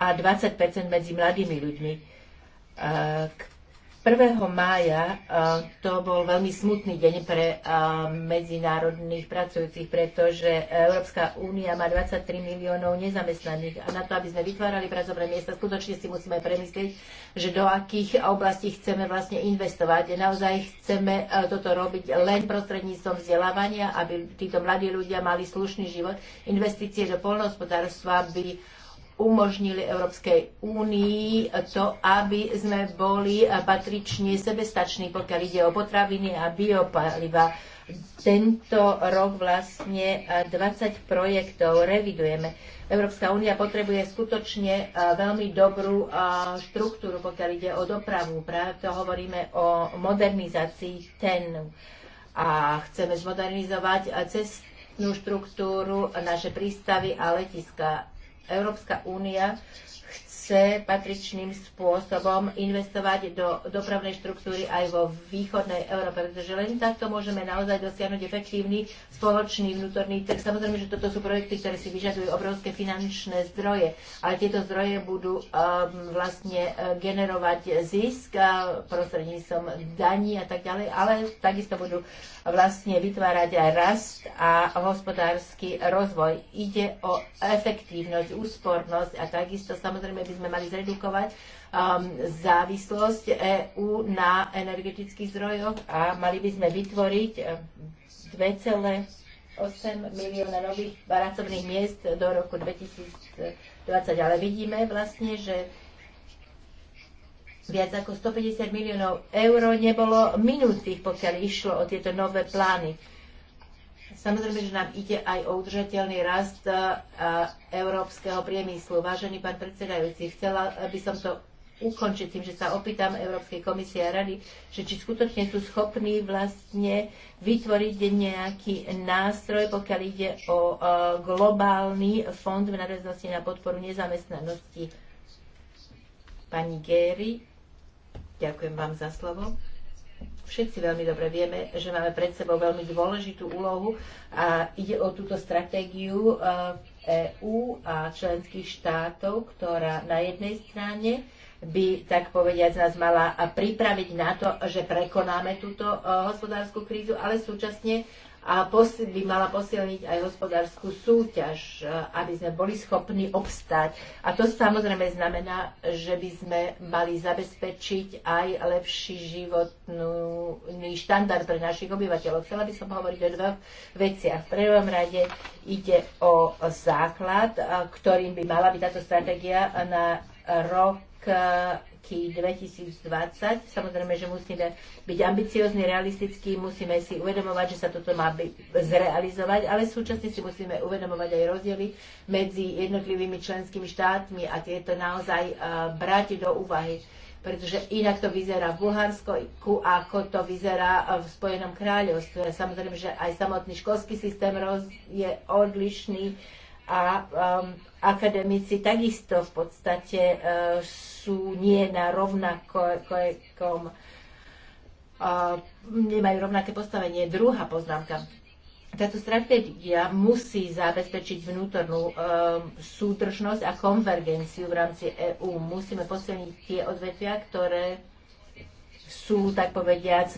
a 20 medzi mladými ľuďmi, eh, 1. mája e, to bol veľmi smutný deň pre e, medzinárodných pracujúcich, pretože Európska únia má 23 miliónov nezamestnaných a na to, aby sme vytvárali pracovné miesta, skutočne si musíme premyslieť, že do akých oblastí chceme vlastne investovať. Naozaj chceme e, toto robiť len prostredníctvom vzdelávania, aby títo mladí ľudia mali slušný život. Investície do polnohospodárstva by umožnili Európskej únii to, aby sme boli patrične sebestační, pokiaľ ide o potraviny a biopaliva. Tento rok vlastne 20 projektov revidujeme. Európska únia potrebuje skutočne e, veľmi dobrú e, štruktúru, pokiaľ ide o dopravu. Práve to hovoríme o modernizácii TEN a chceme zmodernizovať cestnú štruktúru, naše prístavy a letiska Európska únia chce patričným spôsobom investovať do dopravnej štruktúry aj vo východnej Európe, pretože len takto môžeme naozaj dosiahnuť efektívny spoločný vnútorný trh. Samozrejme, že toto sú projekty, ktoré si vyžadujú obrovské finančné zdroje, ale tieto zdroje budú um, vlastne uh, generovať zisk uh, prostredníctvom daní a tak ďalej, ale takisto budú vlastne vytvárať aj rast a hospodársky rozvoj. Ide o efektívnosť, úspornosť a takisto samozrejme by by sme mali zredukovať um, závislosť EÚ na energetických zdrojoch a mali by sme vytvoriť 2,8 um, milióna nových pracovných miest do roku 2020. Ale vidíme vlastne, že viac ako 150 miliónov eur nebolo minutých, pokiaľ išlo o tieto nové plány Samozrejme, že nám ide aj o udržateľný rast e, e, európskeho priemyslu. Vážený pán predsedajúci, chcela by som to ukončiť tým, že sa opýtam Európskej komisie a rady, že či skutočne sú schopní vlastne vytvoriť nejaký nástroj, pokiaľ ide o e, globálny fond v nadväznosti na podporu nezamestnanosti. Pani Géry, ďakujem vám za slovo všetci veľmi dobre vieme, že máme pred sebou veľmi dôležitú úlohu a ide o túto stratégiu EÚ eh, e a členských štátov, ktorá na jednej strane by, tak povediať, nás mala pripraviť na to, že prekonáme túto eh, hospodárskú krízu, ale súčasne a by mala posilniť aj hospodárskú súťaž, e, aby sme boli schopní obstáť. A to samozrejme znamená, že by sme mali zabezpečiť aj lepší životný štandard pre našich obyvateľov. Chcela by som hovoriť o dvoch veciach. V prvom rade ide o základ, e, ktorým by mala byť táto stratégia na rok e, roky 2020. Samozrejme, že musíme byť ambiciozni, realistickí, musíme si uvedomovať, že sa toto má by, zrealizovať, ale súčasne si musíme uvedomovať aj rozdiely medzi jednotlivými členskými štátmi a tieto naozaj uh, brať do úvahy pretože inak to vyzerá v Bulharsku, ako to vyzerá eh, v Spojenom kráľovstve. Samozrejme, že aj samotný školský systém roz, je odlišný, uh, a um, akademici takisto v podstate uh, sú nie na rovnakom, uh, nemajú rovnaké postavenie. Druhá poznámka. Táto stratégia musí zabezpečiť vnútornú um, súdržnosť a konvergenciu v rámci EÚ. Musíme posilniť tie odvetvia, ktoré sú, tak povediac,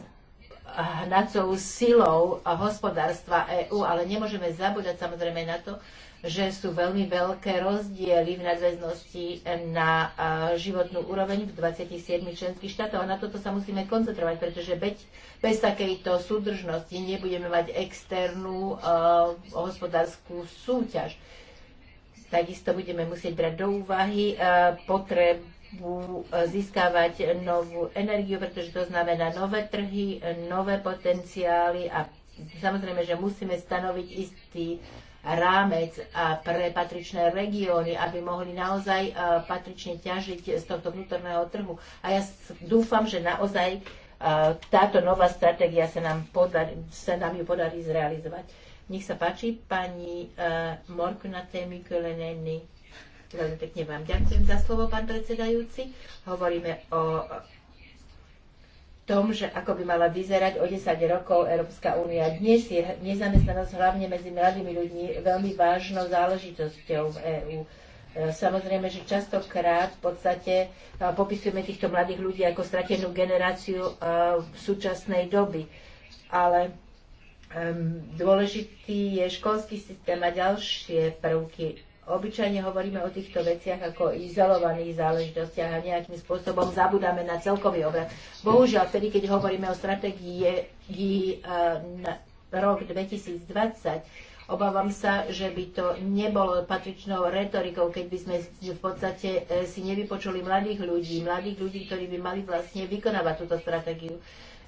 hnacou silou hospodárstva EÚ, ale nemôžeme zabúdať samozrejme na to, že sú veľmi veľké rozdiely v nadväznosti na životnú úroveň v 27 členských štátoch. A na toto sa musíme koncentrovať, pretože bez, bez takejto súdržnosti nebudeme mať externú uh, hospodárskú súťaž. Takisto budeme musieť brať do úvahy uh, potrebu získavať novú energiu, pretože to znamená nové trhy, nové potenciály a samozrejme, že musíme stanoviť istý rámec pre patričné regióny, aby mohli naozaj e, patrične ťažiť z tohto vnútorného trhu. A ja dúfam, že naozaj e, táto nová stratégia sa nám, podarí, sa nám ju podarí zrealizovať. Nech sa páči, pani e, Morkuna Temikuleneny. Veľmi pekne vám ďakujem za slovo, pán predsedajúci. Hovoríme o tom, že ako by mala vyzerať o 10 rokov Európska únia. Dnes je nezamestnanosť hlavne medzi mladými ľuďmi veľmi vážnou záležitosťou v EÚ. E, samozrejme, že častokrát v podstate e, popisujeme týchto mladých ľudí ako stratenú generáciu e, v súčasnej doby. Ale dôležitý je školský systém a ďalšie prvky Obyčajne hovoríme o týchto veciach ako izolovaných záležitostiach a nejakým spôsobom zabudáme na celkový obraz. Bohužiaľ, vtedy, keď hovoríme o stratégii e, na rok 2020, obávam sa, že by to nebolo patričnou retorikou, keď by sme v podstate e, si nevypočuli mladých ľudí, mladých ľudí, ktorí by mali vlastne vykonávať túto stratégiu.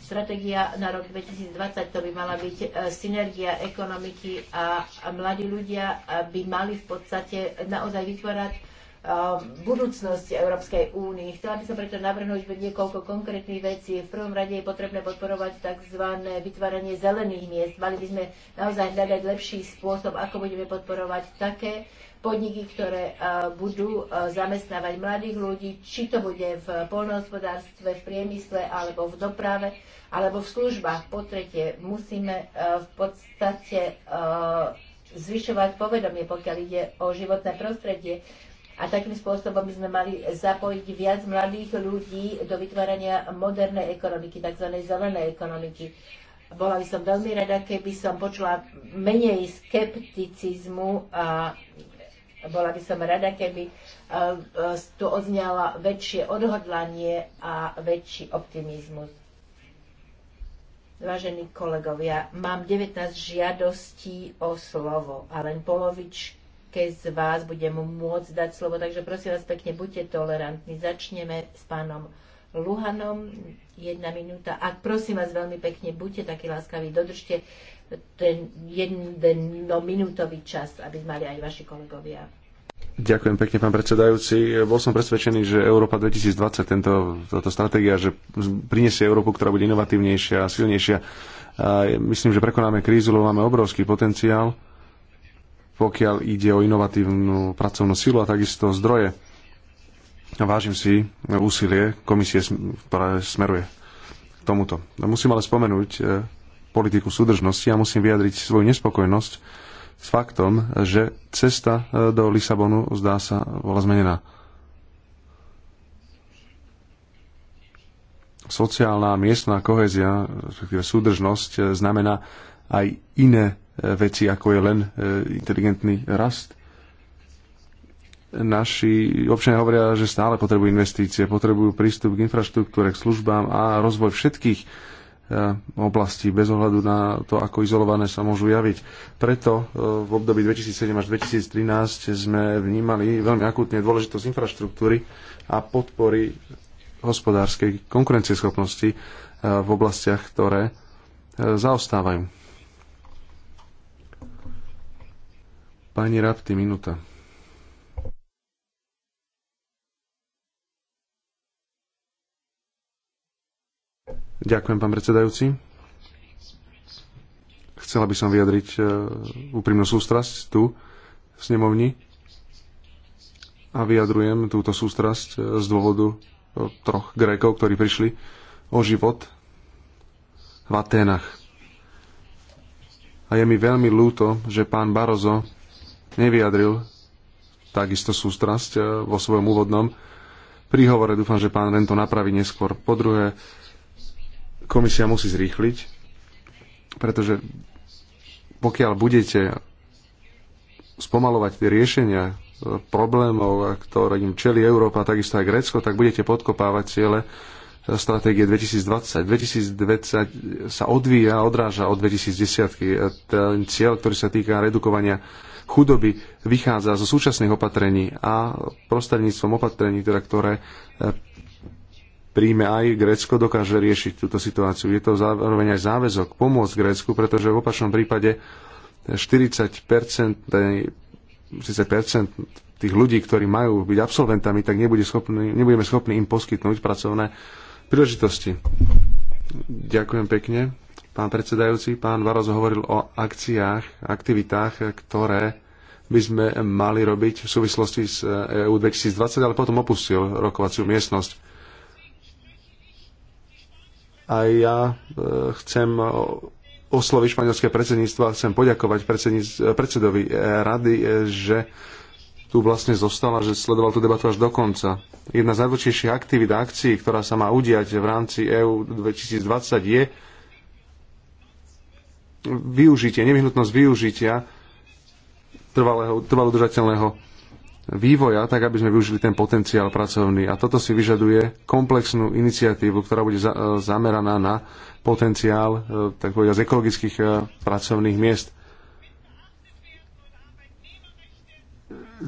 Stratégia na rok 2020 to by mala byť e, synergia ekonomiky a mladí ľudia e, by mali v podstate naozaj vytvárať Eh, budúcnosť Európskej únie. Chcela by som preto navrhnúť niekoľko konkrétnych vecí. V prvom rade je potrebné podporovať tzv. vytváranie zelených miest. Mali by sme naozaj hľadať lepší spôsob, ako budeme podporovať také podniky, ktoré eh, budú eh, zamestnávať mladých ľudí, či to bude v poľnohospodárstve, v priemysle, alebo v doprave, alebo v službách. Po tretie, musíme v podstate zvyšovať povedomie, pokiaľ ide o životné prostredie. A takým spôsobom by sme mali zapojiť viac mladých ľudí do vytvárania modernej ekonomiky, tzv. zelenej ekonomiky. Bola by som veľmi rada, keby som počula menej skepticizmu a bola by som rada, keby e, e, tu odznala väčšie odhodlanie a väčší optimizmus. Vážení kolegovia, mám 19 žiadostí o slovo a len polovička keď z vás budem môcť dať slovo. Takže prosím vás pekne, buďte tolerantní. Začneme s pánom Luhanom. Jedna minúta. A prosím vás veľmi pekne, buďte takí láskaví, dodržte ten jednominútový čas, aby mali aj vaši kolegovia. Ďakujem pekne, pán predsedajúci. Bol som presvedčený, že Európa 2020, tento, táto stratégia, že prinesie Európu, ktorá bude inovatívnejšia a silnejšia. A myslím, že prekonáme krízu, lebo máme obrovský potenciál pokiaľ ide o inovatívnu pracovnú silu a takisto zdroje. Vážim si úsilie komisie, ktorá smeruje k tomuto. Musím ale spomenúť e, politiku súdržnosti a musím vyjadriť svoju nespokojnosť s faktom, že cesta e, do Lisabonu zdá sa bola zmenená. Sociálna miestná kohézia respektíve súdržnosť, e, znamená aj iné veci, ako je len e, inteligentný rast. Naši občania hovoria, že stále potrebujú investície, potrebujú prístup k infraštruktúre, k službám a rozvoj všetkých e, oblastí bez ohľadu na to, ako izolované sa môžu javiť. Preto e, v období 2007 až 2013 sme vnímali veľmi akútne dôležitosť infraštruktúry a podpory hospodárskej konkurencieschopnosti v oblastiach, ktoré zaostávajú. Pani Rapti, minúta. Ďakujem, pán predsedajúci. Chcela by som vyjadriť e, úprimnú sústrasť tu v snemovni a vyjadrujem túto sústrasť e, z dôvodu e, troch Grékov, ktorí prišli o život v Aténach. A je mi veľmi ľúto, že pán Barozo nevyjadril takisto sústrasť eh, vo svojom úvodnom príhovore. Dúfam, že pán Rento napraví neskôr. Po druhé, komisia musí zrýchliť, pretože pokiaľ budete spomalovať tie riešenia eh, problémov, ktorým čeli Európa, takisto aj Grécko, tak budete podkopávať ciele eh, stratégie 2020. 2020 sa odvíja, odráža od 2010. Ten cieľ, ktorý sa týka redukovania chudoby vychádza zo súčasných opatrení a prostredníctvom opatrení, teda, ktoré eh, príjme aj Grécko, dokáže riešiť túto situáciu. Je to zároveň aj záväzok pomôcť Grécku, pretože v opačnom prípade 40 eh, tých ľudí, ktorí majú byť absolventami, tak nebude schopný, nebudeme schopní im poskytnúť pracovné príležitosti. Ďakujem pekne. Pán predsedajúci, pán Varos hovoril o akciách, aktivitách, ktoré by sme mali robiť v súvislosti s EU eh, e 2020, ale potom opustil rokovaciu miestnosť. A ja eh, chcem osloviť španielské predsedníctvo a chcem poďakovať predsedovi eh, rady, že tu vlastne zostala, že sledoval tú debatu až do konca. Jedna z najdôležitejších aktivít a akcií, ktorá sa má udiať v rámci EU 2020 je využitie, nevyhnutnosť využitia trvalého, trvalo držateľného vývoja, tak aby sme využili ten potenciál pracovný. A toto si vyžaduje komplexnú iniciatívu, ktorá bude za, e, zameraná na potenciál e, tak povedať, z ekologických e, pracovných miest.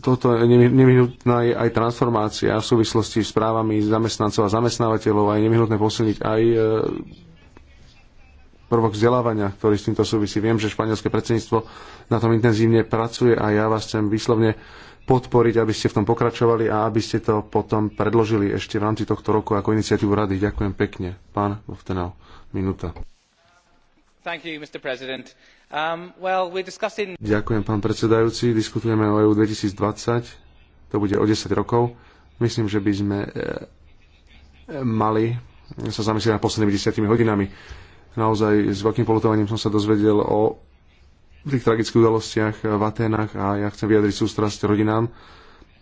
Toto je nevyhnutná je aj transformácia v súvislosti s právami zamestnancov a zamestnávateľov a je nevyhnutné posilniť aj prvok vzdelávania, ktorý s týmto súvisí. Viem, že španielské predsedníctvo na tom intenzívne pracuje a ja vás chcem výslovne podporiť, aby ste v tom pokračovali a aby ste to potom predložili ešte v rámci tohto roku ako iniciatívu rady. Ďakujem pekne. Pán Voftenau, minúta. You, um, well, discussing... Ďakujem, pán predsedajúci. Diskutujeme o EU 2020. To bude o 10 rokov. Myslím, že by sme e, mali sa zamyslieť nad poslednými 10 hodinami Naozaj s veľkým polutovaním som sa dozvedel o tých tragických udalostiach v Aténach a ja chcem vyjadriť sústrasť rodinám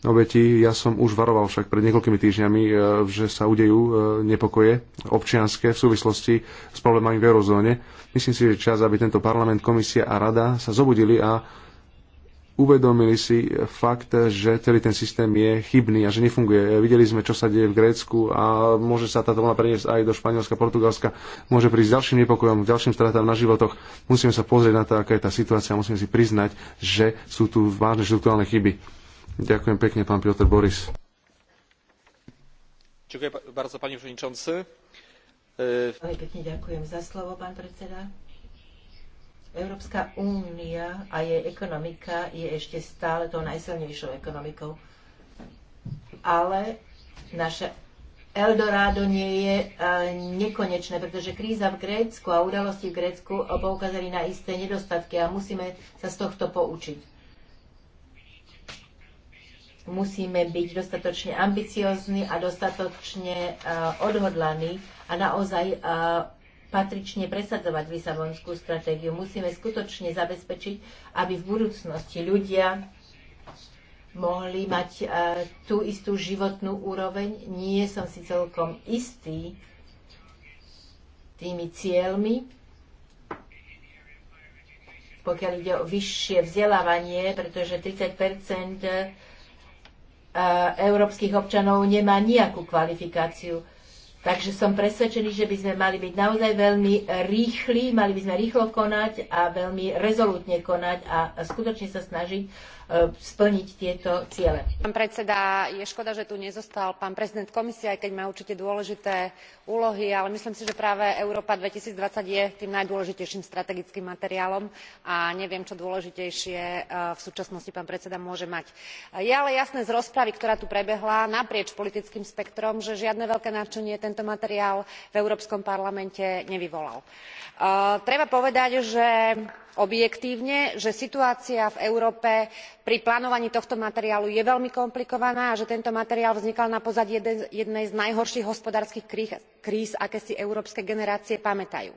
obeti. Ja som už varoval však pred niekoľkými týždňami, e, že sa udejú e, nepokoje občianské v súvislosti s problémami v eurozóne. Myslím si, že čas, aby tento parlament, komisia a rada sa zobudili a uvedomili si fakt, že celý ten systém je chybný a že nefunguje. Videli sme, čo sa deje v Grécku a môže sa táto vlna preniesť aj do Španielska, Portugalska. Môže prísť ďalším nepokojom, ďalším stratám na životoch. Musíme sa pozrieť na to, aká je tá situácia. Musíme si priznať, že sú tu vážne štruktúrálne chyby. Ďakujem pekne, pán Piotr Boris. Ďakujem bardzo, pani Pekne ďakujem za slovo, pán predseda. Európska únia a jej ekonomika je ešte stále tou najsilnejšou ekonomikou. Ale naše Eldorado nie je eh, nekonečné, pretože kríza v Grécku a udalosti v Grécku poukázali na isté nedostatky a musíme sa z tohto poučiť. Musíme byť dostatočne ambiciozni a dostatočne eh, odhodlaní a naozaj eh, patrične presadzovať Lisabonskú stratégiu. Musíme skutočne zabezpečiť, aby v budúcnosti ľudia mohli mať e, tú istú životnú úroveň. Nie som si celkom istý tými cieľmi, pokiaľ ide o vyššie vzdelávanie, pretože 30 e, európskych občanov nemá nejakú kvalifikáciu. Takže som presvedčený, že by sme mali byť naozaj veľmi rýchli, mali by sme rýchlo konať a veľmi rezolútne konať a skutočne sa snažiť E, splniť tieto ciele. Pán predseda, je škoda, že tu nezostal pán prezident komisie, aj keď má určite dôležité úlohy, ale myslím si, že práve Európa 2020 je tým najdôležitejším strategickým materiálom a neviem, čo dôležitejšie e, v súčasnosti pán predseda môže mať. Je ale jasné z rozpravy, ktorá tu prebehla naprieč politickým spektrom, že žiadne veľké nadšenie tento materiál v Európskom parlamente nevyvolal. E, treba povedať, že objektívne že situácia v európe pri plánovaní tohto materiálu je veľmi komplikovaná a že tento materiál vznikal na pozadí jednej z najhorších hospodárskych kríz aké si európske generácie pamätajú.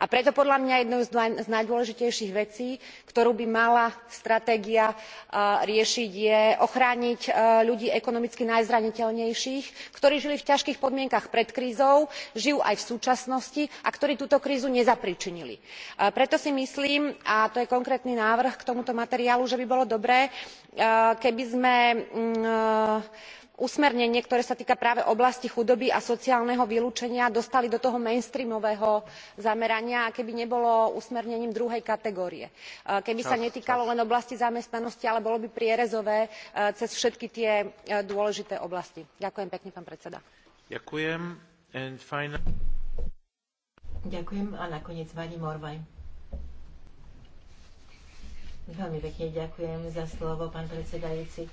a preto podľa mňa jednou z najdôležitejších vecí ktorú by mala stratégia e, riešiť je ochrániť e, ľudí ekonomicky najzraniteľnejších ktorí žili v ťažkých podmienkach pred krízou žijú aj v súčasnosti a ktorí túto krízu nezapríčinili. E, preto si myslím a to je konkrétny návrh k tomuto materiálu že by bolo dobré e, keby sme mm, e, usmernenie ktoré sa týka práve oblasti chudoby a sociálneho vylúčenia dostali do toho mainstreamového zamerania a keby nebolo usmernením druhej kategórie e, keby sa netýkalo len oblasti zamestnanosti ale bolo by prierezové cez všetky tie dôležité oblasti. ďakujem pekne pán predseda. Veľmi pekne ďakujem za slovo, pán predsedajúci.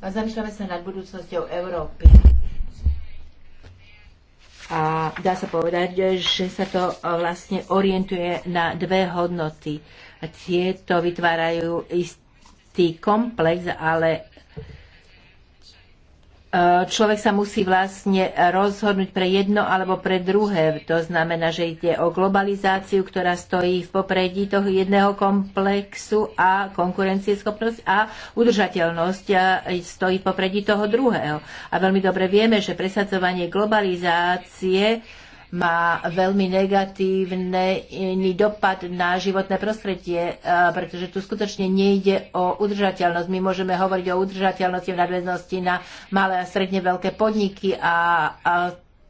A zamýšľame sa nad budúcnosťou Európy. A dá sa povedať, že sa to vlastne orientuje na dve hodnoty. A tieto vytvárajú istý komplex, ale Eh, človek sa musí vlastne rozhodnúť pre jedno alebo pre druhé. To znamená, že ide o globalizáciu, ktorá stojí v popredí toho jedného komplexu a konkurencieschopnosť a udržateľnosť eh, stojí v popredí toho druhého. A veľmi dobre vieme, že presadzovanie globalizácie má veľmi negatívny dopad na životné prostredie, e, pretože tu skutočne nejde o udržateľnosť. My môžeme hovoriť o udržateľnosti v nadväznosti na malé a stredne veľké podniky a, a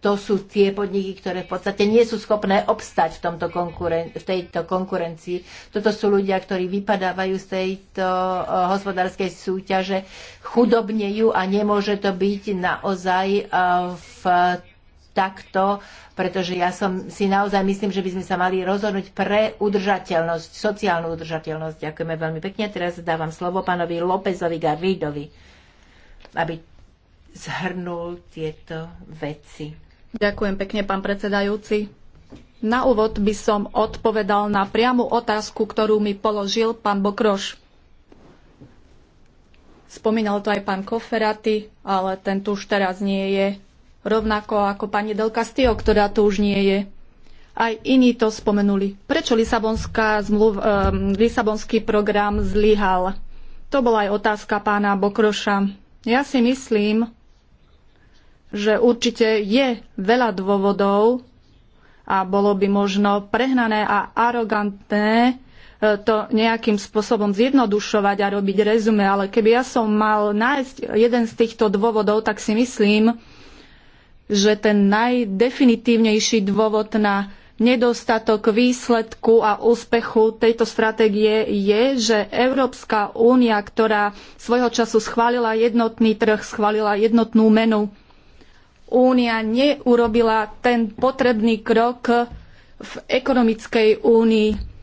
to sú tie podniky, ktoré v podstate nie sú schopné obstať v, tomto konkuren- v tejto konkurencii. Toto sú ľudia, ktorí vypadávajú z tejto e, hospodárskej súťaže, chudobnejú a nemôže to byť naozaj e, v takto, pretože ja som si naozaj myslím, že by sme sa mali rozhodnúť pre udržateľnosť, sociálnu udržateľnosť. Ďakujeme veľmi pekne. Teraz dávam slovo pánovi Lópezovi Garvidovi, aby zhrnul tieto veci. Ďakujem pekne, pán predsedajúci. Na úvod by som odpovedal na priamu otázku, ktorú mi položil pán Bokroš. Spomínal to aj pán Koferaty, ale ten tu už teraz nie je rovnako ako pani Del Castillo, ktorá tu už nie je. Aj iní to spomenuli. Prečo zmluv, um, Lisabonský program zlyhal? To bola aj otázka pána Bokroša. Ja si myslím, že určite je veľa dôvodov a bolo by možno prehnané a arogantné e, to nejakým spôsobom zjednodušovať a robiť rezume, ale keby ja som mal nájsť jeden z týchto dôvodov, tak si myslím, že ten najdefinitívnejší dôvod na nedostatok výsledku a úspechu tejto stratégie je, že Európska únia, ktorá svojho času schválila jednotný trh, schválila jednotnú menu, únia neurobila ten potrebný krok v ekonomickej únii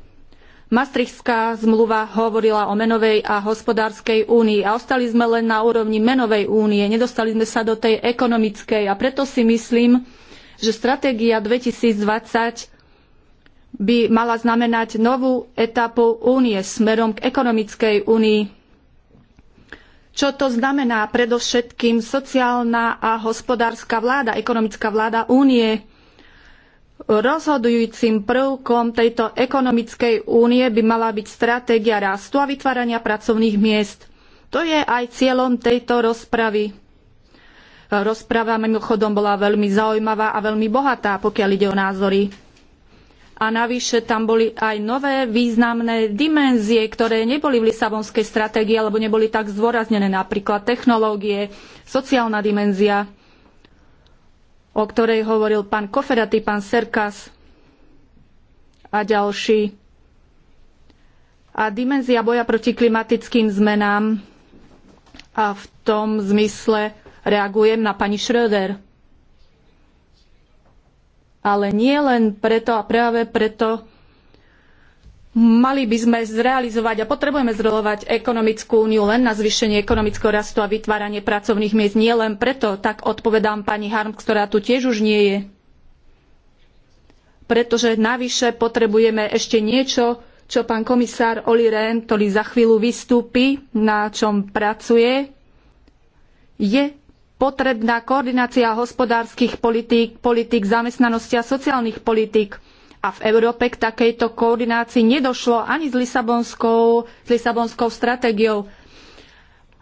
Maastrichtská zmluva hovorila o menovej a hospodárskej únii a ostali sme len na úrovni menovej únie, nedostali sme sa do tej ekonomickej a preto si myslím, že stratégia 2020 by mala znamenať novú etapu únie smerom k ekonomickej únii. Čo to znamená predovšetkým sociálna a hospodárska vláda, ekonomická vláda únie? Rozhodujúcim prvkom tejto ekonomickej únie by mala byť stratégia rastu a vytvárania pracovných miest. To je aj cieľom tejto rozpravy. Rozprava mimochodom bola veľmi zaujímavá a veľmi bohatá, pokiaľ ide o názory. A navyše tam boli aj nové významné dimenzie, ktoré neboli v Lisabonskej stratégii alebo neboli tak zdôraznené, napríklad technológie, sociálna dimenzia o ktorej hovoril pán Koferaty, pán Serkas a ďalší. A dimenzia boja proti klimatickým zmenám a v tom zmysle reagujem na pani Schröder. Ale nie len preto a práve preto, Mali by sme zrealizovať a potrebujeme zrealizovať ekonomickú úniu len na zvýšenie ekonomického rastu a vytváranie pracovných miest. Nie len preto, tak odpovedám pani Harm, ktorá tu tiež už nie je. Pretože navyše potrebujeme ešte niečo, čo pán komisár Oli Rehn, ktorý za chvíľu vystúpi, na čom pracuje, je potrebná koordinácia hospodárskych politík, politík zamestnanosti a sociálnych politík a v Európe k takejto koordinácii nedošlo ani s Lisabonskou, s Lisabonskou stratégiou.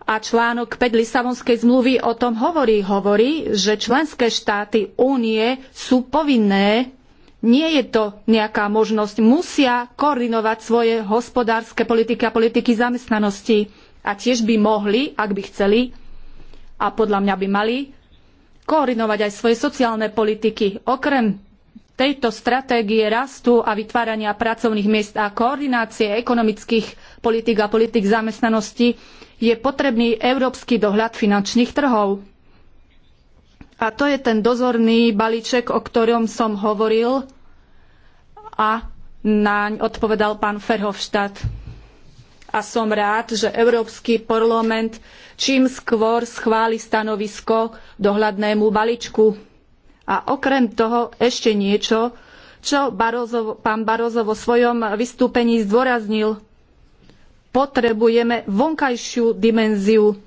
A článok 5 Lisabonskej zmluvy o tom hovorí. Hovorí, že členské štáty únie sú povinné nie je to nejaká možnosť. Musia koordinovať svoje hospodárske politiky a politiky zamestnanosti. A tiež by mohli, ak by chceli, a podľa mňa by mali, koordinovať aj svoje sociálne politiky. Okrem tejto stratégie rastu a vytvárania pracovných miest a koordinácie ekonomických politik a politik zamestnanosti je potrebný európsky dohľad finančných trhov. A to je ten dozorný balíček, o ktorom som hovoril a naň odpovedal pán Ferhofštát. A som rád, že Európsky parlament čím skôr schváli stanovisko dohľadnému balíčku a okrem toho ešte niečo, čo Barozo, pán Barozo vo svojom vystúpení zdôraznil. Potrebujeme vonkajšiu dimenziu.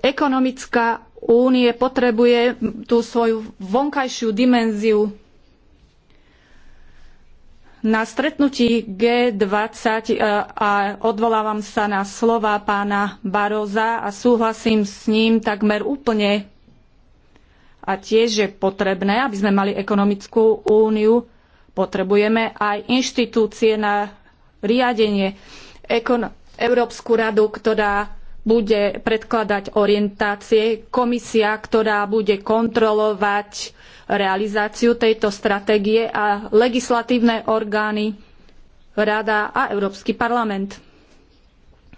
Ekonomická únie potrebuje tú svoju vonkajšiu dimenziu. Na stretnutí G20 e, a odvolávam sa na slova pána Baroza a súhlasím s ním takmer úplne a tiež je potrebné, aby sme mali ekonomickú úniu, potrebujeme aj inštitúcie na riadenie Ekon- Európsku radu, ktorá bude predkladať orientácie, komisia, ktorá bude kontrolovať realizáciu tejto stratégie a legislatívne orgány, rada a Európsky parlament.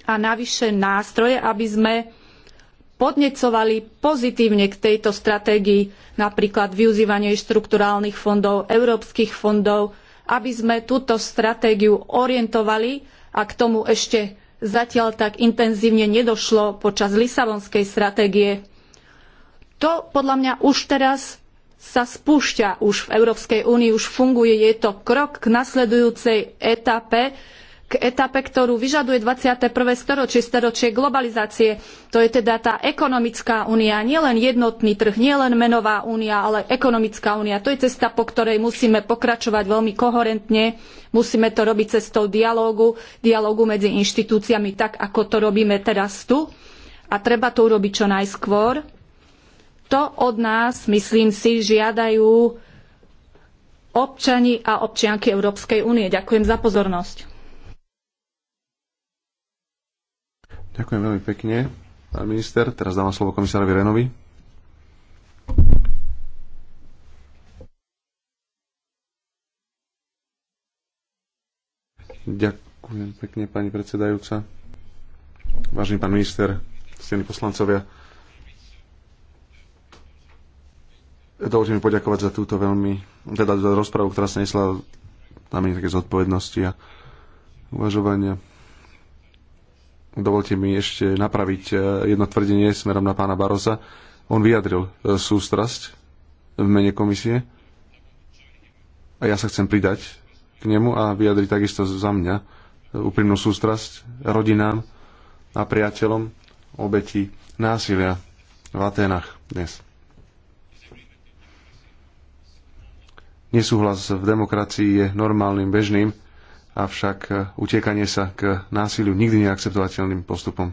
A navyše nástroje, aby sme podnecovali pozitívne k tejto stratégii, napríklad využívanie štrukturálnych fondov, európskych fondov, aby sme túto stratégiu orientovali a k tomu ešte zatiaľ tak intenzívne nedošlo počas Lisabonskej stratégie. To podľa mňa už teraz sa spúšťa, už v Európskej únii už funguje, je to krok k nasledujúcej etape, k etape, ktorú vyžaduje 21. storočie, storočie globalizácie. To je teda tá ekonomická únia, nielen jednotný trh, nielen menová únia, ale ekonomická únia. To je cesta, po ktorej musíme pokračovať veľmi koherentne. Musíme to robiť cestou dialógu, dialógu medzi inštitúciami, tak ako to robíme teraz tu. A treba to urobiť čo najskôr. To od nás, myslím si, žiadajú občani a občianky Európskej únie. Ďakujem za pozornosť. Ďakujem veľmi pekne. Pán minister, teraz dávam slovo komisárovi Renovi. Ďakujem pekne, pani predsedajúca. Vážený pán minister, stení poslancovia, dovolte mi poďakovať za túto veľmi, teda za rozpravu, ktorá sa nesla na mene také zodpovednosti a uvažovania dovolte mi ešte napraviť eh, jedno tvrdenie smerom na pána Barosa. On vyjadril eh, sústrasť v mene komisie a ja sa chcem pridať k nemu a vyjadriť takisto za mňa eh, úprimnú sústrasť rodinám a priateľom obetí násilia v Atenách dnes. Nesúhlas v demokracii je normálnym, bežným avšak e, utekanie sa k násiliu nikdy neakceptovateľným postupom.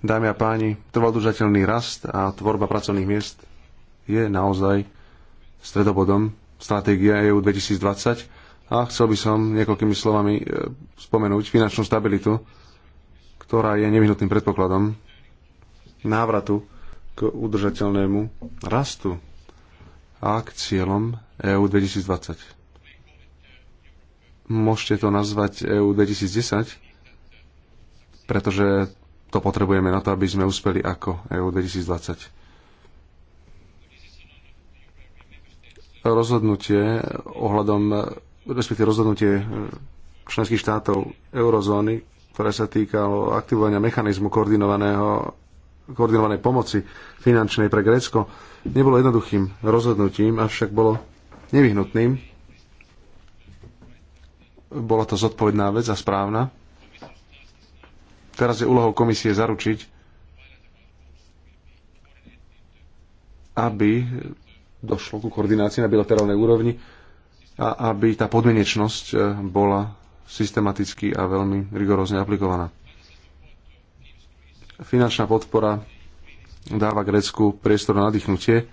Dámy a páni, trvalodržateľný rast a tvorba pracovných miest je naozaj stredobodom stratégia EU 2020 a chcel by som niekoľkými slovami e, spomenúť finančnú stabilitu, ktorá je nevyhnutným predpokladom návratu k udržateľnému rastu a k cieľom EU 2020. Môžete to nazvať EU 2010, pretože to potrebujeme na to, aby sme uspeli ako EU 2020. rozhodnutie ohľadom, respektíve rozhodnutie členských štátov eurozóny, ktoré sa týkalo aktivovania mechanizmu koordinovaného koordinovanej pomoci finančnej pre Grécko, nebolo jednoduchým rozhodnutím, avšak bolo nevyhnutným. Bola to zodpovedná vec a správna. Teraz je úlohou komisie zaručiť, aby došlo ku koordinácii na bilaterálnej úrovni a aby tá podmienečnosť eh, bola systematicky a veľmi rigorózne aplikovaná. Finančná podpora dáva Grécku priestor na nadýchnutie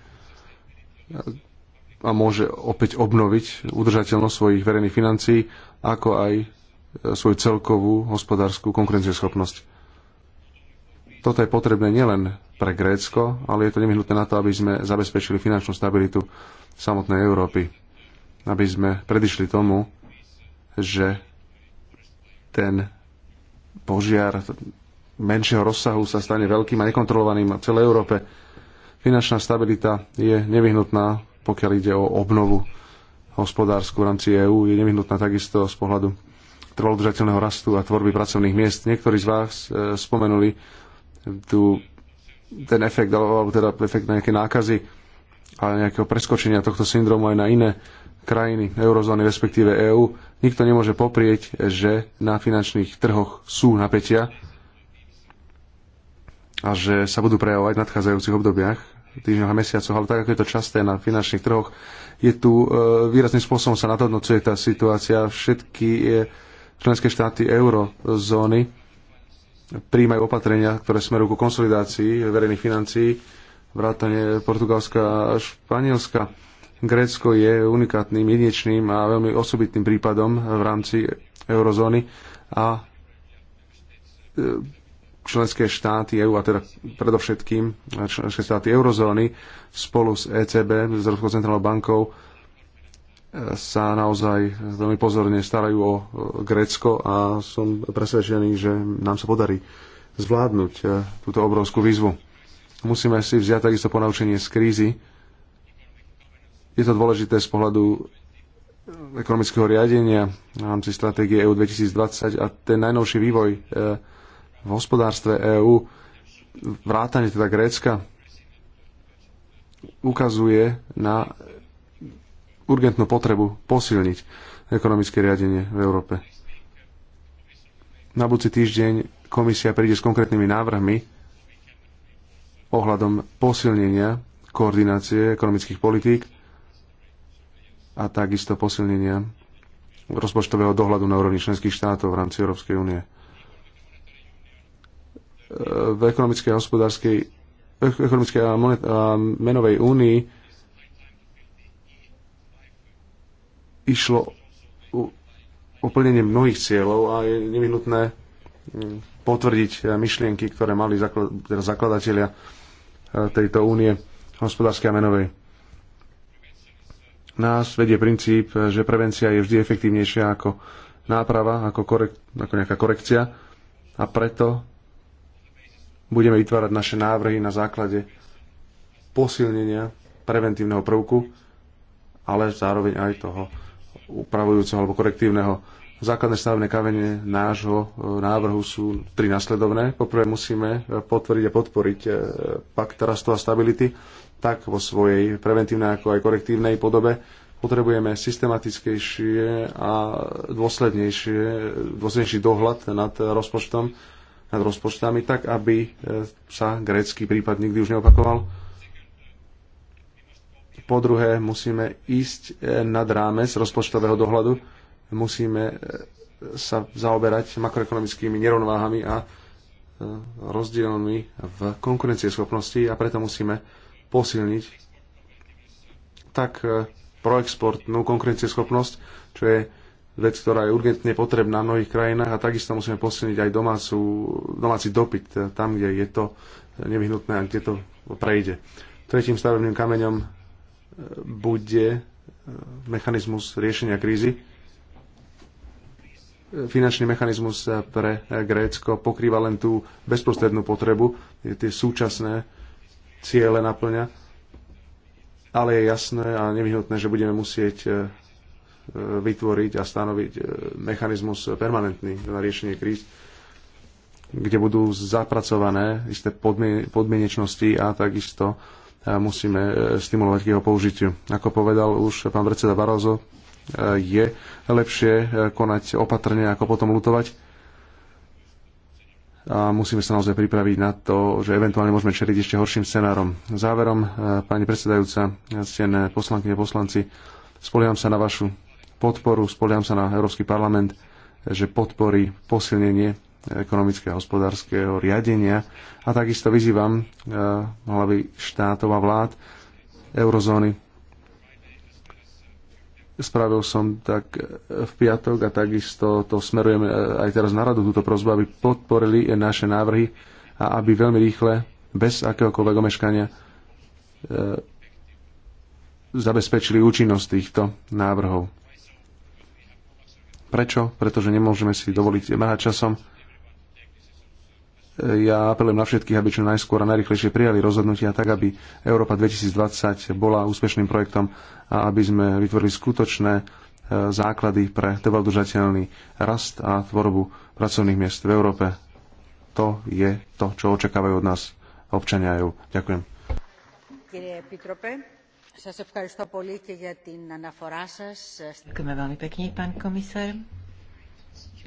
a môže opäť obnoviť udržateľnosť svojich verejných financií, ako aj e, svoju celkovú hospodárskú konkurencieschopnosť. Toto je potrebné nielen pre Grécko, ale je to nevyhnutné na to, aby sme zabezpečili finančnú stabilitu samotnej Európy. Aby sme predišli tomu, že ten požiar menšieho rozsahu sa stane veľkým a nekontrolovaným v celej Európe. Finančná stabilita je nevyhnutná pokiaľ ide o obnovu hospodársku v rámci EÚ, je nevyhnutná takisto z pohľadu trvalodržateľného rastu a tvorby pracovných miest. Niektorí z vás e, spomenuli tu ten efekt, alebo teda efekt nejaké nákazy a nejakého preskočenia tohto syndromu aj na iné krajiny eurozóny, respektíve EÚ. Nikto nemôže poprieť, že na finančných trhoch sú napätia a že sa budú prejavovať v nadchádzajúcich obdobiach týždňoch a mesiacoch, ale tak ako je to časté na finančných trhoch, je tu e, výrazným spôsobom sa nadhodnocuje tá situácia. Všetky e, členské štáty eurozóny príjmajú opatrenia, ktoré smerujú ku konsolidácii verejných financií, vrátane Portugalska a Španielska. Grécko je unikátnym, jedinečným a veľmi osobitným prípadom v rámci eurozóny a e, členské štáty EU, a teda predovšetkým členské štáty eurozóny spolu s ECB, s Európskou centrálnou bankou, e, sa naozaj veľmi pozorne starajú o e, Grécko a som presvedčený, že nám sa podarí zvládnuť e, túto obrovskú výzvu. Musíme si vziať takisto ponaučenie z krízy. Je to dôležité z pohľadu ekonomického riadenia v rámci stratégie EU 2020 a ten najnovší vývoj v hospodárstve EÚ, vrátane teda Grécka, ukazuje na urgentnú potrebu posilniť ekonomické riadenie v Európe. Na budúci týždeň komisia príde s konkrétnymi návrhmi ohľadom posilnenia koordinácie ekonomických politík a takisto posilnenia rozpočtového dohľadu na úrovni členských štátov v rámci Európskej únie v ekonomickej a hospodárskej ekonomickej a, monet, a menovej únii išlo uplnenie mnohých cieľov a je nevyhnutné mm, potvrdiť eh, myšlienky, ktoré mali teda zakladatelia eh, tejto únie hospodárskej a menovej. Nás vedie princíp, eh, že prevencia je vždy efektívnejšia ako náprava, ako, korek, ako nejaká korekcia a preto budeme vytvárať naše návrhy na základe posilnenia preventívneho prvku, ale zároveň aj toho upravujúceho alebo korektívneho. Základné stavebné kamene nášho e, návrhu sú tri nasledovné. Poprvé musíme e, potvrdiť a podporiť e, pakt rastu a stability, tak vo svojej preventívnej ako aj korektívnej podobe. Potrebujeme systematickejšie a dôslednejšie, dôslednejší dohľad nad rozpočtom nad rozpočtami tak, aby e, sa grécky prípad nikdy už neopakoval. Po druhé, musíme ísť e, nad rámec rozpočtového dohľadu. Musíme e, sa zaoberať makroekonomickými nerovnováhami a rozdielmi v konkurencieschopnosti a preto musíme posilniť tak proexportnú konkurencieschopnosť, čo je vec, ktorá je urgentne potrebná v mnohých krajinách a takisto musíme posilniť aj domácu, domáci dopyt tam, kde je to nevyhnutné a kde to prejde. Tretím stavebným kameňom e, bude e, mechanizmus riešenia krízy. E, finančný mechanizmus pre Grécko pokrýva len tú bezprostrednú potrebu, tie súčasné ciele naplňa, ale je jasné a nevyhnutné, že budeme musieť vytvoriť a stanoviť e, mechanizmus permanentný na riešenie kríz, kde budú zapracované isté podmienečnosti a takisto e, musíme e, stimulovať k jeho použitiu. Ako povedal už pán predseda Barozo, je lepšie konať opatrne, ako potom lutovať. A musíme sa naozaj pripraviť na to, že eventuálne môžeme čeliť ešte horším scenárom. Záverom, pani predsedajúca, ctené poslankyne, poslanci, spolieham sa na vašu podporu, spoliam sa na Európsky parlament, že podporí posilnenie ekonomického a hospodárskeho riadenia a takisto vyzývam eh, hlavy štátov a vlád eurozóny. Spravil som tak eh, v piatok a takisto to smerujeme eh, aj teraz na radu túto prozbu, aby podporili naše návrhy a aby veľmi rýchle, bez akéhokoľvek omeškania, zabezpečili účinnosť týchto návrhov. Prečo? Pretože nemôžeme si dovoliť mrhať časom. Ja apelujem na všetkých, aby čo najskôr a najrychlejšie prijali rozhodnutia tak, aby Európa 2020 bola úspešným projektom a aby sme vytvorili skutočné e, základy pre trvalodržateľný rast a tvorbu pracovných miest v Európe. To je to, čo očakávajú od nás občania EU. Ďakujem. Ďakujeme veľmi pekne, pán komisár.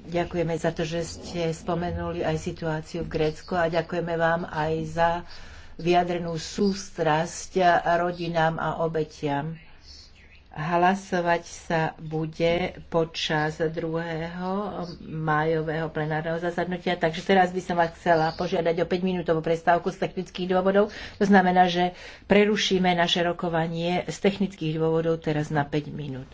Ďakujeme za to, že ste spomenuli aj situáciu v Grécku a ďakujeme vám aj za vyjadrenú sústrasť rodinám a obetiam. Hlasovať sa bude počas 2. májového plenárneho zasadnutia, takže teraz by som vás chcela požiadať o 5-minútovú prestávku z technických dôvodov. To znamená, že prerušíme naše rokovanie z technických dôvodov teraz na 5 minút.